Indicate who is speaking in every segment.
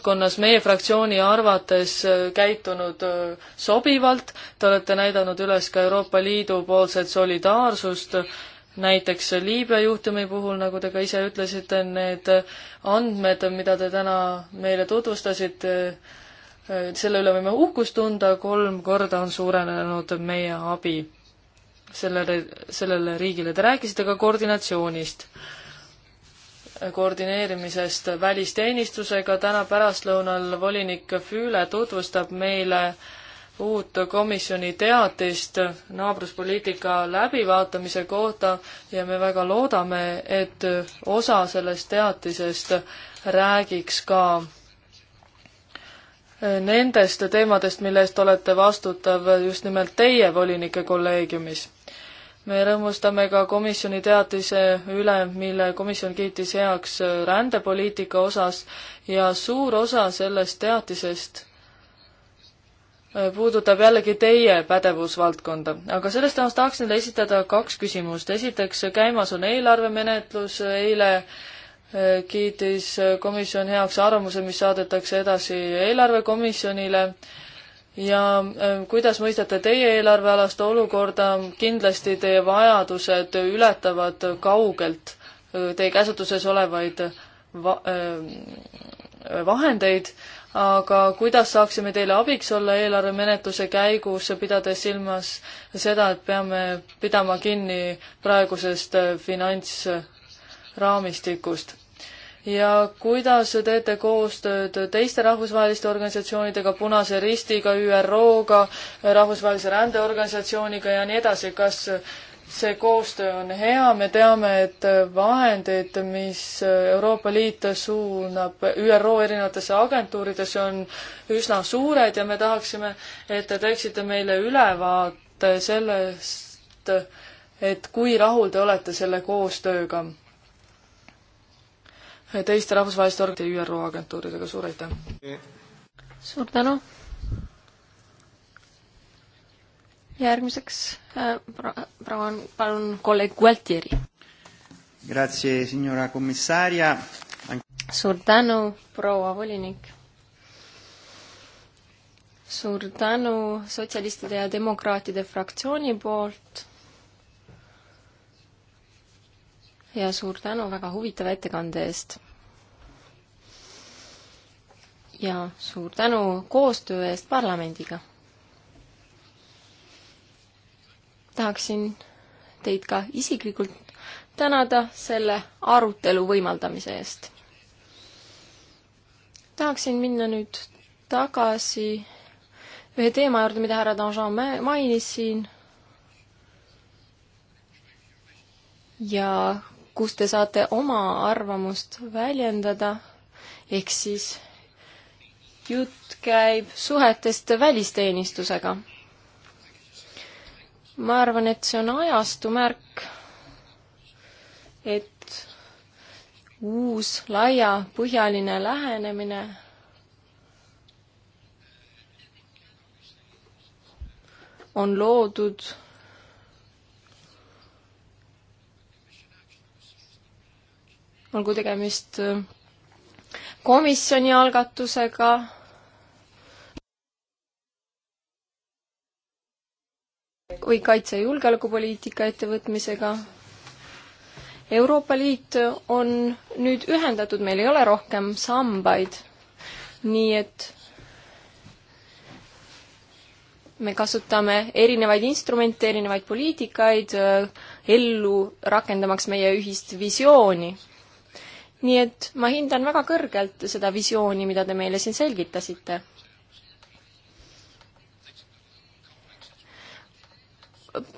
Speaker 1: valdkonnas meie fraktsiooni arvates äh, käitunud äh, sobivalt, te olete näidanud üles ka Euroopa Liidu poolset solidaarsust, näiteks Liibüa juhtumi puhul, nagu te ka ise ütlesite, need andmed, mida te täna meile tutvustasite, äh, selle üle võime uhkust tunda, kolm korda on suurenenud meie abi sellele, sellele riigile. Te rääkisite ka koordinatsioonist koordineerimisest välisteenistusega. täna pärastlõunal volinik Füüle tutvustab meile uut komisjoni teatist naabruspoliitika läbivaatamise kohta ja me väga loodame, et osa sellest teatisest räägiks ka nendest teemadest, mille eest olete vastutav just nimelt teie volinike kolleegiumis me rõõmustame ka komisjoni teatise üle, mille komisjon kiitis heaks äh, rändepoliitika osas ja suur osa sellest teatisest äh, puudutab jällegi teie pädevusvaldkonda, aga sellest ajast tahaks nüüd esitada kaks küsimust. esiteks, käimas on eelarvemenetlus, eile äh, kiitis komisjon heaks arvamuse, mis saadetakse edasi eelarvekomisjonile ja äh, kuidas mõistate teie eelarvealast olukorda, kindlasti teie vajadused ületavad kaugelt äh, teie käsutuses olevaid va-, äh, vahendeid, aga kuidas saaksime teile abiks olla eelarvemenetluse käigus, pidades silmas seda, et peame pidama kinni praegusest finantsraamistikust? ja kuidas teete koostööd teiste rahvusvaheliste organisatsioonidega, Punase Ristiga, ÜRO-ga, Rahvusvahelise Rändeorganisatsiooniga ja nii edasi, kas see koostöö on hea, me teame, et vahendid, mis Euroopa Liit suunab ÜRO erinevatesse agentuuridesse, on üsna suured ja me tahaksime, et te teeksite meile ülevaate sellest, et kui rahul te olete selle koostööga teiste rahvusvaheliste org- ja ÜRO agentuuridega, suur aitäh!
Speaker 2: suur tänu! järgmiseks äh, palun, palun kolleeg Gualtieri.
Speaker 3: Grazie, signora commissaria.
Speaker 2: suur tänu, proua volinik. suur tänu sotsialistide ja demokraatide fraktsiooni poolt ja suur tänu väga huvitava ettekande eest. ja suur tänu koostöö eest parlamendiga. tahaksin teid ka isiklikult tänada selle arutelu võimaldamise eest. tahaksin minna nüüd tagasi ühe teema juurde, mida härra Danjean mainis siin ja kus te saate oma arvamust väljendada, ehk siis jutt käib suhetest välisteenistusega. ma arvan, et see on ajastu märk, et uus laiapõhjaline lähenemine on loodud olgu tegemist äh, komisjoni algatusega, või kaitse- ja julgeolekupoliitika ettevõtmisega. Euroopa Liit on nüüd ühendatud, meil ei ole rohkem sambaid, nii et me kasutame erinevaid instrumente, erinevaid poliitikaid äh, ellu rakendamaks meie ühist visiooni nii et ma hindan väga kõrgelt seda visiooni, mida te meile siin selgitasite.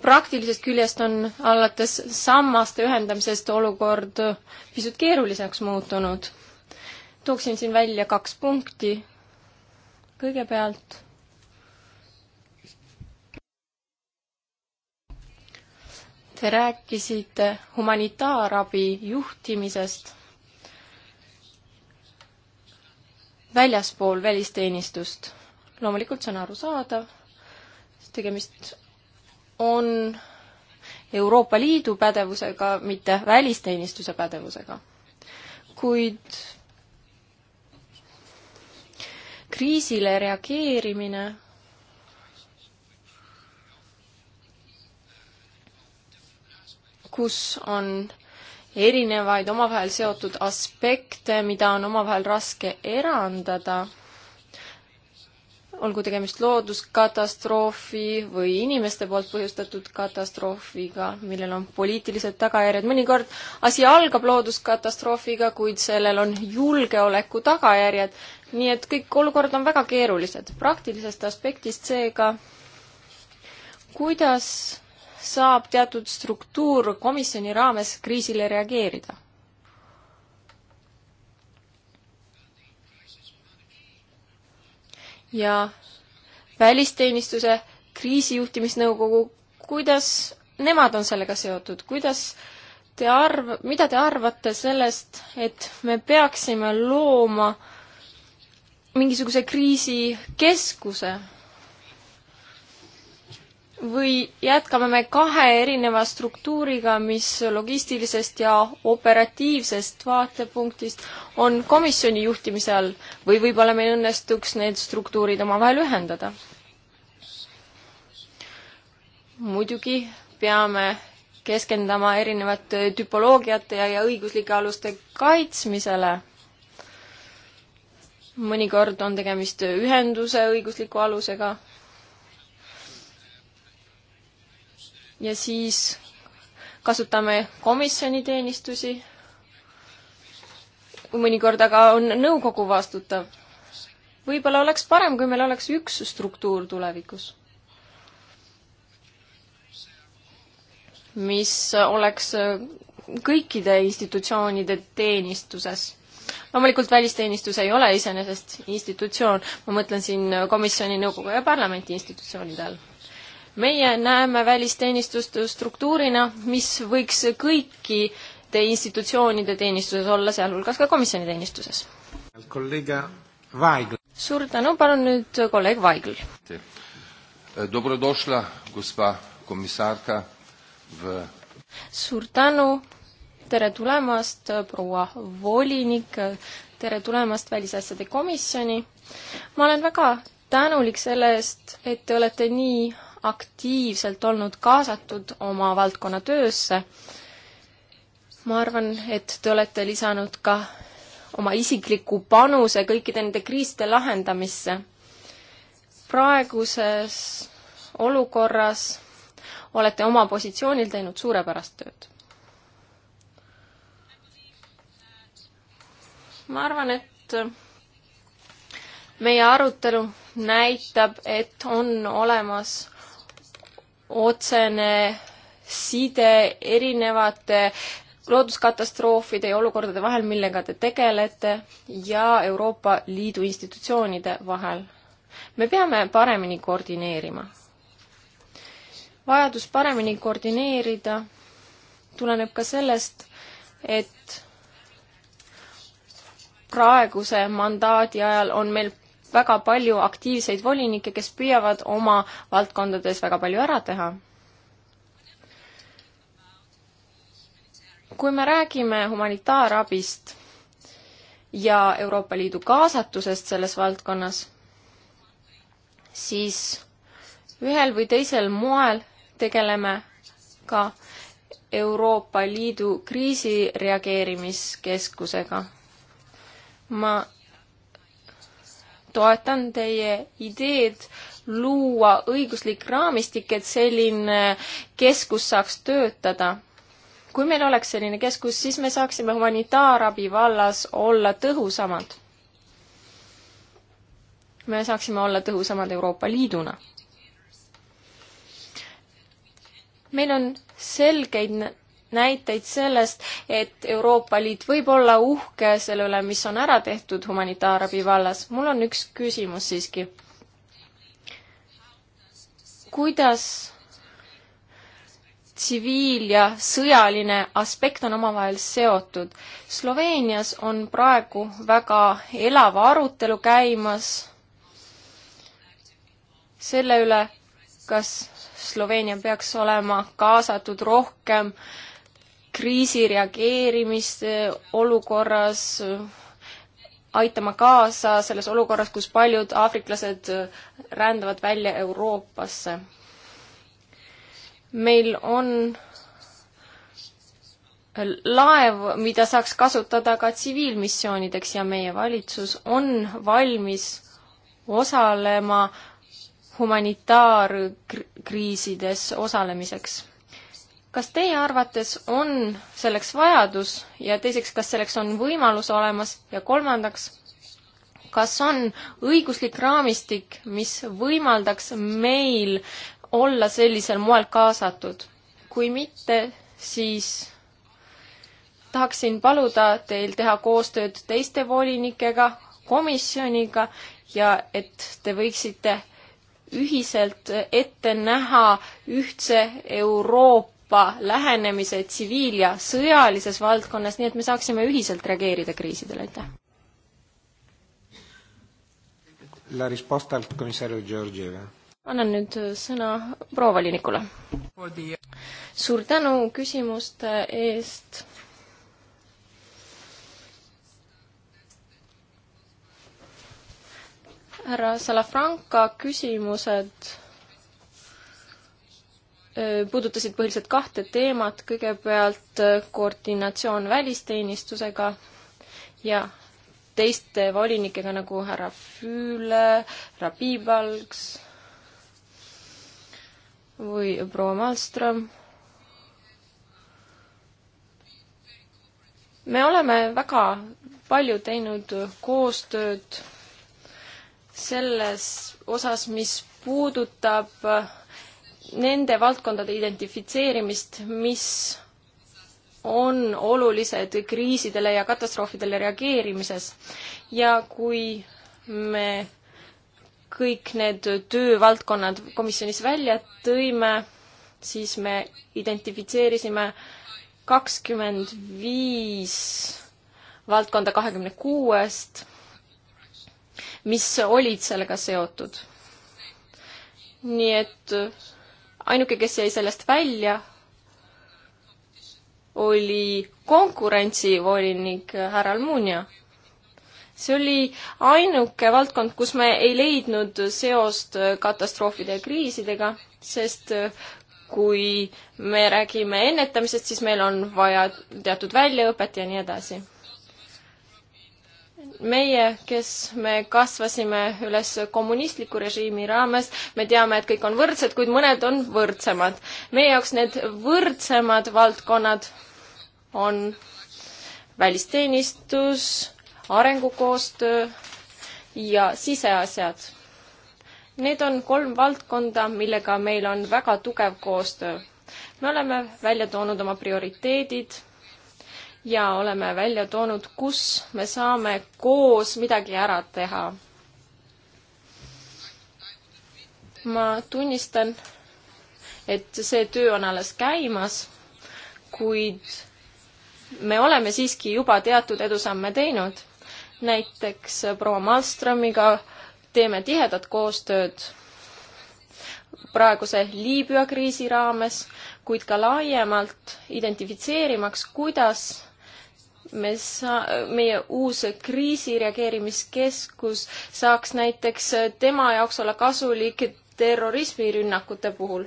Speaker 2: praktilisest küljest on alates sammaste ühendamisest olukord pisut keeruliseks muutunud. tooksin siin välja kaks punkti. kõigepealt Te rääkisite humanitaarabi juhtimisest väljaspool välisteenistust. loomulikult see on arusaadav, sest tegemist on Euroopa Liidu pädevusega, mitte välisteenistuse pädevusega. kuid kriisile reageerimine kus on erinevaid omavahel seotud aspekte, mida on omavahel raske erandada, olgu tegemist looduskatastroofi või inimeste poolt põhjustatud katastroofiga, millel on poliitilised tagajärjed. mõnikord asi algab looduskatastroofiga, kuid sellel on julgeoleku tagajärjed, nii et kõik olukorrad on väga keerulised. praktilisest aspektist seega, kuidas saab teatud struktuur komisjoni raames kriisile reageerida? ja välisteenistuse kriisijuhtimisnõukogu, kuidas nemad on sellega seotud, kuidas te arv-, mida te arvate sellest, et me peaksime looma mingisuguse kriisikeskuse, või jätkame me kahe erineva struktuuriga, mis logistilisest ja operatiivsest vaatepunktist on komisjoni juhtimise all või võib-olla meil õnnestuks need struktuurid omavahel ühendada? muidugi peame keskendama erinevate tüpoloogiate ja, ja õiguslike aluste kaitsmisele. mõnikord on tegemist ühenduse õigusliku alusega ja siis kasutame komisjoni teenistusi, mõnikord aga on nõukogu vastutav. võib-olla oleks parem, kui meil oleks üks struktuur tulevikus, mis oleks kõikide institutsioonide teenistuses loomulikult välisteenistus ei ole iseenesest institutsioon, ma mõtlen siin komisjoni, nõukogu ja parlamenti institutsioonide all meie näeme välisteenistust struktuurina, mis võiks kõikide institutsioonide teenistuses olla, sealhulgas ka komisjoni teenistuses. suur tänu, palun nüüd kolleeg Vaigl.
Speaker 1: Dobrodošla,
Speaker 2: gospa komissarka v.... suur tänu, tere tulemast, proua volinik, tere tulemast välisasjade komisjoni. ma olen väga tänulik selle eest, et te olete nii aktiivselt olnud kaasatud oma valdkonna töösse. ma arvan, et te olete lisanud ka oma isikliku panuse kõikide nende kriiside lahendamisse. praeguses olukorras olete oma positsioonil teinud suurepärast tööd. ma arvan, et meie arutelu näitab, et on olemas otsene side erinevate looduskatastroofide ja olukordade vahel, millega te tegelete, ja Euroopa Liidu institutsioonide vahel. me peame paremini koordineerima. vajadus paremini koordineerida tuleneb ka sellest, et praeguse mandaadi ajal on meil väga palju aktiivseid volinikke, kes püüavad oma valdkondades väga palju ära teha. kui me räägime humanitaarabist ja Euroopa Liidu kaasatusest selles valdkonnas, siis ühel või teisel moel tegeleme ka Euroopa Liidu kriisireageerimiskeskusega. ma toetan teie ideed luua õiguslik raamistik, et selline keskus saaks töötada. kui meil oleks selline keskus, siis me saaksime humanitaarabi vallas olla tõhusamad. me saaksime olla tõhusamad Euroopa Liiduna. meil on selgeid näiteid sellest, et Euroopa Liit võib olla uhke selle üle, mis on ära tehtud humanitaarabi vallas. mul on üks küsimus siiski. kuidas tsiviil- ja sõjaline aspekt on omavahel seotud? Sloveenias on praegu väga elav arutelu käimas selle üle, kas Sloveenia peaks olema kaasatud rohkem äh, kriisi reageerimist eh, olukorras, eh, aitama kaasa selles olukorras, kus paljud aafriklased eh, rändavad välja Euroopasse. meil on laev, mida saaks kasutada ka tsiviilmissioonideks ja meie valitsus on valmis osalema humanitaarkriisides osalemiseks kas teie arvates on selleks vajadus ja teiseks, kas selleks on võimalus olemas ja kolmandaks, kas on õiguslik raamistik, mis võimaldaks meil olla sellisel moel kaasatud? kui mitte, siis tahaksin paluda teil teha koostööd teiste volinikega, komisjoniga ja et te võiksite ühiselt ette näha ühtse Euroopa Euroopa lähenemise tsiviil- ja sõjalises valdkonnas, nii et me saaksime ühiselt reageerida kriisidele, aitäh!
Speaker 1: La risposta al commissario Georgieva.
Speaker 2: annan nüüd sõna proua volinikule. suur tänu küsimuste eest. härra Salafranca küsimused puudutasid põhiliselt kahte teemat, kõigepealt koordinatsioon välisteenistusega ja teiste volinikega nagu härra Füüle, härra Piibalgs või proua Malmström. me oleme väga palju teinud koostööd selles osas, mis puudutab äh, nende valdkondade identifitseerimist, mis on olulised kriisidele ja katastroofidele reageerimises. ja kui me kõik need töövaldkonnad komisjonis välja tõime, siis me identifitseerisime kakskümmend viis valdkonda kahekümne kuuest, mis olid sellega seotud. nii et ainuke, kes jäi sellest välja, oli konkurentsivolinik härra Almunia. see oli ainuke valdkond, kus me ei leidnud seost katastroofide ja kriisidega, sest kui me räägime ennetamisest, siis meil on vaja teatud väljaõpet ja nii edasi meie, kes me kasvasime üles kommunistliku režiimi raames, me teame, et kõik on võrdsed, kuid mõned on võrdsemad. meie jaoks need võrdsemad valdkonnad on välisteenistus, arengukoostöö ja siseasjad. Need on kolm valdkonda, millega meil on väga tugev koostöö. me oleme välja toonud oma prioriteedid ja oleme välja toonud, kus me saame koos midagi ära teha. ma tunnistan, et see töö on alles käimas, kuid me oleme siiski juba teatud edusamme teinud. näiteks proua Malmströmiga teeme tihedat koostööd praeguse Liibüa kriisi raames, kuid ka laiemalt identifitseerimaks, kuidas me saa-, meie uus kriisireageerimiskeskus saaks näiteks tema jaoks olla kasulik terrorismirünnakute puhul.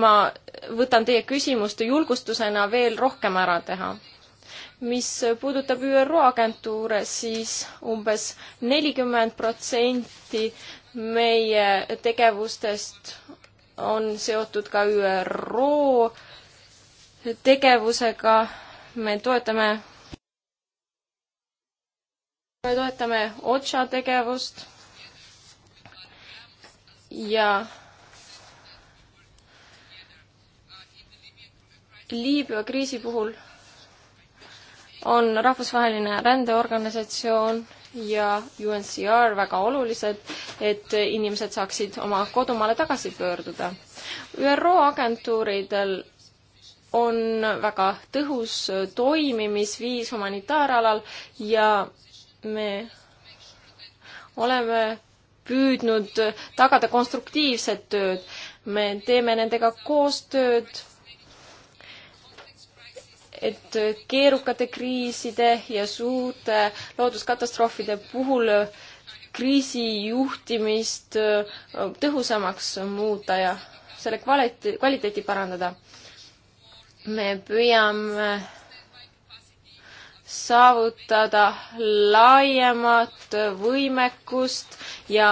Speaker 2: ma võtan teie küsimust julgustusena veel rohkem ära teha. mis puudutab ÜRO agentuure, siis umbes nelikümmend protsenti meie tegevustest on seotud ka ÜRO tegevusega me toetame, me toetame OTSA tegevust ja Liibüa kriisi puhul on rahvusvaheline rändeorganisatsioon ja UNCR väga olulised, et inimesed saaksid oma kodumaale tagasi pöörduda. ÜRO agentuuridel on väga tõhus toimimisviis humanitaaralal ja me oleme püüdnud tagada konstruktiivset tööd. me teeme nendega koostööd, et keerukate kriiside ja suurte looduskatastroofide puhul kriisijuhtimist tõhusamaks muuta ja selle kvaliteeti, kvaliteeti parandada me püüame saavutada laiemat võimekust ja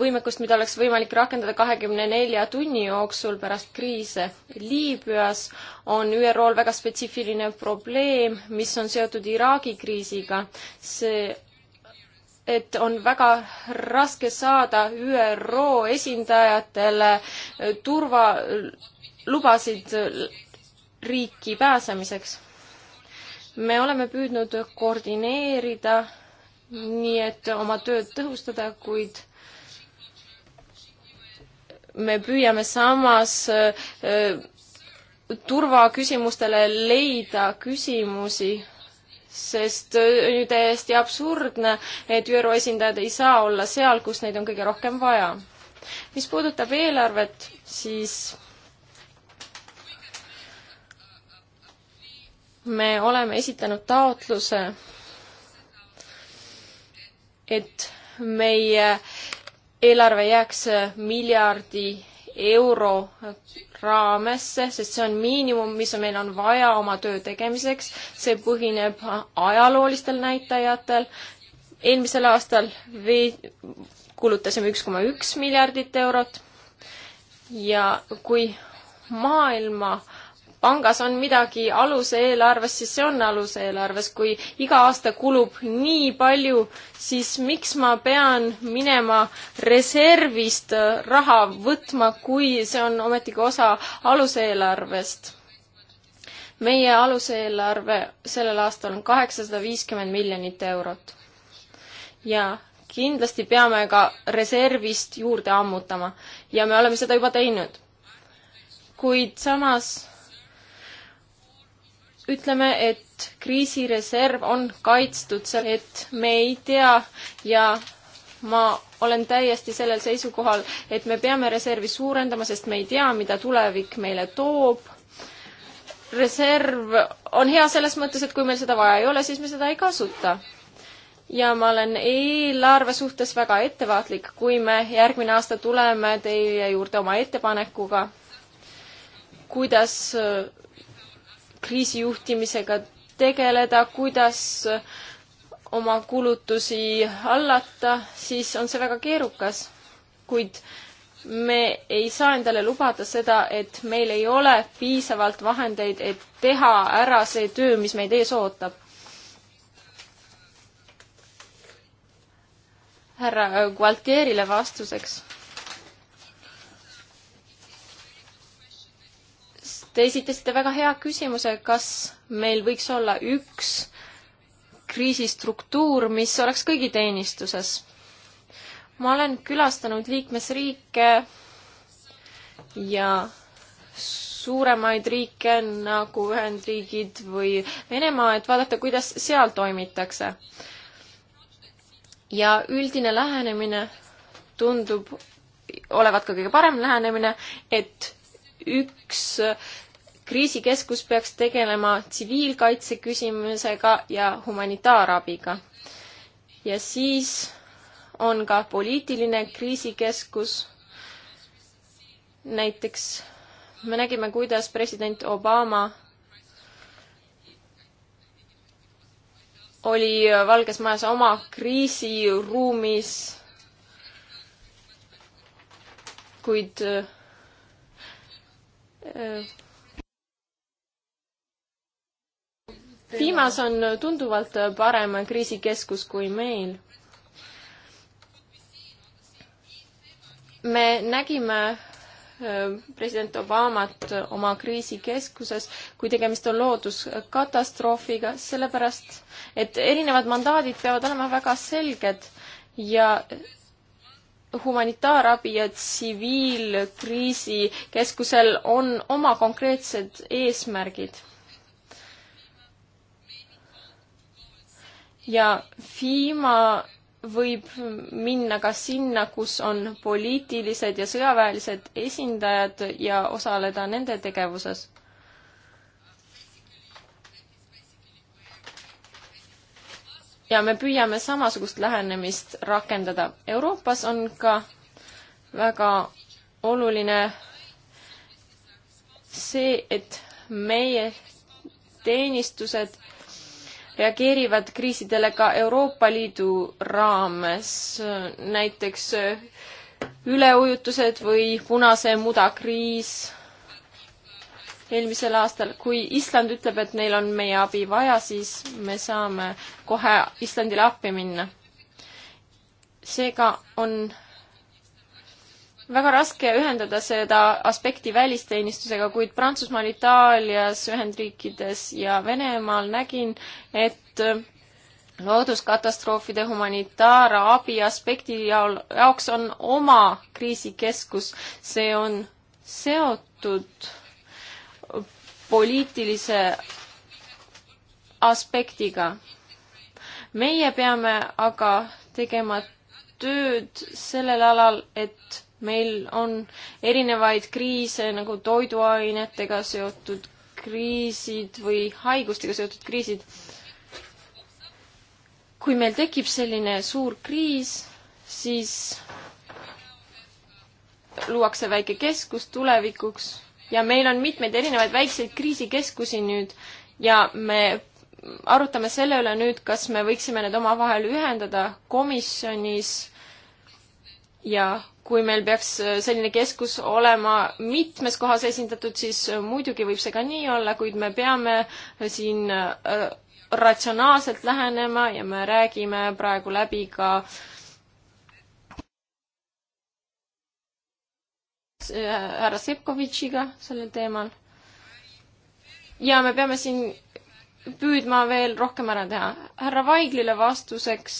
Speaker 2: võimekust, mida oleks võimalik rakendada kahekümne nelja tunni jooksul pärast kriise. Liibüas on ÜRO-l väga spetsiifiline probleem, mis on seotud Iraagi kriisiga. see, et on väga raske saada ÜRO esindajatele turvalubasid riiki pääsemiseks. me oleme püüdnud koordineerida, nii et oma tööd tõhustada, kuid me püüame samas äh, turvaküsimustele leida küsimusi sest äh, on ju täiesti absurdne, et ÜRO esindajad ei saa olla seal, kus neid on kõige rohkem vaja. mis puudutab eelarvet, siis me oleme esitanud taotluse, et meie eelarve jääks miljardi euro raamesse, sest see on miinimum, mis meil on vaja oma töö tegemiseks. see põhineb ajaloolistel näitajatel. eelmisel aastal vee-, kulutasime üks koma üks miljardit eurot ja kui maailma äh, pangas on midagi aluseelarves, siis see on aluseelarves. kui iga aasta kulub nii palju, siis miks ma pean minema reservist raha võtma, kui see on ometigi osa aluseelarvest? meie aluseelarve sellel aastal on kaheksasada viiskümmend miljonit eurot. ja kindlasti peame ka reservist juurde ammutama ja me oleme seda juba teinud. kuid samas ütleme, et kriisireserv on kaitstud, et me ei tea ja ma olen täiesti sellel seisukohal, et me peame reservi suurendama, sest me ei tea, mida tulevik meile toob. reserv on hea selles mõttes, et kui meil seda vaja ei ole, siis me seda ei kasuta. ja ma olen eelarve suhtes väga ettevaatlik, kui me järgmine aasta tuleme teie juurde oma ettepanekuga, kuidas kriisijuhtimisega tegeleda, kuidas oma kulutusi hallata, siis on see väga keerukas. kuid me ei saa endale lubada seda, et meil ei ole piisavalt vahendeid, et teha ära see töö, mis meid ees ootab. härra Gualtierile vastuseks Te esitasite väga hea küsimuse, kas meil võiks olla üks kriisistruktuur, mis oleks kõigi teenistuses. ma olen külastanud liikmesriike ja suuremaid riike nagu Ühendriigid või Venemaa, et vaadata, kuidas seal toimitakse. ja üldine lähenemine tundub olevat ka kõige parem lähenemine, et üks kriisikeskus peaks tegelema tsiviilkaitse küsimusega ja humanitaarabiga. ja siis on ka poliitiline kriisikeskus. näiteks me nägime, kuidas president Obama oli Valges Majas oma kriisiruumis, kuid Fimas on tunduvalt parem kriisikeskus kui meil. me nägime äh, president Obamat oma kriisikeskuses, kui tegemist on looduskatastroofiga, sellepärast et erinevad mandaadid peavad olema väga selged ja humanitaarabi ja tsiviilkriisikeskusel on oma konkreetsed eesmärgid. ja FIMA võib minna ka sinna, kus on poliitilised ja sõjaväelised esindajad ja osaleda nende tegevuses ja me püüame samasugust lähenemist rakendada. Euroopas on ka väga oluline see, et meie teenistused reageerivad kriisidele ka Euroopa Liidu raames, näiteks üleujutused või punase muda kriis eelmisel aastal. kui Island ütleb, et neil on meie abi vaja, siis me saame kohe Islandile appi minna. seega on väga raske ühendada seda aspekti välisteenistusega, kuid Prantsusmaal, Itaalias, Ühendriikides ja Venemaal nägin, et looduskatastroofide humanitaarabi aspekti jaol, jaoks on oma kriisikeskus, see on seotud poliitilise aspektiga. meie peame aga tegema tööd sellel alal, et meil on erinevaid kriise nagu toiduainetega seotud kriisid või haigustega seotud kriisid. kui meil tekib selline suur kriis, siis luuakse väike keskus tulevikuks ja meil on mitmeid erinevaid väikseid kriisikeskusi nüüd ja me arutame selle üle nüüd, kas me võiksime need omavahel ühendada komisjonis ja kui meil peaks äh, selline keskus olema mitmes kohas esindatud, siis äh, muidugi võib see ka nii olla, kuid me peame äh, siin ratsionaalselt lähenema ja me räägime praegu läbi ka äh, härra Sepkovitšiga sellel teemal. ja me peame siin püüdma veel rohkem ära teha. härra Vaiglile vastuseks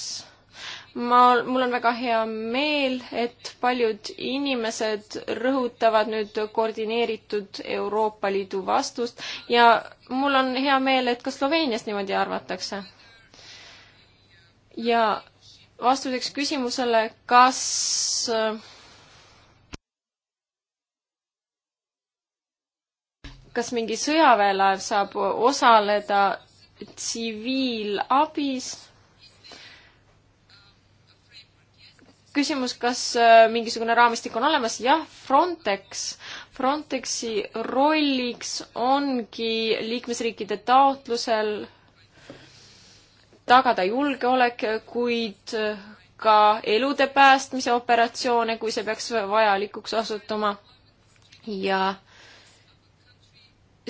Speaker 2: ma, mul on väga hea meel, et paljud inimesed rõhutavad nüüd koordineeritud Euroopa Liidu vastust ja mul on hea meel, et ka Sloveenias niimoodi arvatakse. ja vastuseks küsimusele, kas äh, kas mingi sõjaväelaev saab osaleda tsiviilabis? küsimus, kas äh, mingisugune raamistik on olemas? jah, Frontex. Frontexi rolliks ongi liikmesriikide taotlusel tagada julgeolek, kuid ka elude päästmise operatsioone, kui see peaks vajalikuks osutuma. ja äh,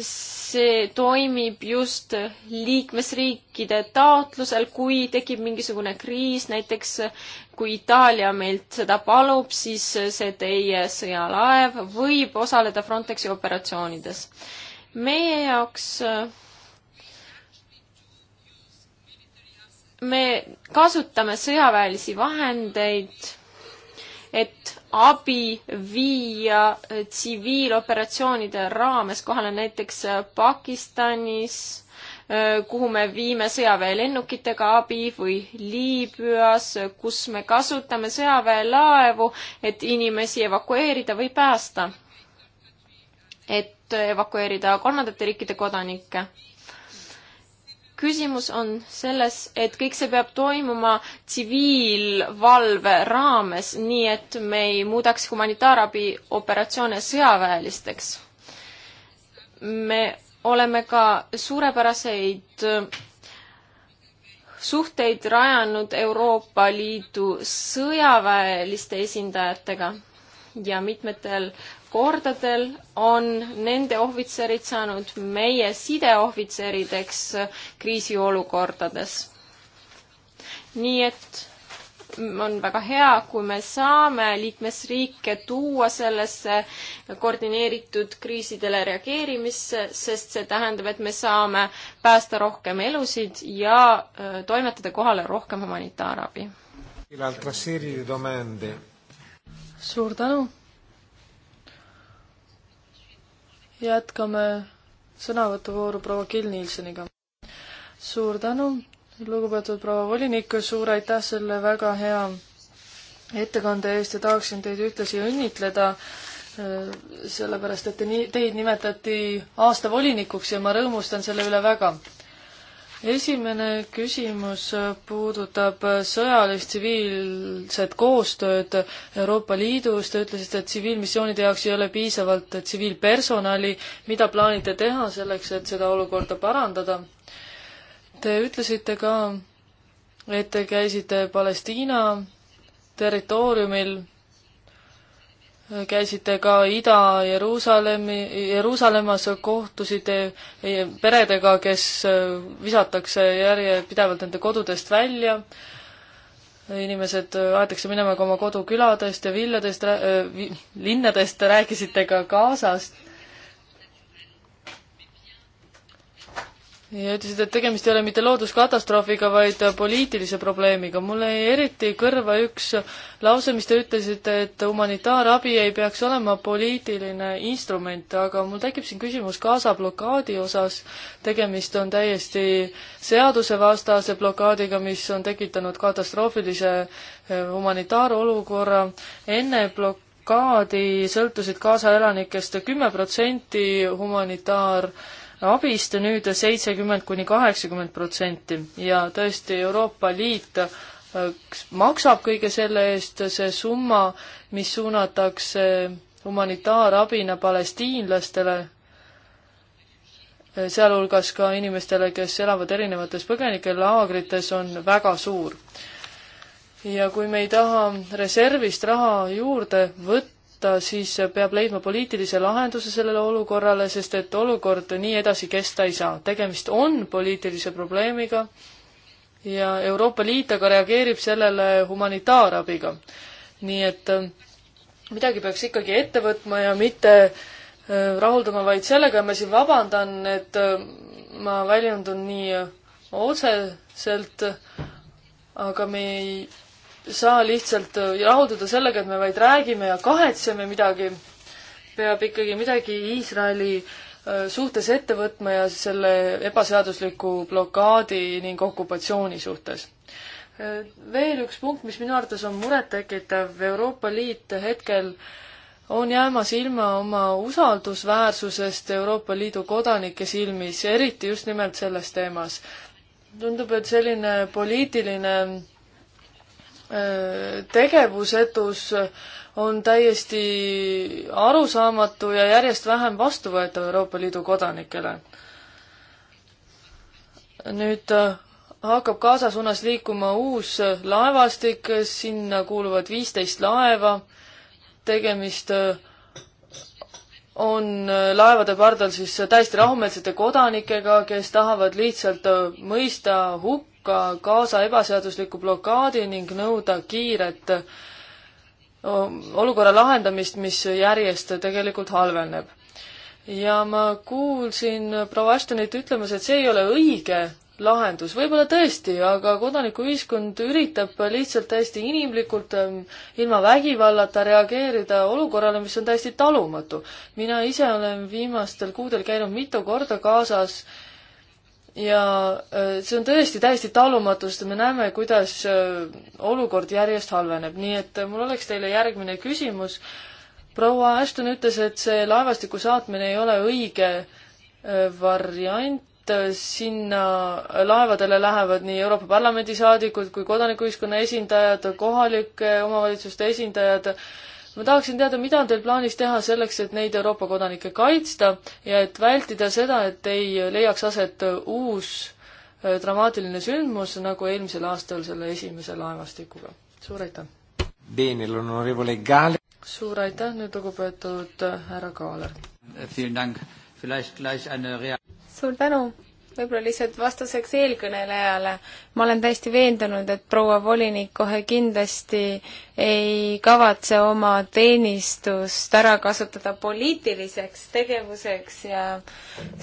Speaker 2: see toimib just liikmesriikide taotlusel, kui tekib mingisugune kriis, näiteks kui Itaalia meilt seda palub, siis see teie sõjalaev võib osaleda Frontexi operatsioonides. meie jaoks me kasutame sõjaväelisi vahendeid et abi viia tsiviiloperatsioonide raames kohale näiteks Pakistanis, äh, kuhu me viime sõjaväelennukitega abi või Liibüas, kus me kasutame sõjaväelaevu, et inimesi evakueerida või päästa. et evakueerida kolmandate riikide kodanikke küsimus on selles, et kõik see peab toimuma tsiviilvalve raames, nii et me ei muudaks humanitaarabi operatsioone sõjaväelisteks. me oleme ka suurepäraseid äh, suhteid rajanud Euroopa Liidu sõjaväeliste esindajatega ja mitmetel kordadel on nende ohvitserid saanud meie sideohvitserideks kriisiolukordades. nii et on väga hea, kui me saame liikmesriike tuua sellesse koordineeritud kriisidele reageerimisse, sest see tähendab, et me saame päästa rohkem elusid ja äh, toimetada kohale rohkem humanitaarabi.
Speaker 1: suur tänu jätkame sõnavõtuvooru proua Kill Nielseniga. suur tänu, lugupeetud proua volinik, suur aitäh selle väga hea ettekande eest ja tahaksin teid ühtlasi õnnitleda eh, sellepärast, et te nii, teid nimetati aasta volinikuks ja ma rõõmustan selle üle väga esimene küsimus puudutab sõjalist tsiviilset koostööd Euroopa Liidus. Te ütlesite, et tsiviilmissioonide jaoks ei ole piisavalt tsiviilpersonali. mida plaanite teha selleks, et seda olukorda parandada? Te ütlesite ka, et te käisite Palestiina territooriumil käisite ka Ida-Jeruusalemmi, Jeruusalemmas, kohtusite peredega, kes äh, visatakse järjepidevalt nende kodudest välja. inimesed äh, aetakse minema ka oma koduküladest ja villadest, äh, linnadest, rääkisite ka Gazast. ja ütlesid, et tegemist ei ole mitte looduskatastroofiga, vaid poliitilise probleemiga. mulle jäi eriti kõrva üks lause, mis te ütlesite, et humanitaarabi ei peaks olema poliitiline instrument, aga mul tekib siin küsimus Gaza blokaadi osas. tegemist on täiesti seadusevastase blokaadiga, mis on tekitanud katastroofilise eh, humanitaarolukorra. enne blok-, kaadi sõltusid Gaza elanikest kümme protsenti humanitaar- abist nüüd seitsekümmend kuni kaheksakümmend protsenti ja tõesti, Euroopa Liit äh, maksab kõige selle eest, see summa, mis suunatakse humanitaarabina palestiinlastele, äh, sealhulgas ka inimestele, kes elavad erinevates põgenikelaagrites, on väga suur. ja kui me ei taha reservist raha juurde võtta, kohta, siis peab leidma poliitilise lahenduse sellele olukorrale, sest et olukord nii edasi kesta ei saa. tegemist on poliitilise probleemiga ja Euroopa Liit aga reageerib sellele humanitaarabiga. nii et äh, midagi peaks ikkagi ette võtma ja mitte äh, rahulduma vaid sellega ja ma siin vabandan, et äh, ma väljendun nii otseselt, aga me ei saa lihtsalt äh, rahulduda sellega, et me vaid räägime ja kahetseme midagi. peab ikkagi midagi Iisraeli äh, suhtes ette võtma ja selle ebaseadusliku blokaadi ning okupatsiooni suhtes. Äh, veel üks punkt, mis minu arvates on murettekitav, Euroopa Liit hetkel on jäämas ilma oma usaldusväärsusest Euroopa Liidu kodanike silmis, eriti just nimelt selles teemas. tundub, et selline poliitiline tegevusetus on täiesti arusaamatu ja järjest vähem vastuvõetav Euroopa Liidu kodanikele. nüüd äh, hakkab Gaza suunas liikuma uus äh, laevastik, äh, sinna kuuluvad viisteist laeva, tegemist on laevade pardal siis täiesti rahumeelsete kodanikega, kes tahavad lihtsalt mõista hukka, ka kaasa ebaseadusliku blokaadi ning nõuda kiiret oh, olukorra lahendamist, mis järjest tegelikult halveneb. ja ma kuulsin proua Ashtonit ütlemas, et see ei ole õige lahendus, võib-olla tõesti, aga kodanikuühiskond üritab lihtsalt täiesti inimlikult, ähm, ilma vägivallata reageerida olukorrale, mis on täiesti talumatu. mina ise olen viimastel kuudel käinud mitu korda kaasas äh, ja äh, see on tõesti täiesti talumatu, sest me näeme, kuidas äh, olukord järjest halveneb, nii et äh, mul oleks teile järgmine küsimus. proua Ashton ütles, et see laevastiku saatmine ei ole õige variant, sinna laevadele lähevad nii Euroopa Parlamendi saadikud kui kodanikuühiskonna esindajad, kohalike omavalitsuste esindajad ma tahaksin teada, mida on teil plaanis teha selleks, et neid Euroopa kodanikke kaitsta ja et vältida seda, et ei leiaks aset uus äh, dramaatiline sündmus, nagu eelmisel aastal selle esimese laevastikuga. suur aitäh! suur aitäh, nüüd lugupeetud äh, härra Kaaler! suur tänu! võib-olla lihtsalt
Speaker 3: vastuseks eelkõnelejale, ma olen täiesti veendunud, et proua volinik kohe kindlasti ei kavatse oma teenistust ära kasutada poliitiliseks tegevuseks ja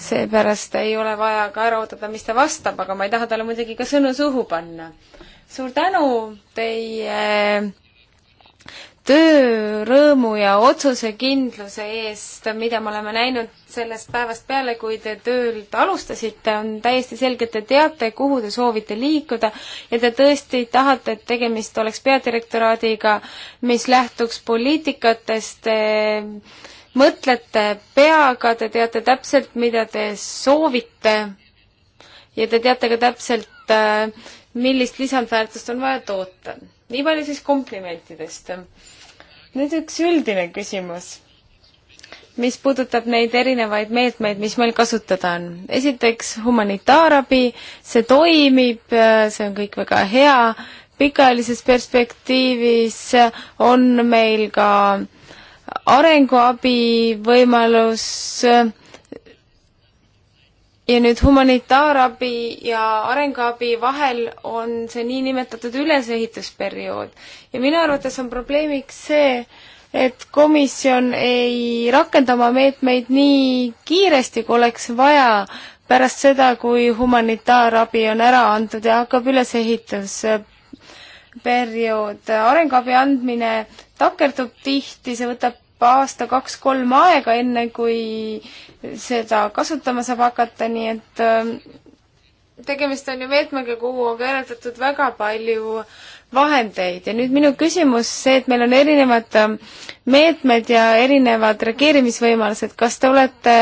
Speaker 1: seepärast
Speaker 3: ei ole vaja ka ära oodata, mis ta vastab, aga ma ei taha talle muidugi ka sõnu suhu panna. suur tänu teie töörõõmu ja otsusekindluse eest, mida me oleme näinud sellest päevast peale, kui te töölt alustasite, on täiesti selge, et te teate, kuhu te soovite liikuda ja te tõesti tahate, et tegemist oleks peadirektoraadiga, mis lähtuks poliitikatest, mõtlete peaga, te teate täpselt, mida te soovite ja te teate ka täpselt, äh, millist lisandväärtust on vaja toota. nii palju siis komplimentidest nüüd üks üldine küsimus, mis puudutab neid erinevaid meetmeid, mis meil kasutada on. esiteks humanitaarabi, see toimib, see on kõik väga hea, pikaajalises perspektiivis on meil ka arenguabi võimalus äh, ja nüüd humanitaarabi ja arenguabi vahel on see niinimetatud ülesehitusperiood. ja minu arvates on probleemiks see, et komisjon ei rakenda oma meetmeid nii kiiresti, kui oleks vaja pärast seda, kui humanitaarabi on ära antud ja hakkab ülesehitusperiood. arenguabi andmine takerdub tihti, see võtab aasta-kaks-kolm aega, enne kui seda kasutama saab hakata, nii et äh, tegemist on ju meetmega, kuhu on veeretatud väga palju vahendeid ja nüüd minu küsimus, see, et meil on erinevad äh, meetmed ja erinevad reageerimisvõimalused, kas te olete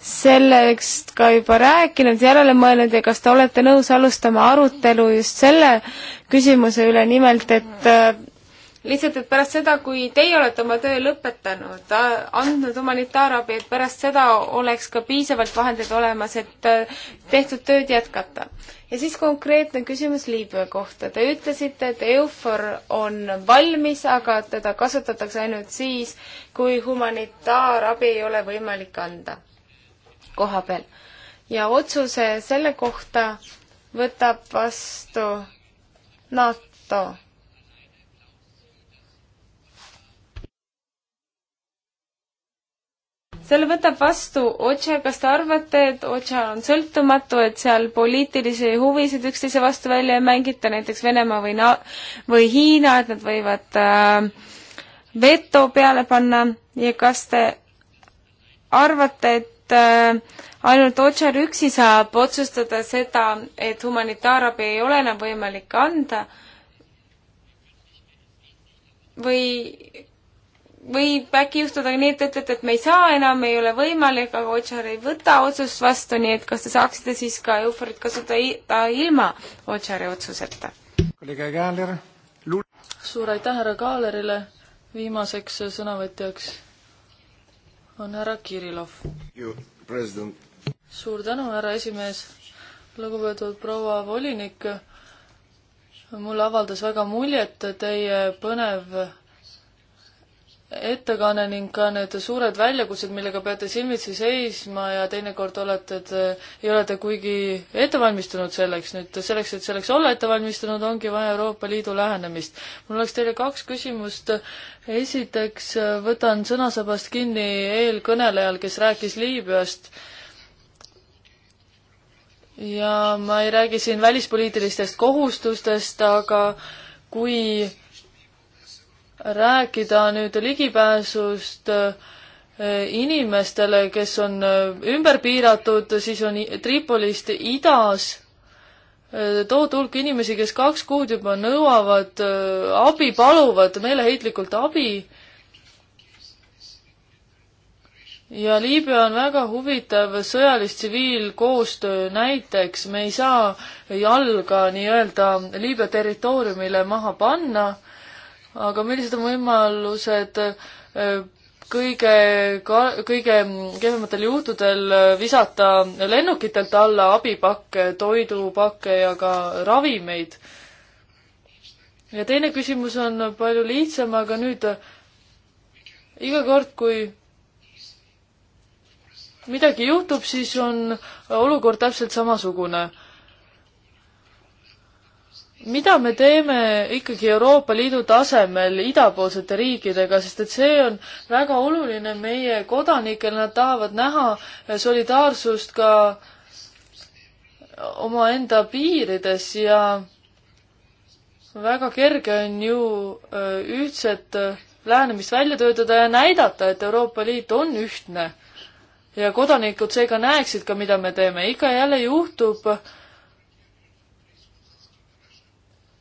Speaker 3: sellest ka juba rääkinud, järele mõelnud ja kas te olete nõus alustama arutelu just selle küsimuse üle, nimelt et äh, lihtsalt, et pärast seda, kui teie olete oma töö lõpetanud, andnud humanitaarabi, et pärast seda oleks ka piisavalt vahendeid olemas, et äh, tehtud tööd jätkata. ja siis konkreetne küsimus Liibüa kohta. Te ütlesite, et EUFOR on valmis, aga teda kasutatakse ainult siis, kui humanitaarabi ei ole võimalik anda koha peal. ja otsuse selle kohta võtab vastu NATO selle võtab vastu Otsa, kas te arvate, et Otsa on sõltumatu, et seal poliitilisi huvisid üksteise vastu välja ei mängita, näiteks Venemaa või Na-, või Hiina, et nad võivad äh, veto peale panna ja kas te arvate, et äh, ainult Otsa üksi saab otsustada seda, et humanitaarabi ei ole enam võimalik anda või võib äkki juhtuda nii, et ütlete, et me ei saa enam, ei ole võimalik, aga Otšar ei võta otsust vastu, nii et kas te saaksite siis ka euforit
Speaker 1: kasutada ilma Otšari otsuseta? suur aitäh härra Kaalerile, viimaseks sõnavõtjaks on härra Kirillov. suur tänu, härra esimees, lugupeetud proua volinik, mulle avaldas väga muljet teie põnev ettekanne ning ka need suured väljakutsed, millega peate silmitsi seisma ja teinekord olete te, ei ole te kuigi ettevalmistunud selleks. nüüd selleks, et selleks olla ettevalmistunud, ongi vaja Euroopa Liidu lähenemist. mul oleks teile kaks küsimust. esiteks võtan sõnasabast kinni eelkõnelejal, kes rääkis Liibüast ja ma ei räägi siin välispoliitilistest kohustustest, aga kui rääkida nüüd ligipääsust eh, inimestele, kes on eh, ümber piiratud, siis on Tripolist idas eh, tohutu hulk inimesi, kes kaks kuud juba nõuavad abi, paluvad meeleheitlikult abi. ja Liibüa on väga huvitav sõjalis-tsiviilkoostöö näiteks, me ei saa jalga nii-öelda Liibüa territooriumile maha panna aga millised on võimalused äh, kõige, kõige kehvematel juhtudel äh, visata lennukitelt alla abipakke, toidupakke ja ka ravimeid? ja teine küsimus on palju lihtsam, aga nüüd äh, iga kord, kui midagi juhtub, siis on olukord täpselt samasugune mida me teeme ikkagi Euroopa Liidu tasemel idapoolsete riikidega, sest et see on väga oluline meie kodanikel, nad tahavad näha solidaarsust ka omaenda piirides ja väga kerge on ju äh, ühtset äh, lähenemist välja töötada ja näidata, et Euroopa Liit on ühtne. ja kodanikud seega näeksid ka, mida me teeme, ikka ja jälle juhtub äh,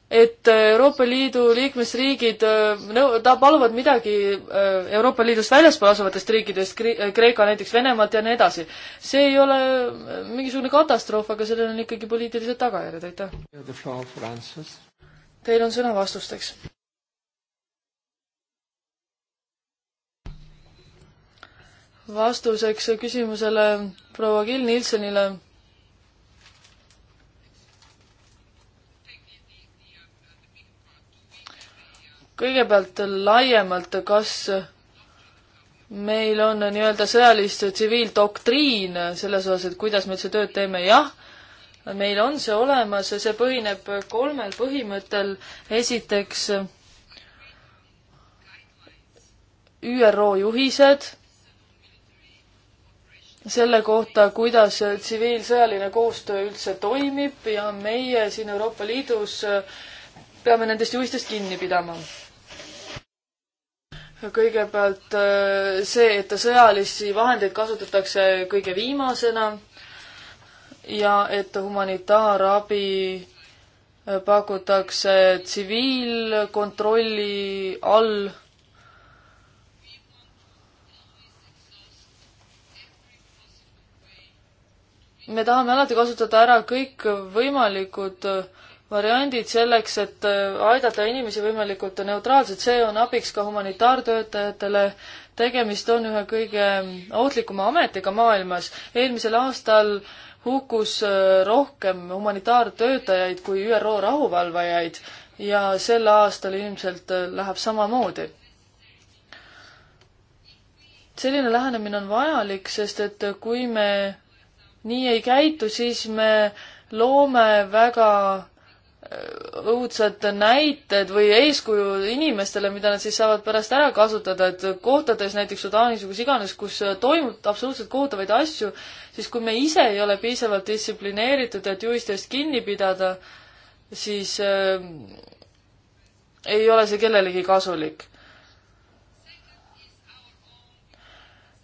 Speaker 1: et äh, Euroopa Liidu liikmesriigid äh, nõu-, ta paluvad midagi äh, Euroopa Liidust väljaspool asuvatest riikidest, Kreeka näiteks, Venemaalt ja nii edasi. see ei ole mingisugune katastroof, aga sellel on ikkagi poliitilised tagajärjed, aitäh. Teil on sõna vastusteks. vastuseks küsimusele proua Kill Nilsenile kõigepealt laiemalt, kas meil on nii-öelda sõjalist tsiviildoktriin selles osas, et kuidas me üldse tööd teeme, jah, meil on see olemas ja see põhineb kolmel põhimõttel. esiteks ÜRO juhised selle kohta, kuidas tsiviilsõjaline koostöö üldse toimib ja meie siin Euroopa Liidus peame nendest juhistest kinni pidama kõigepealt äh, see, et sõjalisi vahendeid kasutatakse kõige viimasena ja et humanitaarabi äh, pakutakse tsiviilkontrolli all. me tahame alati kasutada ära kõik võimalikud äh, variandid selleks, et äh, aidata inimesi võimalikult neutraalselt, see on abiks ka humanitaartöötajatele. tegemist on ühe kõige ohtlikuma ametiga maailmas. eelmisel aastal hukkus äh, rohkem humanitaartöötajaid kui ÜRO rahuvalvajaid ja sel aastal ilmselt äh, läheb samamoodi selline lähenemine on vajalik, sest et kui me nii ei käitu, siis me loome väga õudsad näited või eeskujud inimestele, mida nad siis saavad pärast ära kasutada, et kohtades näiteks Sudaanis või kus iganes, kus toimub absoluutselt kohutavaid asju, siis kui me ise ei ole piisavalt distsiplineeritud, et juhistest kinni pidada, siis äh, ei ole see kellelegi kasulik.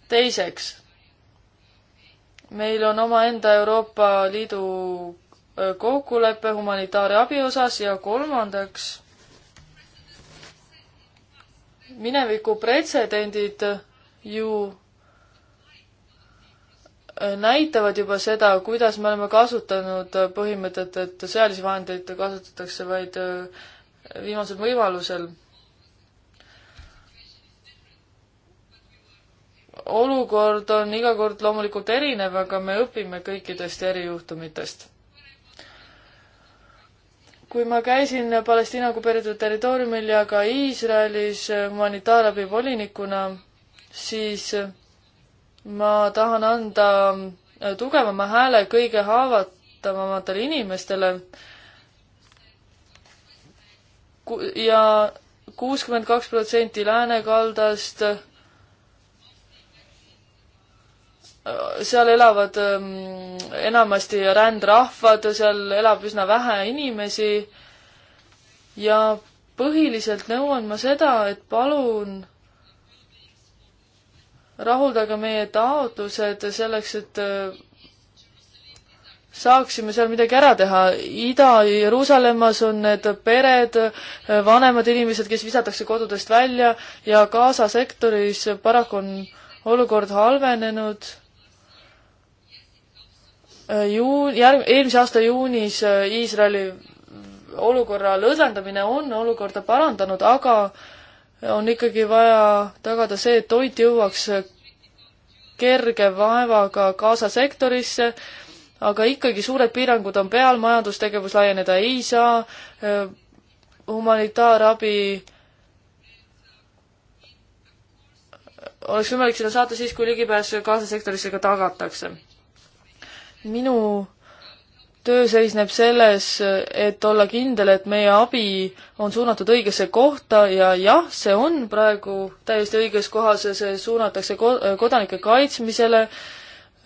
Speaker 1: teiseks, meil on omaenda Euroopa Liidu kokkulepe humanitaarabi osas ja kolmandaks mineviku pretsedendid ju näitavad juba seda, kuidas me oleme kasutanud põhimõtet, et sõjalisi vahendeid kasutatakse vaid äh, viimasel võimalusel. olukord on iga kord loomulikult erinev, aga me õpime kõikidest erijuhtumitest kui ma käisin Palestiina okupeeritud territooriumil ja ka Iisraelis humanitaarabi volinikuna, siis ma tahan anda tugevama hääle kõige haavatavamatele inimestele. ja kuuskümmend kaks protsenti läänekaldast, seal elavad ähm, enamasti rändrahvad, seal elab üsna vähe inimesi ja põhiliselt nõuan ma seda, et palun rahuldage meie taotlused selleks, et äh, saaksime seal midagi ära teha. Ida-Jeruusalemmas on need pered, äh, vanemad inimesed, kes visatakse kodudest välja ja Gaza sektoris paraku on olukord halvenenud Äh, juun-, järg-, eelmise aasta juunis äh, Iisraeli olukorra lõdvendamine on olukorda parandanud, aga on ikkagi vaja tagada see, et toit jõuaks äh, kerge vaevaga Gaza sektorisse, aga ikkagi suured piirangud on peal, majandustegevus laieneda ei saa, humanitaarabi oleks võimalik seda saata siis, kui ligipääs Gaza sektorisse ka tagatakse minu töö seisneb selles, et olla kindel, et meie abi on suunatud õigesse kohta ja jah, see on praegu täiesti õiges kohas ja see suunatakse ko-, kodanike kaitsmisele,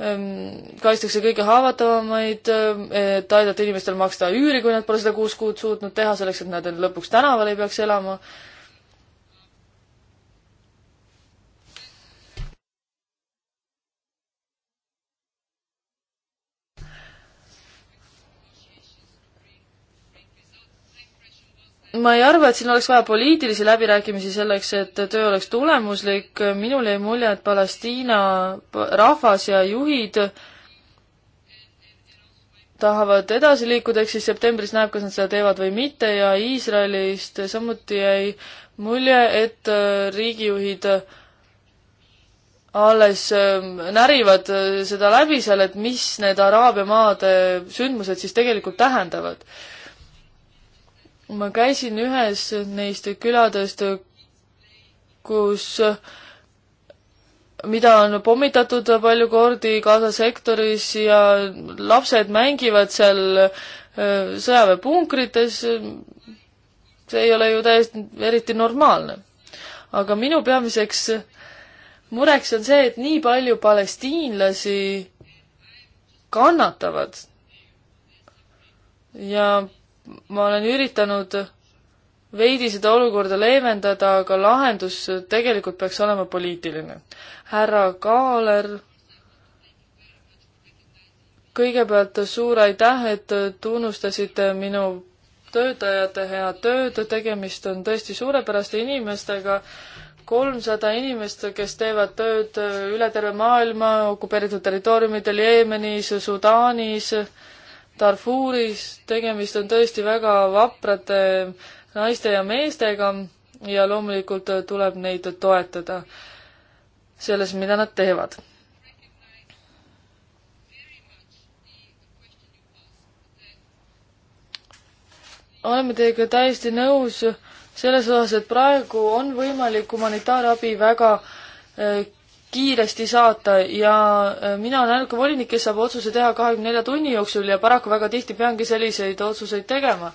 Speaker 1: ehm, kaitstakse kõige haavatavamaid, et aidata inimestel maksta üüri, kui nad pole seda kuus kuud suutnud teha, selleks et nad lõpuks tänaval ei peaks elama ma ei arva, et siin oleks vaja poliitilisi läbirääkimisi selleks, et töö oleks tulemuslik, minul jäi mulje, et Palestiina rahvas ja juhid tahavad edasi liikuda, ehk siis septembris näeb, kas nad seda teevad või mitte ja Iisraelist samuti jäi mulje, et äh, riigijuhid äh, alles ähm, närivad äh, seda läbi seal, et mis need Araabia maade sündmused siis tegelikult tähendavad ma käisin ühes neist küladest, kus, mida on pommitatud palju kordi Gaza sektoris ja lapsed mängivad seal äh, sõjaväepunkrites. see ei ole ju täiesti eriti normaalne. aga minu peamiseks mureks on see, et nii palju palestiinlasi kannatavad ja ma olen üritanud veidi seda olukorda leevendada, aga lahendus tegelikult peaks olema poliitiline. härra Kaaler, kõigepealt suur aitäh, et tunnustasite minu töötajate head tööd, tegemist on tõesti suurepäraste inimestega, kolmsada inimest, kes teevad tööd üle terve maailma, okupeeritud territooriumidel, Jeemenis, Sudaanis, Darfuris, tegemist on tõesti väga vaprate naiste ja meestega ja loomulikult tuleb neid toetada selles, mida nad teevad. oleme teiega täiesti nõus selles osas, et praegu on võimalik humanitaarabi väga eh, kiiresti saata ja äh, mina olen ainuke volinik, kes saab otsuse teha kahekümne nelja tunni jooksul ja paraku väga tihti peangi selliseid otsuseid tegema.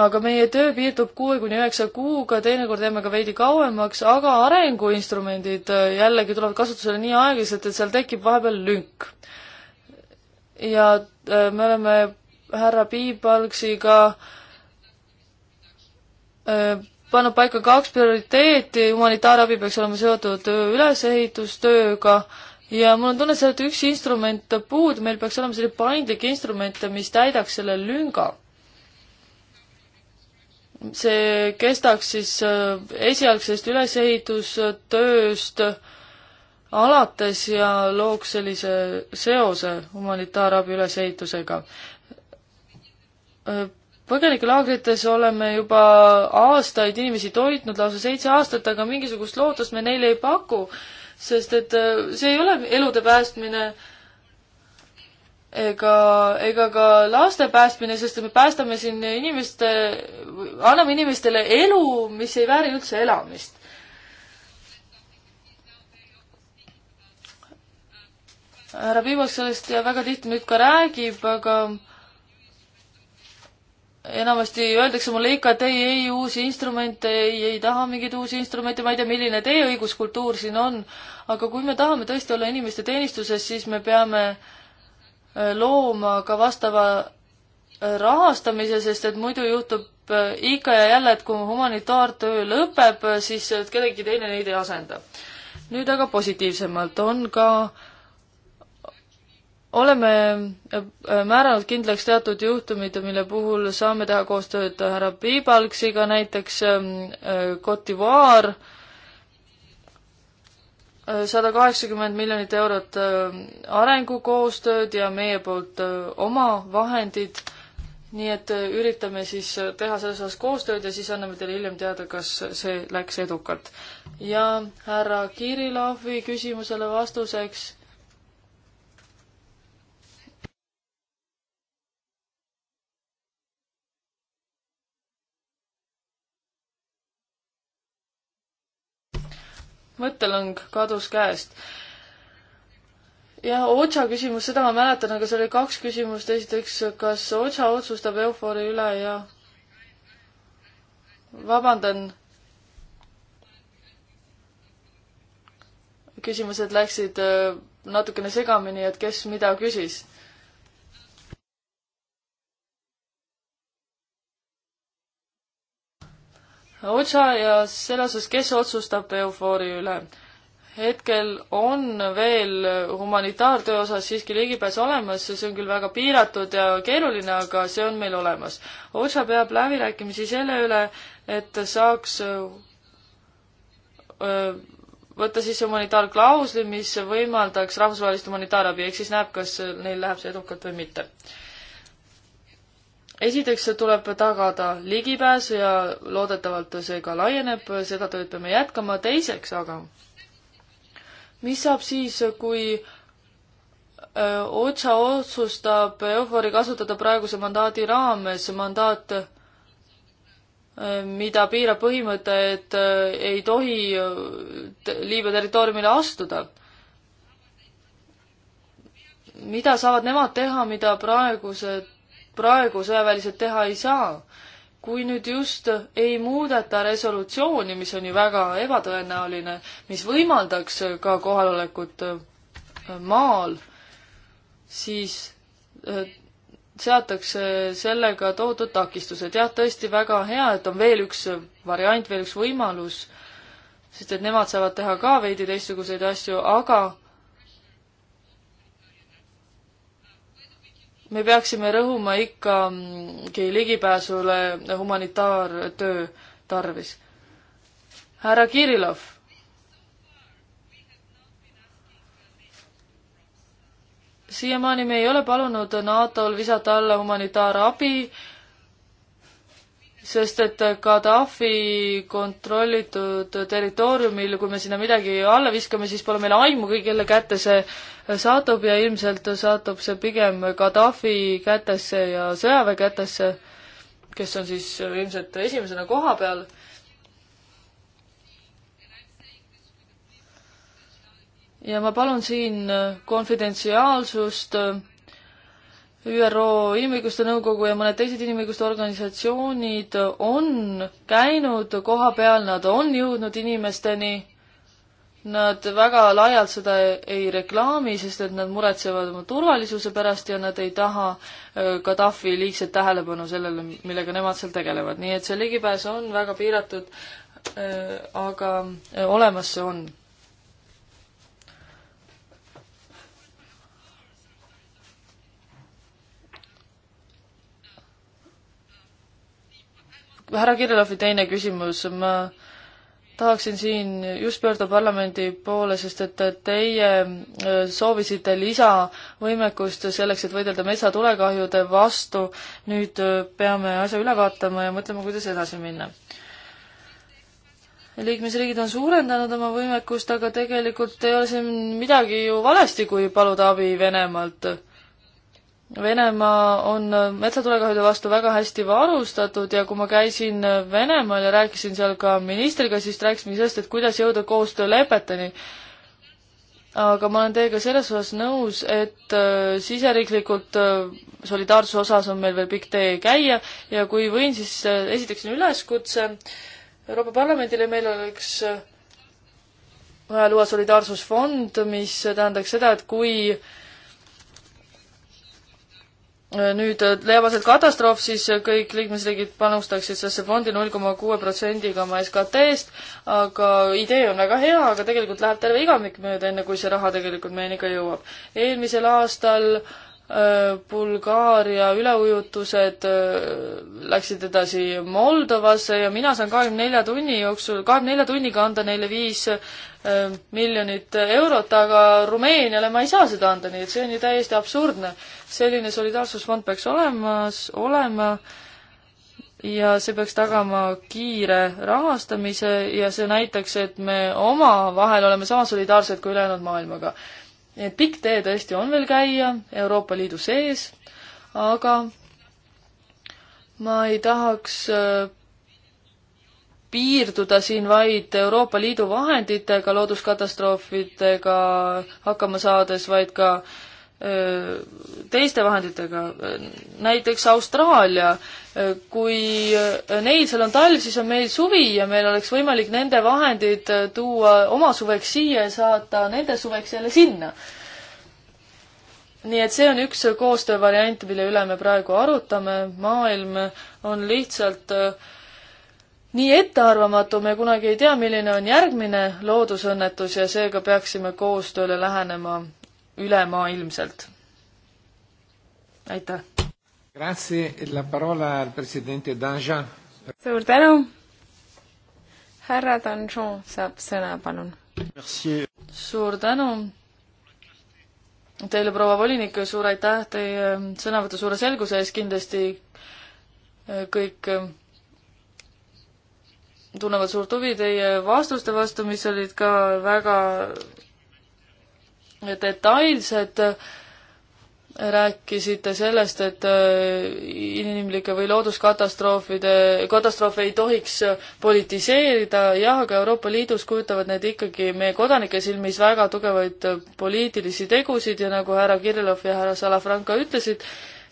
Speaker 1: aga meie töö piirdub kuue kuni üheksa kuuga, teinekord teeme ka veidi kauemaks, aga arenguinstrumendid äh, jällegi tulevad kasutusele nii aeglaselt, et seal tekib vahepeal lünk. ja äh, me oleme härra Piipalksiga pannud paika kaks prioriteeti, humanitaarabi peaks olema seotud ülesehitustööga ja mul on tunne, et sealt üks instrument puudu, meil peaks olema selline paindlik instrument, mis täidaks selle lünga. see kestaks siis äh, esialgsest ülesehitustööst alates ja looks sellise seose humanitaarabi ülesehitusega äh, põgenikelaagrites oleme juba aastaid inimesi toitnud, lausa seitse aastat, aga mingisugust lootust me neile ei paku, sest et äh, see ei ole elude päästmine ega, ega ka laste päästmine, sest me päästame siin inimeste, anname inimestele elu, mis ei vääri üldse elamist. härra Piivak sellest väga tihti nüüd ka räägib, aga enamasti öeldakse mulle ikka, et ei, ei uusi instrumente, ei, ei taha mingeid uusi instrumente, ma ei tea, milline teie õiguskultuur siin on, aga kui me tahame tõesti olla inimeste teenistuses, siis me peame äh, looma ka vastava äh, rahastamise, sest et muidu juhtub äh, ikka ja jälle, et kui humanitaartöö lõpeb, siis kellegi teine neid ei asenda. nüüd aga positiivsemalt on ka äh, oleme äh, äh, määranud kindlaks teatud juhtumid, mille puhul saame teha koostööd härra Piibalksiga, näiteks ähm, äh, Cote d'Ivoire, sada kaheksakümmend miljonit eurot arengukoostööd ja meie poolt oma vahendid, nii et üritame siis teha selles osas koostööd ja siis anname teile hiljem teada, kas see läks edukalt. ja härra Kirillovi küsimusele vastuseks mõttelõng kadus käest. ja Otsa küsimus, seda ma mäletan, aga seal oli kaks küsimust, esiteks, kas Otsa otsustab Eufori üle ja vabandan, küsimused läksid äh, natukene segamini, et kes mida küsis otsa ja selle osas, kes otsustab eufoori üle. hetkel on veel humanitaartöö osas siiski ligipääs olemas, see on küll väga piiratud ja keeruline, aga see on meil olemas. otsa peab läbirääkimisi selle üle, et saaks öö, võtta sisse humanitaarklausli, mis võimaldaks rahvusvahelist humanitaarabi, ehk siis näeb, kas neil läheb see edukalt või mitte esiteks tuleb tagada ligipääs ja loodetavalt see ka laieneb, seda tööd peame jätkama, teiseks aga, mis saab siis, kui otsa otsustab EUFOR-i kasutada praeguse mandaadi raames, mandaat, mida piirab põhimõte, et ei tohi Liibüa territooriumile astuda mida saavad nemad teha, mida praegused praegu sõjaväeliselt teha ei saa. kui nüüd just ei muudeta resolutsiooni, mis on ju väga ebatõenäoline, mis võimaldaks ka kohalolekut äh, maal, siis äh, seatakse sellega tohutud takistused. jah, tõesti väga hea, et on veel üks variant, veel üks võimalus, sest et nemad saavad teha ka veidi teistsuguseid asju, aga me peaksime rõhuma ikkagi mm, ligipääsule humanitaartöö tarvis. härra Kirillov. siiamaani me ei ole palunud NATO-l visata alla humanitaarabi sest et Gaddafi kontrollitud territooriumil, kui me sinna midagi alla viskame, siis pole meil aimugi, kelle kätte see satub ja ilmselt satub see pigem Gaddafi kätesse ja sõjaväe kätesse, kes on siis ilmselt esimesena koha peal. ja ma palun siin konfidentsiaalsust ÜRO Inimõiguste Nõukogu ja mõned teised inimõiguste organisatsioonid on käinud koha peal, nad on jõudnud inimesteni. Nad väga laialt seda ei reklaami, sest et nad muretsevad oma turvalisuse pärast ja nad ei taha äh, Gaddafi liigset tähelepanu sellele, millega nemad seal tegelevad, nii et see ligipääs on väga piiratud. Äh, aga äh, olemas see on härra Kirillovi teine küsimus, ma tahaksin siin just pöörda parlamendi poole, sest et teie äh, soovisite lisavõimekust selleks, et võidelda metsatulekahjude vastu. nüüd äh, peame asja üle vaatama ja mõtlema, kuidas edasi minna liikmesriigid on suurendanud oma võimekust, aga tegelikult ei ole siin midagi ju valesti, kui paluda abi Venemaalt. Venemaa on metsatulekahjude vastu väga hästi varustatud ja kui ma käisin Venemaal ja rääkisin seal ka ministriga, siis rääkisime sellest, et kuidas jõuda koostöölepeteni. aga ma olen teiega selles osas nõus, et äh, siseriiklikult äh, solidaarsuse osas on meil veel pikk tee käia ja kui võin, siis äh, esitaksin üleskutse Euroopa Parlamendile, meil oleks vaja luua solidaarsusfond, mis tähendaks seda, et kui äh, nüüd leiab aset katastroof, siis kõik liikmesriigid panustaksid sellesse fondi null koma kuue protsendiga oma SKT-st, aga idee on väga hea, aga tegelikult läheb terve igavik mööda, enne kui see raha tegelikult meieni ka jõuab. eelmisel aastal äh, Äh, Bulgaaria üleujutused äh, läksid edasi Moldovasse ja mina saan kahekümne nelja tunni jooksul, kahekümne nelja tunniga anda neile viis äh, miljonit eurot, aga Rumeeniale ma ei saa seda anda, nii et see on ju täiesti absurdne. selline solidaarsusfond peaks olemas olema ja see peaks tagama kiire rahastamise ja see näitaks, et me omavahel oleme sama solidaarsed kui ülejäänud maailmaga nii et pikk tee tõesti on veel käia Euroopa Liidu sees, aga ma ei tahaks äh, piirduda siin vaid Euroopa Liidu vahenditega looduskatastroofidega hakkama saades, vaid ka teiste vahenditega, näiteks Austraalia, kui neil seal on talv, siis on meil suvi ja meil oleks võimalik nende vahendid tuua oma suveks siia ja saata nende suveks jälle sinna. nii et see on üks koostöövariant, mille üle me praegu arutame, maailm on lihtsalt nii ettearvamatu, me kunagi ei tea, milline on järgmine loodusõnnetus ja seega peaksime koostööle lähenema ülemaailmselt. aitäh! suur tänu! härra Danjon saab sõna, palun. suur tänu teile, proua volinik, suur aitäh teie sõnavõtu suure selguse eest, kindlasti eh, kõik eh, tunnevad suurt huvi teie vastuste vastu, mis olid ka väga detailsed, äh, rääkisite sellest, et äh, inimlike või looduskatastroofide, katastroofe ei tohiks äh, politiseerida, jah, aga Euroopa Liidus kujutavad need ikkagi meie kodanike silmis väga tugevaid poliitilisi tegusid ja nagu härra Kirillov ja härra Salafranca ütlesid,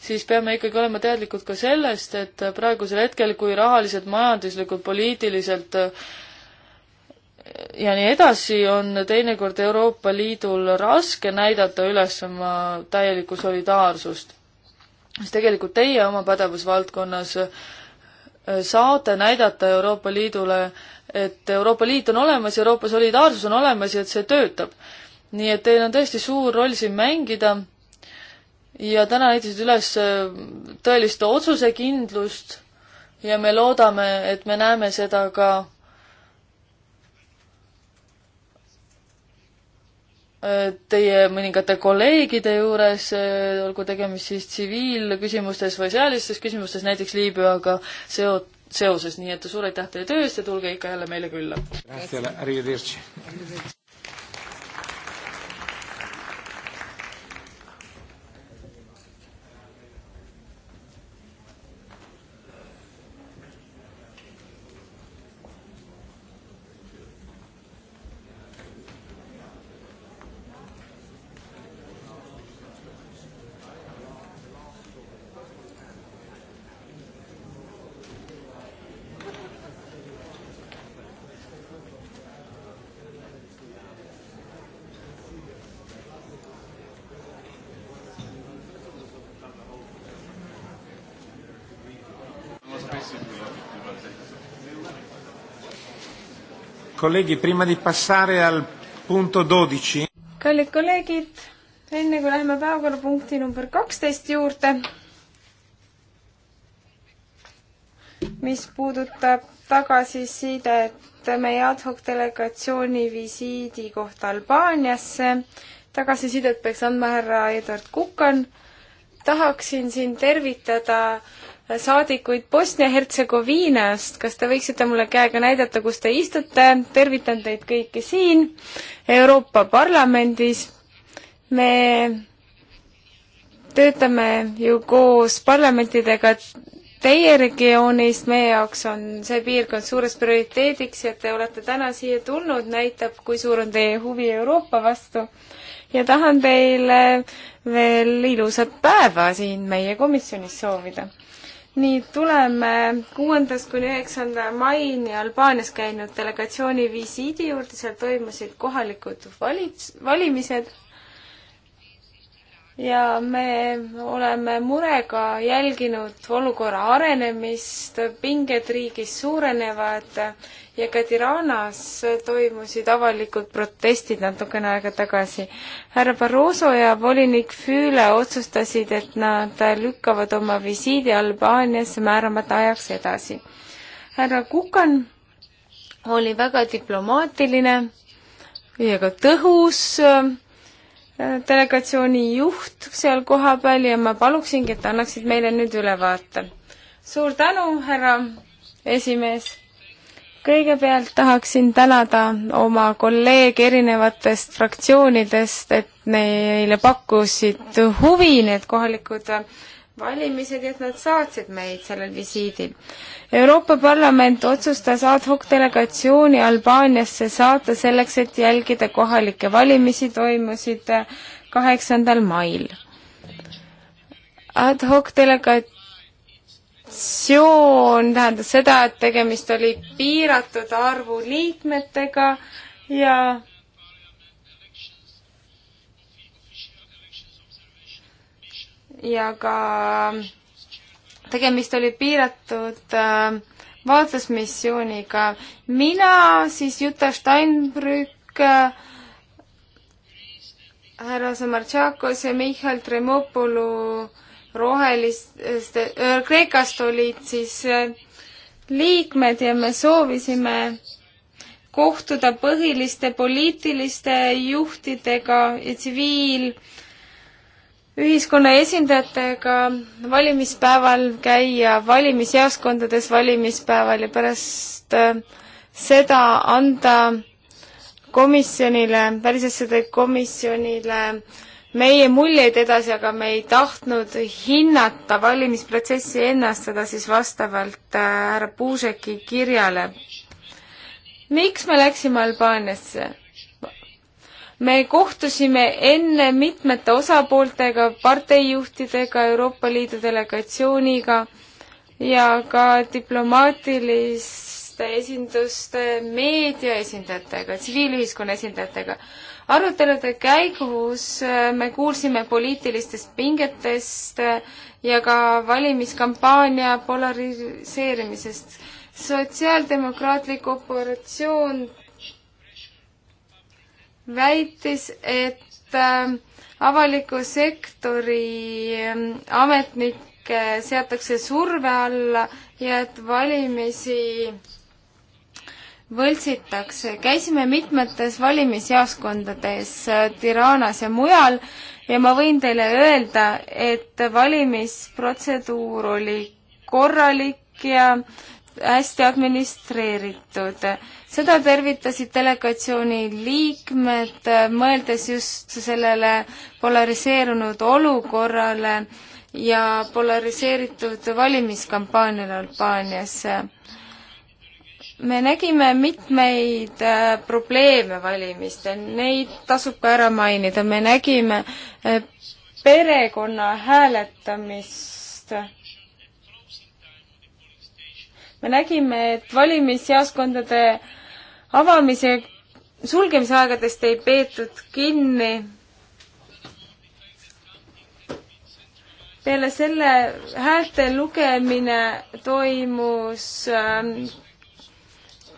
Speaker 1: siis peame ikkagi olema teadlikud ka sellest, et praegusel hetkel, kui rahaliselt, majanduslikult, poliitiliselt äh, ja nii edasi, on teinekord Euroopa Liidul raske näidata üles oma täielikku solidaarsust. siis tegelikult teie oma pädevusvaldkonnas äh, saate näidata Euroopa Liidule, et Euroopa Liit on olemas, Euroopa solidaarsus on olemas ja et see töötab. nii et teil on tõesti suur roll siin mängida ja täna näitasid üles äh, tõelist otsusekindlust ja me loodame, et me näeme seda ka Äh, teie mõningate kolleegide juures, äh, olgu tegemist siis tsiviilküsimustes või sõjalistes küsimustes, näiteks Liibüaga seo-, seoses, nii et suur aitäh teie töö eest ja tulge ikka jälle meile külla! Colleghi, prima di passare al punto 12.
Speaker 3: kallid kolleegid, enne kui läheme päevakorrapunkti number kaksteist juurde, mis puudutab tagasisidet meie ad hoc delegatsiooni visiidi kohta Albaaniasse, tagasisidet peaks andma härra Eduard Kukan, tahaksin siin tervitada äh, saadikuid Bosnia-Hertsegoviinast, kas te võiksite mulle käega näidata, kus te istute, tervitan teid kõiki siin Euroopa Parlamendis. me töötame ju koos parlamentidega teie regioonist, meie jaoks on see piirkond suures prioriteediks ja te olete täna siia tulnud, näitab, kui suur on teie huvi Euroopa vastu. ja tahan teile veel ilusat päeva siin meie komisjonis soovida nii, tuleme kuuendast kuni üheksanda maini Albaanias käinud delegatsiooni visiidi juurde, seal toimusid kohalikud valits-, valimised ja me oleme murega jälginud olukorra arenemist, pinged riigis suurenevad ja ka Tiranas toimusid avalikud protestid natukene aega tagasi. härra Barroso ja volinik Füüle otsustasid, et nad lükkavad oma visiidi Albaaniasse määramata ajaks edasi. härra Kukan oli väga diplomaatiline ja ka tõhus delegatsiooni juht seal kohapeal ja ma paluksingi, et annaksid meile nüüd ülevaate. suur tänu, härra esimees! kõigepealt tahaksin tänada oma kolleege erinevatest fraktsioonidest, et neile pakkusid huvi need kohalikud valimised ja et nad saatsid meid sellel visiidil. Euroopa Parlament otsustas ad hoc delegatsiooni Albaaniasse saata selleks, et jälgida kohalikke valimisi, toimusid kaheksandal mail. ad hoc delegatsioon tähendas seda, et tegemist oli piiratud arvu liikmetega ja ja ka tegemist oli piiratud äh, vaatlusmissiooniga. mina siis Juta Steinbrück äh,, härra Samartšakos ja Mihhail Tremopolu rohelist äh,, Kreekast olid siis äh, liikmed ja me soovisime kohtuda põhiliste poliitiliste juhtidega ja tsiviil- ühiskonna esindajatega valimispäeval käia valimisjaoskondades valimispäeval ja pärast äh, seda anda komisjonile, välisasjade komisjonile meie muljeid edasi, aga me ei tahtnud hinnata valimisprotsessi ennast, seda siis vastavalt äh, härra Puuseki kirjale. miks me läksime Albaaniasse? me kohtusime enne mitmete osapooltega, parteijuhtidega, Euroopa Liidu delegatsiooniga ja ka diplomaatiliste esinduste, meedia esindajatega, tsiviilühiskonna esindajatega. arutelude käigus äh, me kuulsime poliitilistest pingetest äh, ja ka valimiskampaania polariseerimisest sotsiaaldemokraatlik operatsioon väitis, et ähm, avaliku sektori ähm, ametnikke seatakse surve alla ja et valimisi võltsitakse. käisime mitmetes valimisjaoskondades äh, Tiranas ja mujal ja ma võin teile öelda, et valimisprotseduur oli korralik ja äh, hästi administreeritud. seda tervitasid delegatsiooni liikmed, mõeldes just sellele polariseerunud olukorrale ja polariseeritud valimiskampaaniale Albaanias. me nägime mitmeid äh, probleeme valimistel, neid tasub ka ära mainida, me nägime äh, perekonna hääletamist me nägime, et valimisjaoskondade avamise sulgemisaegadest ei peetud kinni. peale selle häälte lugemine toimus ähm,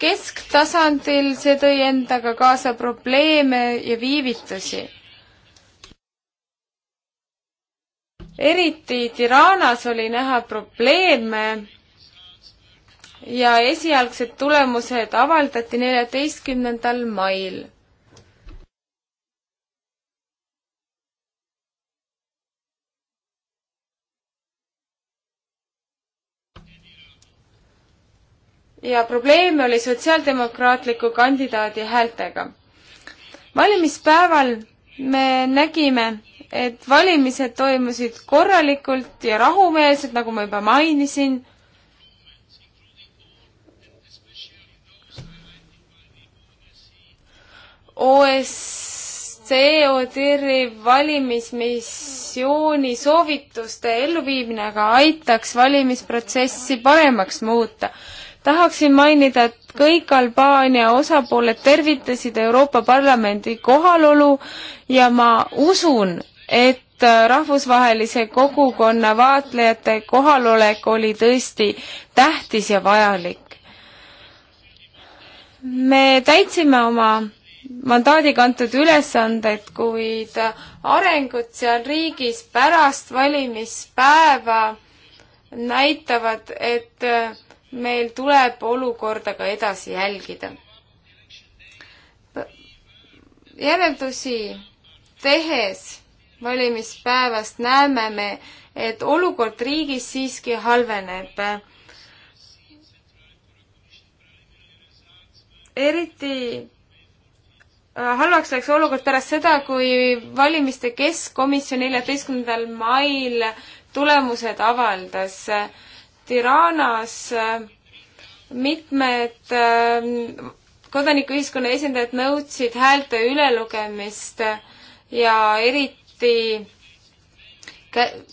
Speaker 3: kesktasandil, see tõi endaga kaasa probleeme ja viivitusi eriti Tiranas oli näha probleeme ja esialgsed tulemused avaldati neljateistkümnendal mail. ja probleem oli sotsiaaldemokraatliku kandidaadi häältega. valimispäeval me nägime, et valimised toimusid korralikult ja rahumeelselt, nagu ma juba mainisin OSCE-ODR-i valimismissiooni soovituste elluviimine aga aitaks valimisprotsessi paremaks muuta. tahaksin mainida, et kõik Albaania osapooled tervitasid Euroopa Parlamendi kohalolu ja ma usun, et rahvusvahelise kogukonna vaatlejate kohalolek oli tõesti tähtis ja vajalik. me täitsime oma mandaadiga antud ülesanded, kuid arengud seal riigis pärast valimispäeva näitavad, et meil tuleb olukorda ka edasi jälgida. järeldusi tehes valimispäevast näeme me, et olukord riigis siiski halveneb. eriti Äh, halvaks läks olukord pärast seda, kui valimiste keskkomisjon neljateistkümnendal mail tulemused avaldas. Tiranas äh, mitmed äh, kodanikuühiskonna esindajad nõudsid häälte ülelugemist ja eriti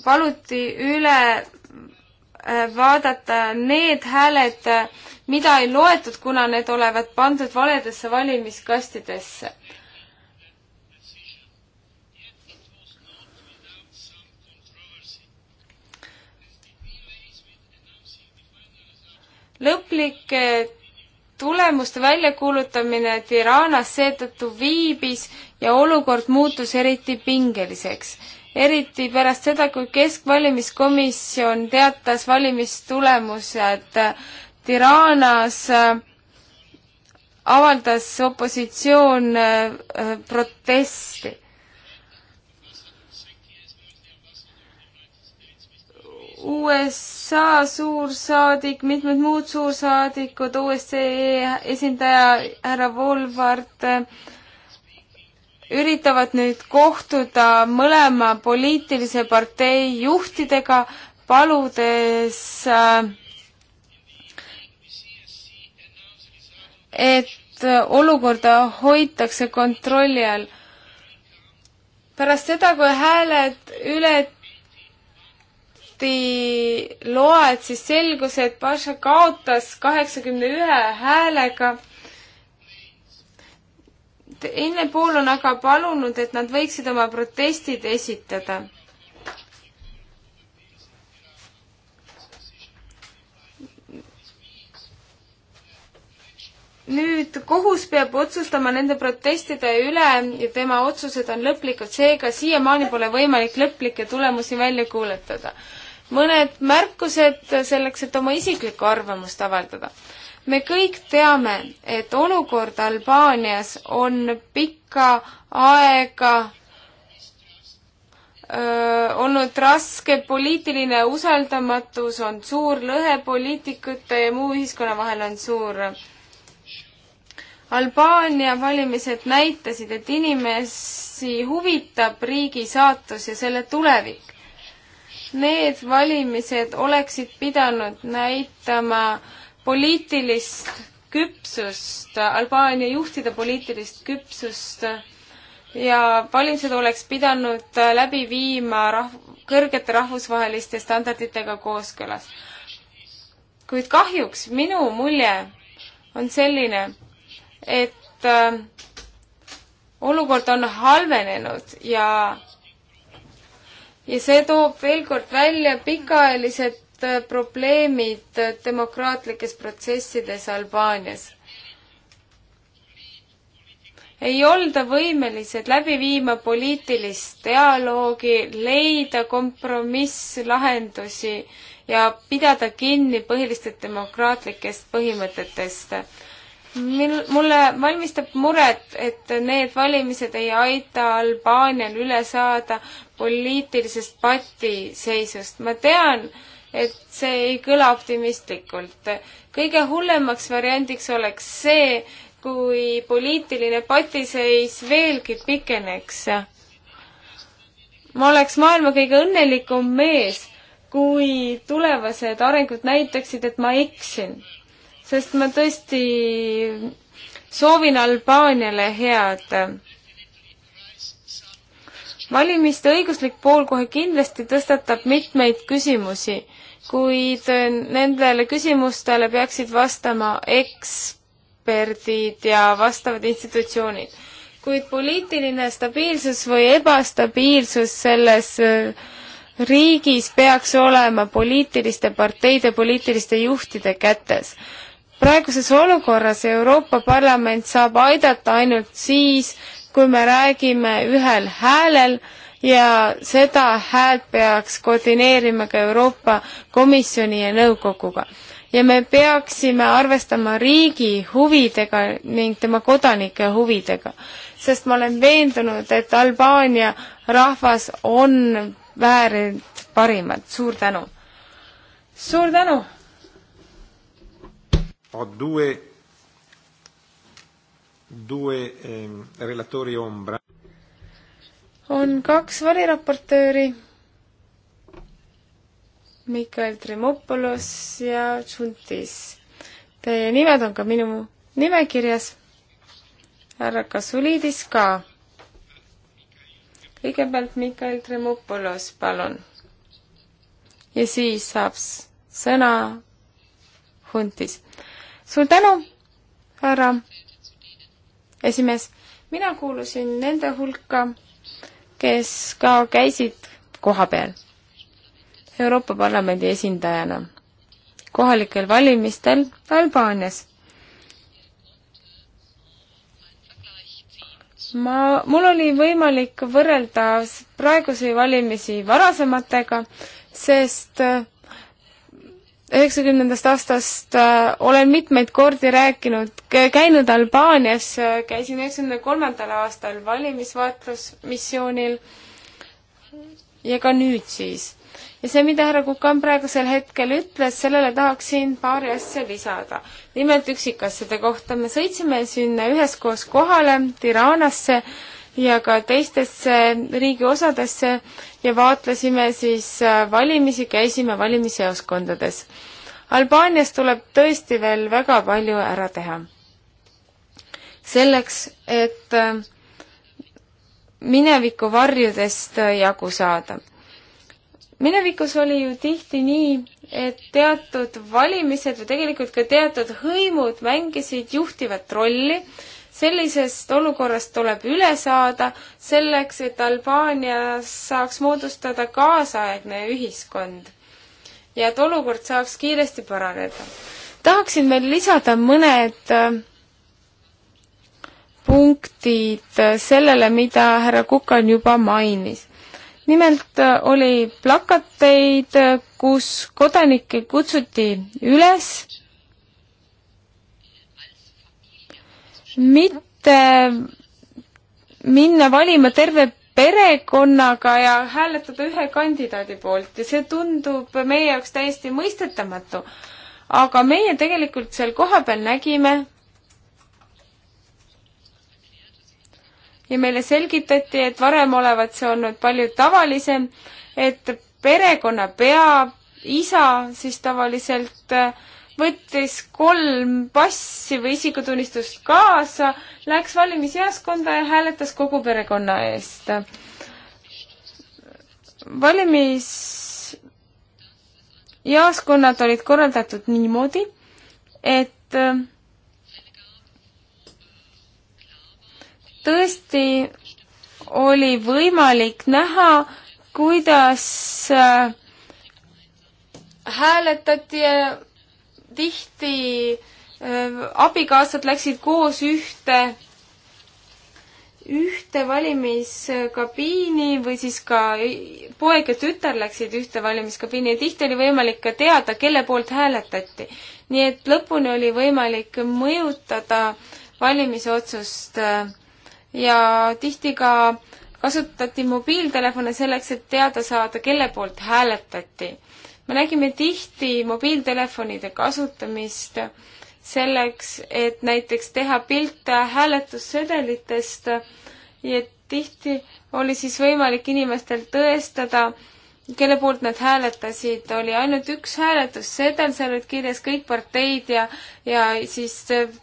Speaker 3: paluti üle vaadata need hääled, mida ei loetud, kuna need olevat pandud valedesse valimiskastidesse. lõplike tulemuste väljakuulutamine Tiranas seetõttu viibis ja olukord muutus eriti pingeliseks eriti pärast seda, kui Keskvalimiskomisjon teatas valimistulemused Tiranas äh, avaldas opositsioon äh, protesti USA suursaadik, mitmed muud suursaadikud, OSCE esindaja härra Volvart äh, üritavad nüüd kohtuda mõlema poliitilise partei juhtidega, paludes äh, et olukorda hoitakse kontrolli all. pärast seda, kui hääled ületi loed, siis selgus, et Paša kaotas kaheksakümne ühe häälega teine pool on aga palunud, et nad võiksid oma protestid esitada. nüüd kohus peab otsustama nende protestide üle ja tema otsused on lõplikud, seega siiamaani pole võimalik lõplikke tulemusi välja kuulutada. mõned märkused selleks, et oma isiklikku arvamust avaldada. me kõik teame, et olukord Albaanias on pikka aega öö, olnud raske, poliitiline usaldamatus on suur, lõhe poliitikute ja muu ühiskonna vahel on suur Albaania valimised näitasid, et inimesi huvitab riigi saatus ja selle tulevik. Need valimised oleksid pidanud näitama poliitilist küpsust, Albaania juhtide poliitilist küpsust ja valimised oleks pidanud läbi viima rahv-, kõrgete rahvusvaheliste standarditega kooskõlas. kuid kahjuks minu mulje on selline, et äh, olukord on halvenenud ja ja see toob veel kord välja pikaajalised äh, probleemid äh, demokraatlikes protsessides Albaanias. ei olda võimelised läbi viima poliitilist dialoogi, leida kompromisslahendusi ja pidada kinni põhilistest demokraatlikest põhimõtetest mil-, mulle valmistab muret, et need valimised ei aita Albaanial üle saada poliitilisest patiseisust. ma tean, et see ei kõla optimistlikult. kõige hullemaks variandiks oleks see, kui poliitiline patiseis veelgi pikeneks. ma oleks maailma kõige õnnelikum mees, kui tulevased arengud näitaksid, et ma eksin sest ma tõesti soovin Albaaniale head. valimiste õiguslik pool kohe kindlasti tõstatab mitmeid küsimusi, kuid nendele küsimustele peaksid vastama eksperdid ja vastavad institutsioonid. kuid poliitiline stabiilsus või ebastabiilsus selles äh, riigis peaks olema poliitiliste parteide, poliitiliste juhtide kätes praeguses olukorras Euroopa Parlament saab aidata ainult siis, kui me räägime ühel häälel ja seda häält peaks koordineerima ka Euroopa Komisjoni ja nõukoguga. ja me peaksime arvestama riigi huvidega ning tema kodanike huvidega, sest ma olen veendunud, et Albaania rahvas on väärinud parimat, suur tänu! suur tänu!
Speaker 1: ho due, due ehm, relatori ombra.
Speaker 3: on kaks variraportööri. Mikael Tremopolos ja Tšuntis. Teie nimed on ka minu nimekirjas. härra Kasuliidis ka. kõigepealt Mikael Tremopolos, palun. ja siis saab sõna Huntis suur tänu, härra esimees. mina kuulusin nende hulka, kes ka käisid kohapeal Euroopa Parlamendi esindajana kohalikel valimistel Albaanias. ma, mul oli võimalik võrrelda praegusi valimisi varasematega, sest üheksakümnendast aastast äh, olen mitmeid kordi rääkinud, käinud Albaanias, äh, käisin üheksakümne kolmandal aastal valimisvaatlusmissioonil ja ka nüüd siis. ja see, mida härra Kukan praegusel hetkel ütles, sellele tahaksin paari asja lisada. nimelt üksikasjade kohta, me sõitsime sinna üheskoos kohale Tiranasse ja ka teistesse riigi osadesse ja vaatlesime siis äh, valimisi, käisime valimisjaoskondades. Albaanias tuleb tõesti veel väga palju ära teha. selleks, et äh, mineviku varjudest äh, jagu saada. minevikus oli ju tihti nii, et teatud valimised või tegelikult ka teatud hõimud mängisid juhtivat rolli äh, sellisest olukorrast tuleb üle saada selleks, et Albaanias saaks moodustada kaasaegne ühiskond ja et olukord saaks kiiresti paraneda. tahaksin veel lisada mõned äh, punktid äh, sellele, mida härra Kukan juba mainis. nimelt äh, oli plakateid, kus kodanikke kutsuti üles mitte minna valima terve perekonnaga ja hääletada ühe kandidaadi poolt ja see tundub meie jaoks täiesti mõistetamatu. aga meie tegelikult seal kohapeal nägime ja meile selgitati, et varem olevat see olnud palju tavalisem, et perekonna pea, isa siis tavaliselt äh, võttis kolm passi või isikutunnistust kaasa, läks valimisjaoskonda ja hääletas kogu perekonna eest. valimisjaoskonnad olid korraldatud niimoodi, et äh, tõesti oli võimalik näha, kuidas äh, hääletati ja tihti äh, abikaasad läksid koos ühte, ühte valimiskabiini või siis ka poeg ja tütar läksid ühte valimiskabiini ja tihti oli võimalik ka teada, kelle poolt hääletati. nii et lõpuni oli võimalik mõjutada valimisotsust äh, ja tihti ka kasutati mobiiltelefone selleks, et teada saada, kelle poolt hääletati me nägime tihti mobiiltelefonide kasutamist selleks, et näiteks teha pilte hääletussedelitest ja tihti oli siis võimalik inimestel tõestada, kelle poolt nad hääletasid, oli ainult üks hääletussedel, seal olid kirjas kõik parteid ja, ja siis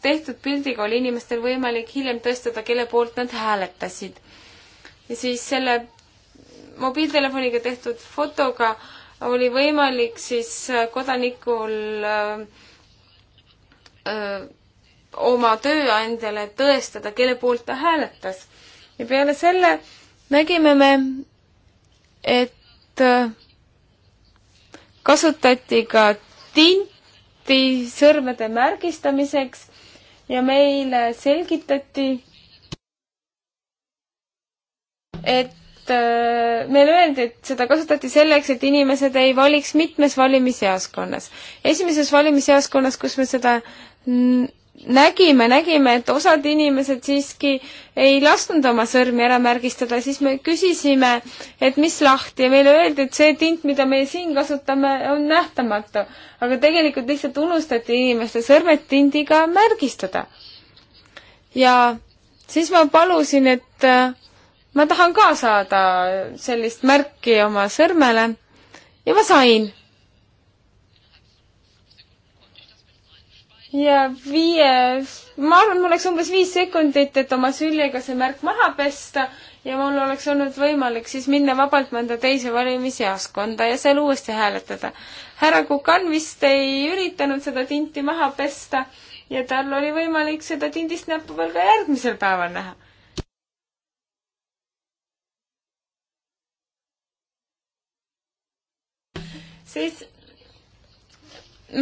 Speaker 3: tehtud pildiga oli inimestel võimalik hiljem tõestada, kelle poolt nad hääletasid. ja siis selle mobiiltelefoniga tehtud fotoga oli võimalik siis äh, kodanikul öö, äh, äh, oma tööandjale tõestada, kelle poolt ta hääletas. ja peale selle nägime me, et kasutati ka tinti sõrmede märgistamiseks ja meile selgitati, et Äh, meile öeldi, et seda kasutati selleks, et inimesed ei valiks mitmes valimisjaoskonnas. esimeses valimisjaoskonnas, kus me seda nägime, nägime, et osad inimesed siiski ei lasknud oma sõrmi ära märgistada, siis me küsisime, et mis lahti ja meile öeldi, et see tint, mida meie siin kasutame, on nähtamatu. aga tegelikult lihtsalt unustati inimeste sõrmed tindiga märgistada. ja siis ma palusin, et äh, ma tahan ka saada sellist märki oma sõrmele ja ma sain. ja viie, ma arvan, mul läks umbes viis sekundit, et oma süljega see märk maha pesta ja mul oleks olnud võimalik siis minna vabalt mõnda teise valimisjaoskonda ja seal uuesti hääletada. härra Kukan vist ei üritanud seda tinti maha pesta ja tal oli võimalik seda tindist näppu veel ka järgmisel päeval näha siis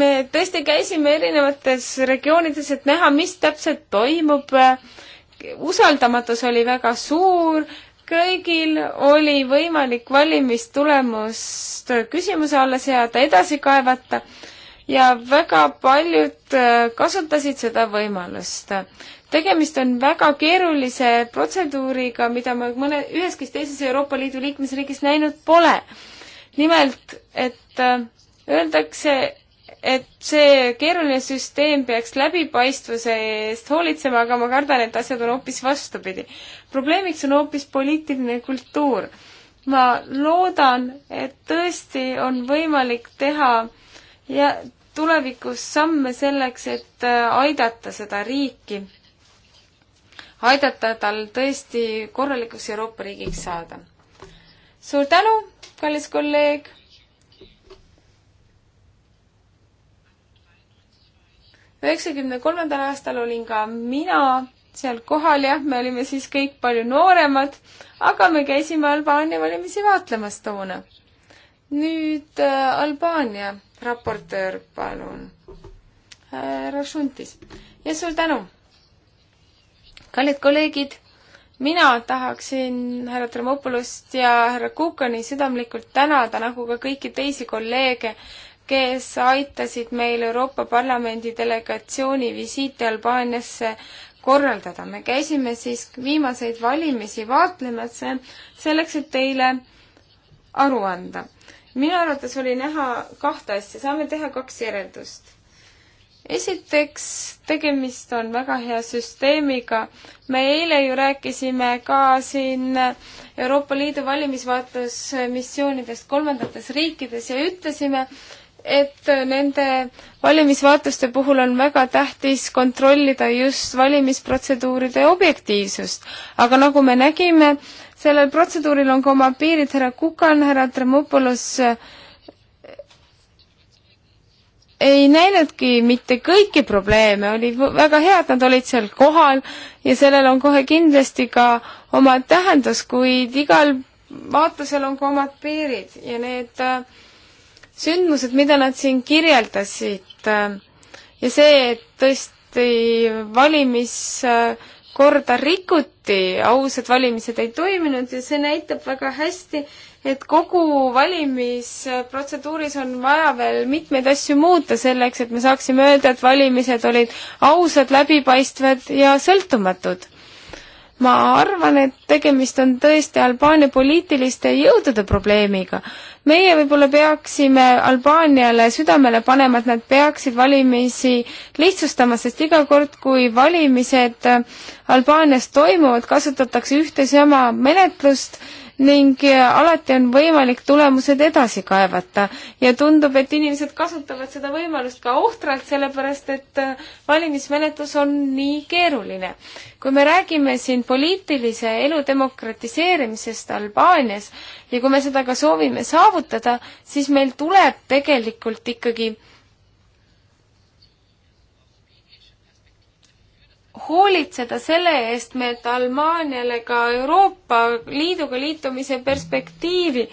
Speaker 3: me tõesti käisime erinevates regioonides, et näha, mis täpselt toimub. usaldamatus oli väga suur, kõigil oli võimalik valimistulemust küsimuse alla seada, edasi kaevata ja väga paljud äh, kasutasid seda võimalust. tegemist on väga keerulise protseduuriga, mida ma mõne, üheski teises Euroopa Liidu liikmesriigis näinud pole nimelt, et äh, öeldakse, et see keeruline süsteem peaks läbipaistvuse eest hoolitsema, aga ma kardan, et asjad on hoopis vastupidi. probleemiks on hoopis poliitiline kultuur. ma loodan, et tõesti on võimalik teha ja tulevikus samme selleks, et äh, aidata seda riiki, aidata tal tõesti korralikuks Euroopa riigiks saada. suur tänu kallis kolleeg. üheksakümne kolmandal aastal olin ka mina seal kohal, jah, me olime siis kõik palju nooremad, aga me käisime Albaania valimisi vaatlemas toona. nüüd äh, Albaania raportöör, palun, härra Šuntis ja suur tänu. kallid kolleegid mina tahaksin härra Tremopolust ja härra Kukani südamlikult tänada, nagu ka kõiki teisi kolleege, kes aitasid meil Euroopa Parlamendi delegatsiooni visiiti Albaaniasse korraldada. me käisime siis viimaseid valimisi vaatlemas, selleks, et teile aru anda. minu arvates oli näha kahte asja, saame teha kaks järeldust esiteks, tegemist on väga hea süsteemiga. me eile ju rääkisime ka siin Euroopa Liidu valimisvaatlusmissioonidest kolmandates riikides ja ütlesime, et nende valimisvaatluste puhul on väga tähtis kontrollida just valimisprotseduuride objektiivsust. aga nagu me nägime, sellel protseduuril on ka oma piirid, härra Kukan, härra Tremopoulos äh, ei näinudki mitte kõiki probleeme, oli väga hea, et nad olid seal kohal ja sellel on kohe kindlasti ka oma tähendus, kuid igal vaatusel on ka omad piirid ja need äh, sündmused, mida nad siin kirjeldasid äh, ja see, et tõesti valimiskorda äh, rikuti, ausad valimised ei toiminud ja see näitab väga hästi, et kogu valimisprotseduuris on vaja veel mitmeid asju muuta selleks, et me saaksime öelda, et valimised olid ausad, läbipaistvad ja sõltumatud. ma arvan, et tegemist on tõesti Albaania poliitiliste jõudude probleemiga. meie võib-olla peaksime Albaaniale südamele panema, et nad peaksid valimisi lihtsustama, sest iga kord, kui valimised Albaanias toimuvad, kasutatakse ühte sama menetlust ning äh, alati on võimalik tulemused edasi kaevata ja tundub, et inimesed kasutavad seda võimalust ka ohtralt, sellepärast et äh, valimismenetlus on nii keeruline. kui me räägime siin poliitilise elu demokratiseerimisest Albaanias ja kui me seda ka soovime saavutada, siis meil tuleb tegelikult ikkagi hoolitseda selle eest, me, et Almaaniale ka Euroopa Liiduga liitumise perspektiivi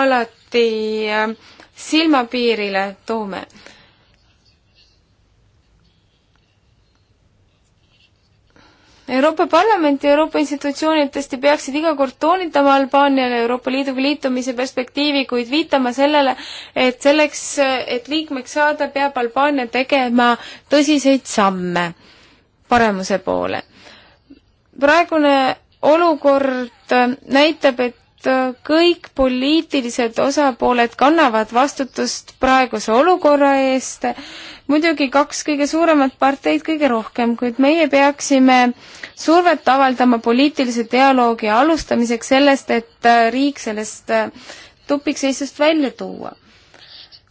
Speaker 3: alati äh, silmapiirile toome. Euroopa Parlament ja Euroopa institutsioonid tõesti peaksid iga kord toonitama Albaaniale Euroopa Liiduga liitumise perspektiivi, kuid viitama sellele, et selleks, et liikmeks saada, peab Albaania tegema tõsiseid samme paremuse poole. praegune olukord näitab, et kõik poliitilised osapooled kannavad vastutust praeguse olukorra eest, muidugi kaks kõige suuremat parteid kõige rohkem, kuid meie peaksime survet avaldama poliitilise dialoogi alustamiseks sellest, et riik sellest tupikseisust välja tuua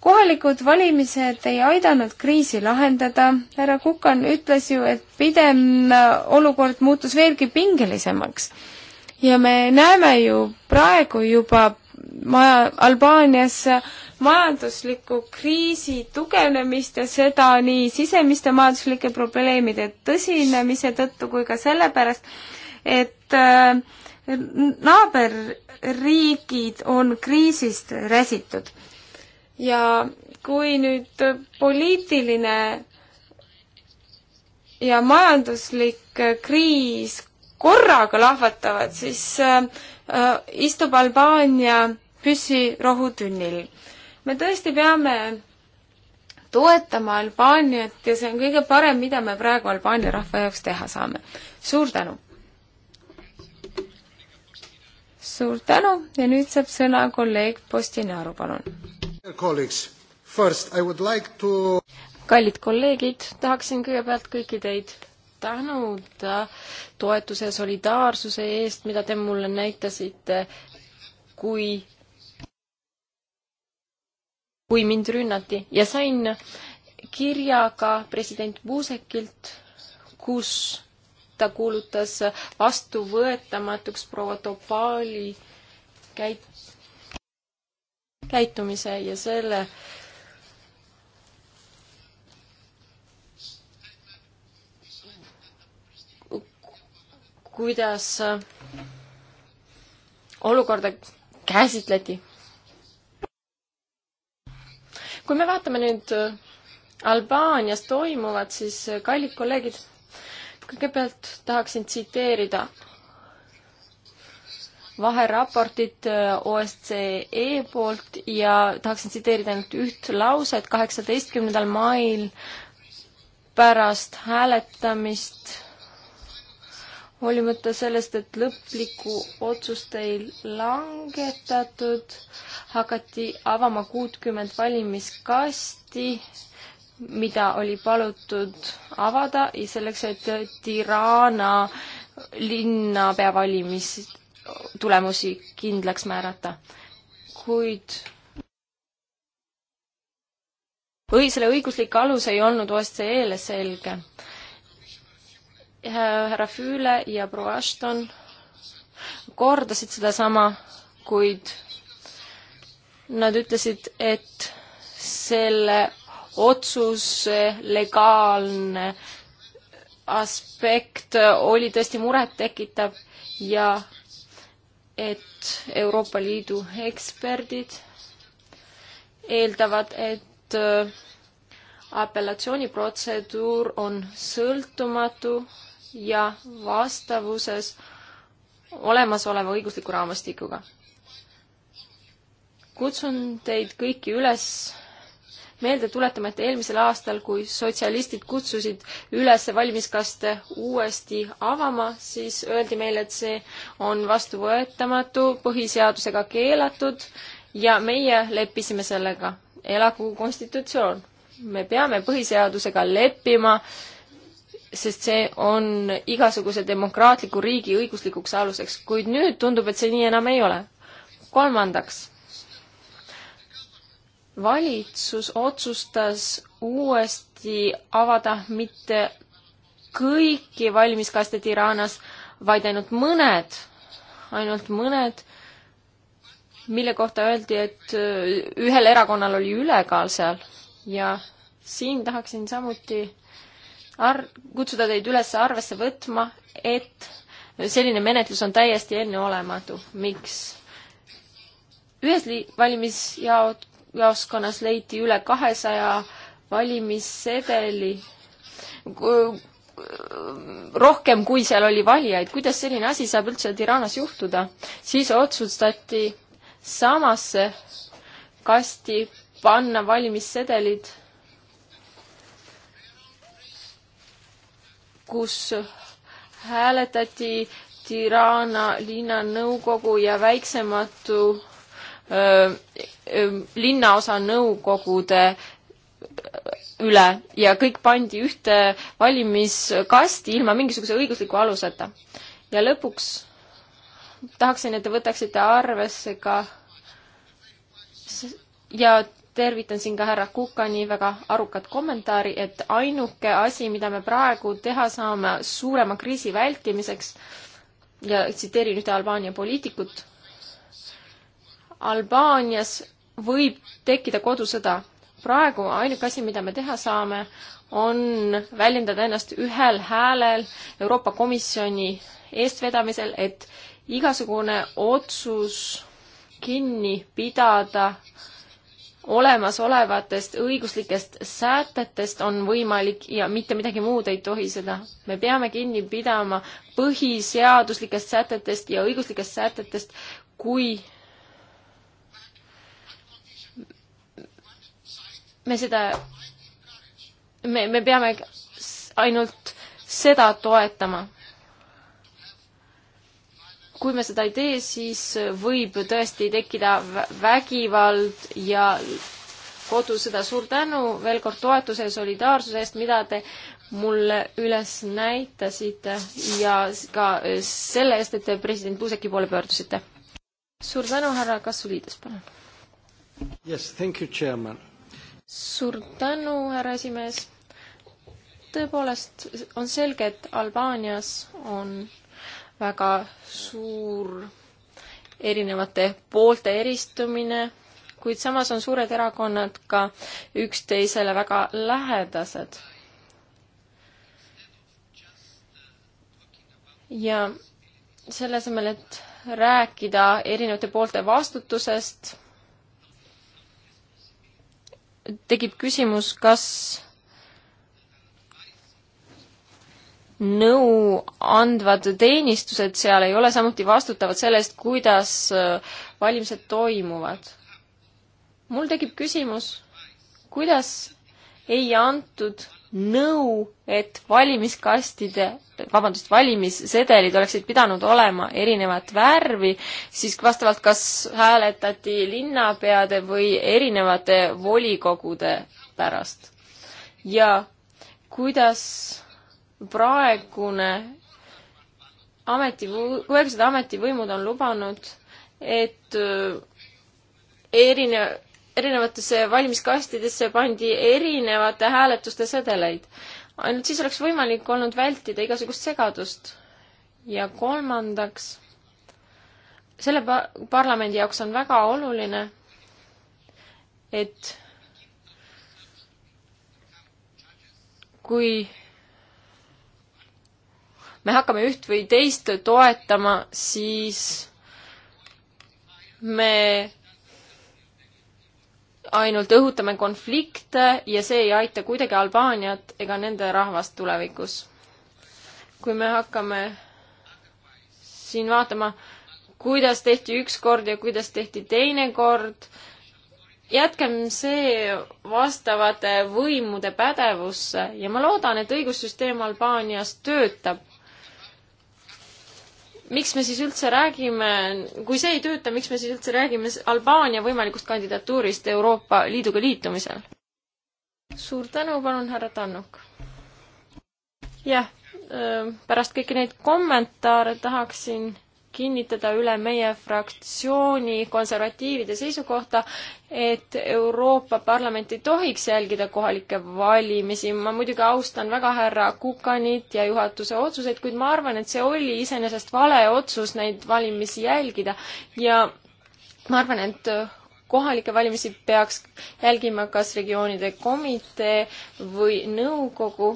Speaker 3: kohalikud valimised ei aidanud kriisi lahendada, härra Kukan ütles ju, et pigem olukord muutus veelgi pingelisemaks. ja me näeme ju praegu juba maja, Albaanias majandusliku kriisi tugevnemist ja seda nii sisemiste majanduslike probleemide tõsinemise tõttu kui ka sellepärast, et äh, naaberriigid on kriisist räsitud ja kui nüüd poliitiline ja majanduslik kriis korraga lahvatavad, siis äh, äh istub Albaania püssi rohutünnil. me tõesti peame toetama Albaaniat ja see on kõige parem, mida me praegu Albaania rahva jaoks teha saame. suur tänu! suur tänu ja nüüd saab
Speaker 2: sõna kolleeg Postinaru, palun! kallid kolleegid, tahaksin kõigepealt kõiki teid tänuda toetuse ja solidaarsuse eest, mida te mulle näitasite, kui, kui mind rünnati ja sain kirjaga president Buusekilt, kus ta kuulutas vastuvõetamatuks proua Topali käit-, käitumise ja selle kuidas olukorda käsitleti. kui me vaatame nüüd Albaanias toimuvat, siis kallid kolleegid, kõigepealt tahaksin tsiteerida vaheraportit äh, OSCE poolt ja tahaksin tsiteerida ainult üht lauset kaheksateistkümnendal mail pärast hääletamist hoolimata sellest, et lõplikku otsust ei langetatud, hakati avama kuutkümmend valimiskasti, mida oli palutud avada ja selleks, et Tirana linnapea valimist tulemusi kindlaks määrata, kuid või selle õiguslik alus ei olnud OSCE-le selge. härra Füüle ja proua Ashton kordasid sedasama, kuid nad ütlesid, et selle otsuse legaalne aspekt oli tõesti murettekitav ja et Euroopa Liidu eksperdid eeldavad, et äh, apellatsiooniprotseduur on sõltumatu ja vastavuses olemasoleva õigusliku raamastikuga. kutsun teid kõiki üles meelde tuletama, et eelmisel aastal, kui sotsialistid kutsusid üles valimiskaste uuesti avama, siis öeldi meile, et see on vastuvõetamatu, põhiseadusega keelatud ja meie leppisime sellega. elagu konstitutsioon. me peame põhiseadusega leppima, sest see on igasuguse demokraatliku riigi õiguslikuks aluseks, kuid nüüd tundub, et see nii enam ei ole. kolmandaks valitsus otsustas uuesti avada mitte kõiki valmiskaste Tiranas, vaid ainult mõned, ainult mõned, mille kohta öeldi, et äh, ühel erakonnal oli ülekaal seal ja siin tahaksin samuti ar-, kutsuda teid üles arvesse võtma, et selline menetlus on täiesti enneolematu. miks? ühes li-, valimisjaot-, jaoskonnas leiti üle kahesaja valimissedeli, rohkem kui seal oli valijaid. kuidas selline asi saab üldse Tiranas juhtuda? siis otsustati samasse kasti panna valimissedelid, kus hääletati Tirana linnanõukogu ja väiksematu linnaosanõukogude üle ja kõik pandi ühte valimiskasti ilma mingisuguse õigusliku aluseta. ja lõpuks tahaksin, et te võtaksite arvesse ka ja tervitan siin ka härra Kukani väga arukat kommentaari, et ainuke asi, mida me praegu teha saame suurema kriisi vältimiseks ja tsiteerin ühte Albaania poliitikut, Albaanias võib tekkida kodusõda. praegu ainuke asi, mida me teha saame, on väljendada ennast ühel häälel Euroopa Komisjoni eestvedamisel, et igasugune otsus kinni pidada olemasolevatest õiguslikest sätetest on võimalik ja mitte midagi muud ei tohi seda. me peame kinni pidama põhiseaduslikest sätetest ja õiguslikest sätetest, kui me seda, me, me peame ainult seda toetama. kui me seda ei tee, siis võib tõesti tekkida vägivald ja kodusõda. suur tänu veel kord toetuse ja solidaarsuse eest, mida te mulle üles näitasite ja ka selle eest, et te president Puuseki poole pöördusite. suur tänu, härra Kassuliides, palun.
Speaker 3: Yes, thank you, chairman
Speaker 2: suur tänu, härra esimees. tõepoolest on selge, et Albaanias on väga suur erinevate poolte eristumine, kuid samas on suured erakonnad ka üksteisele väga lähedased. ja selle asemel, et rääkida erinevate poolte vastutusest tekib küsimus, kas nõu andvad teenistused seal ei ole samuti vastutavad selle eest, kuidas äh, valimised toimuvad. mul tekib küsimus, kuidas ei antud nõu, et valimiskastide, vabandust, valimissedelid oleksid pidanud olema erinevat värvi, siis vastavalt kas hääletati linnapeade või erinevate volikogude pärast. ja kuidas praegune ameti, praegused ametivõimud on lubanud, et äh, erinev, erinevatesse valimiskastidesse pandi erinevate hääletuste sedeleid. ainult siis oleks võimalik olnud vältida igasugust segadust. ja kolmandaks, selle par-, parlamendi jaoks on väga oluline, et kui me hakkame üht või teist toetama, siis me ainult õhutame konflikte ja see ei aita kuidagi Albaaniat ega nende rahvast tulevikus. kui me hakkame siin vaatama, kuidas tehti üks kord ja kuidas tehti teine kord, jätkem see vastavate võimude pädevusse ja ma loodan, et õigussüsteem Albaanias töötab miks me siis üldse räägime, kui see ei tööta, miks me siis üldse räägime Albaania võimalikust kandidatuurist Euroopa Liiduga liitumisel? suur tänu, palun, härra Tannuk. jah, pärast kõiki neid kommentaare tahaksin kinnitada üle meie fraktsiooni konservatiivide seisukohta, et Euroopa Parlament ei tohiks jälgida kohalikke valimisi. ma muidugi austan väga härra Kukanit ja juhatuse otsuseid, kuid ma arvan, et see oli iseenesest vale otsus neid valimisi jälgida ja ma arvan, et kohalikke valimisi peaks jälgima kas regioonide komitee või nõukogu,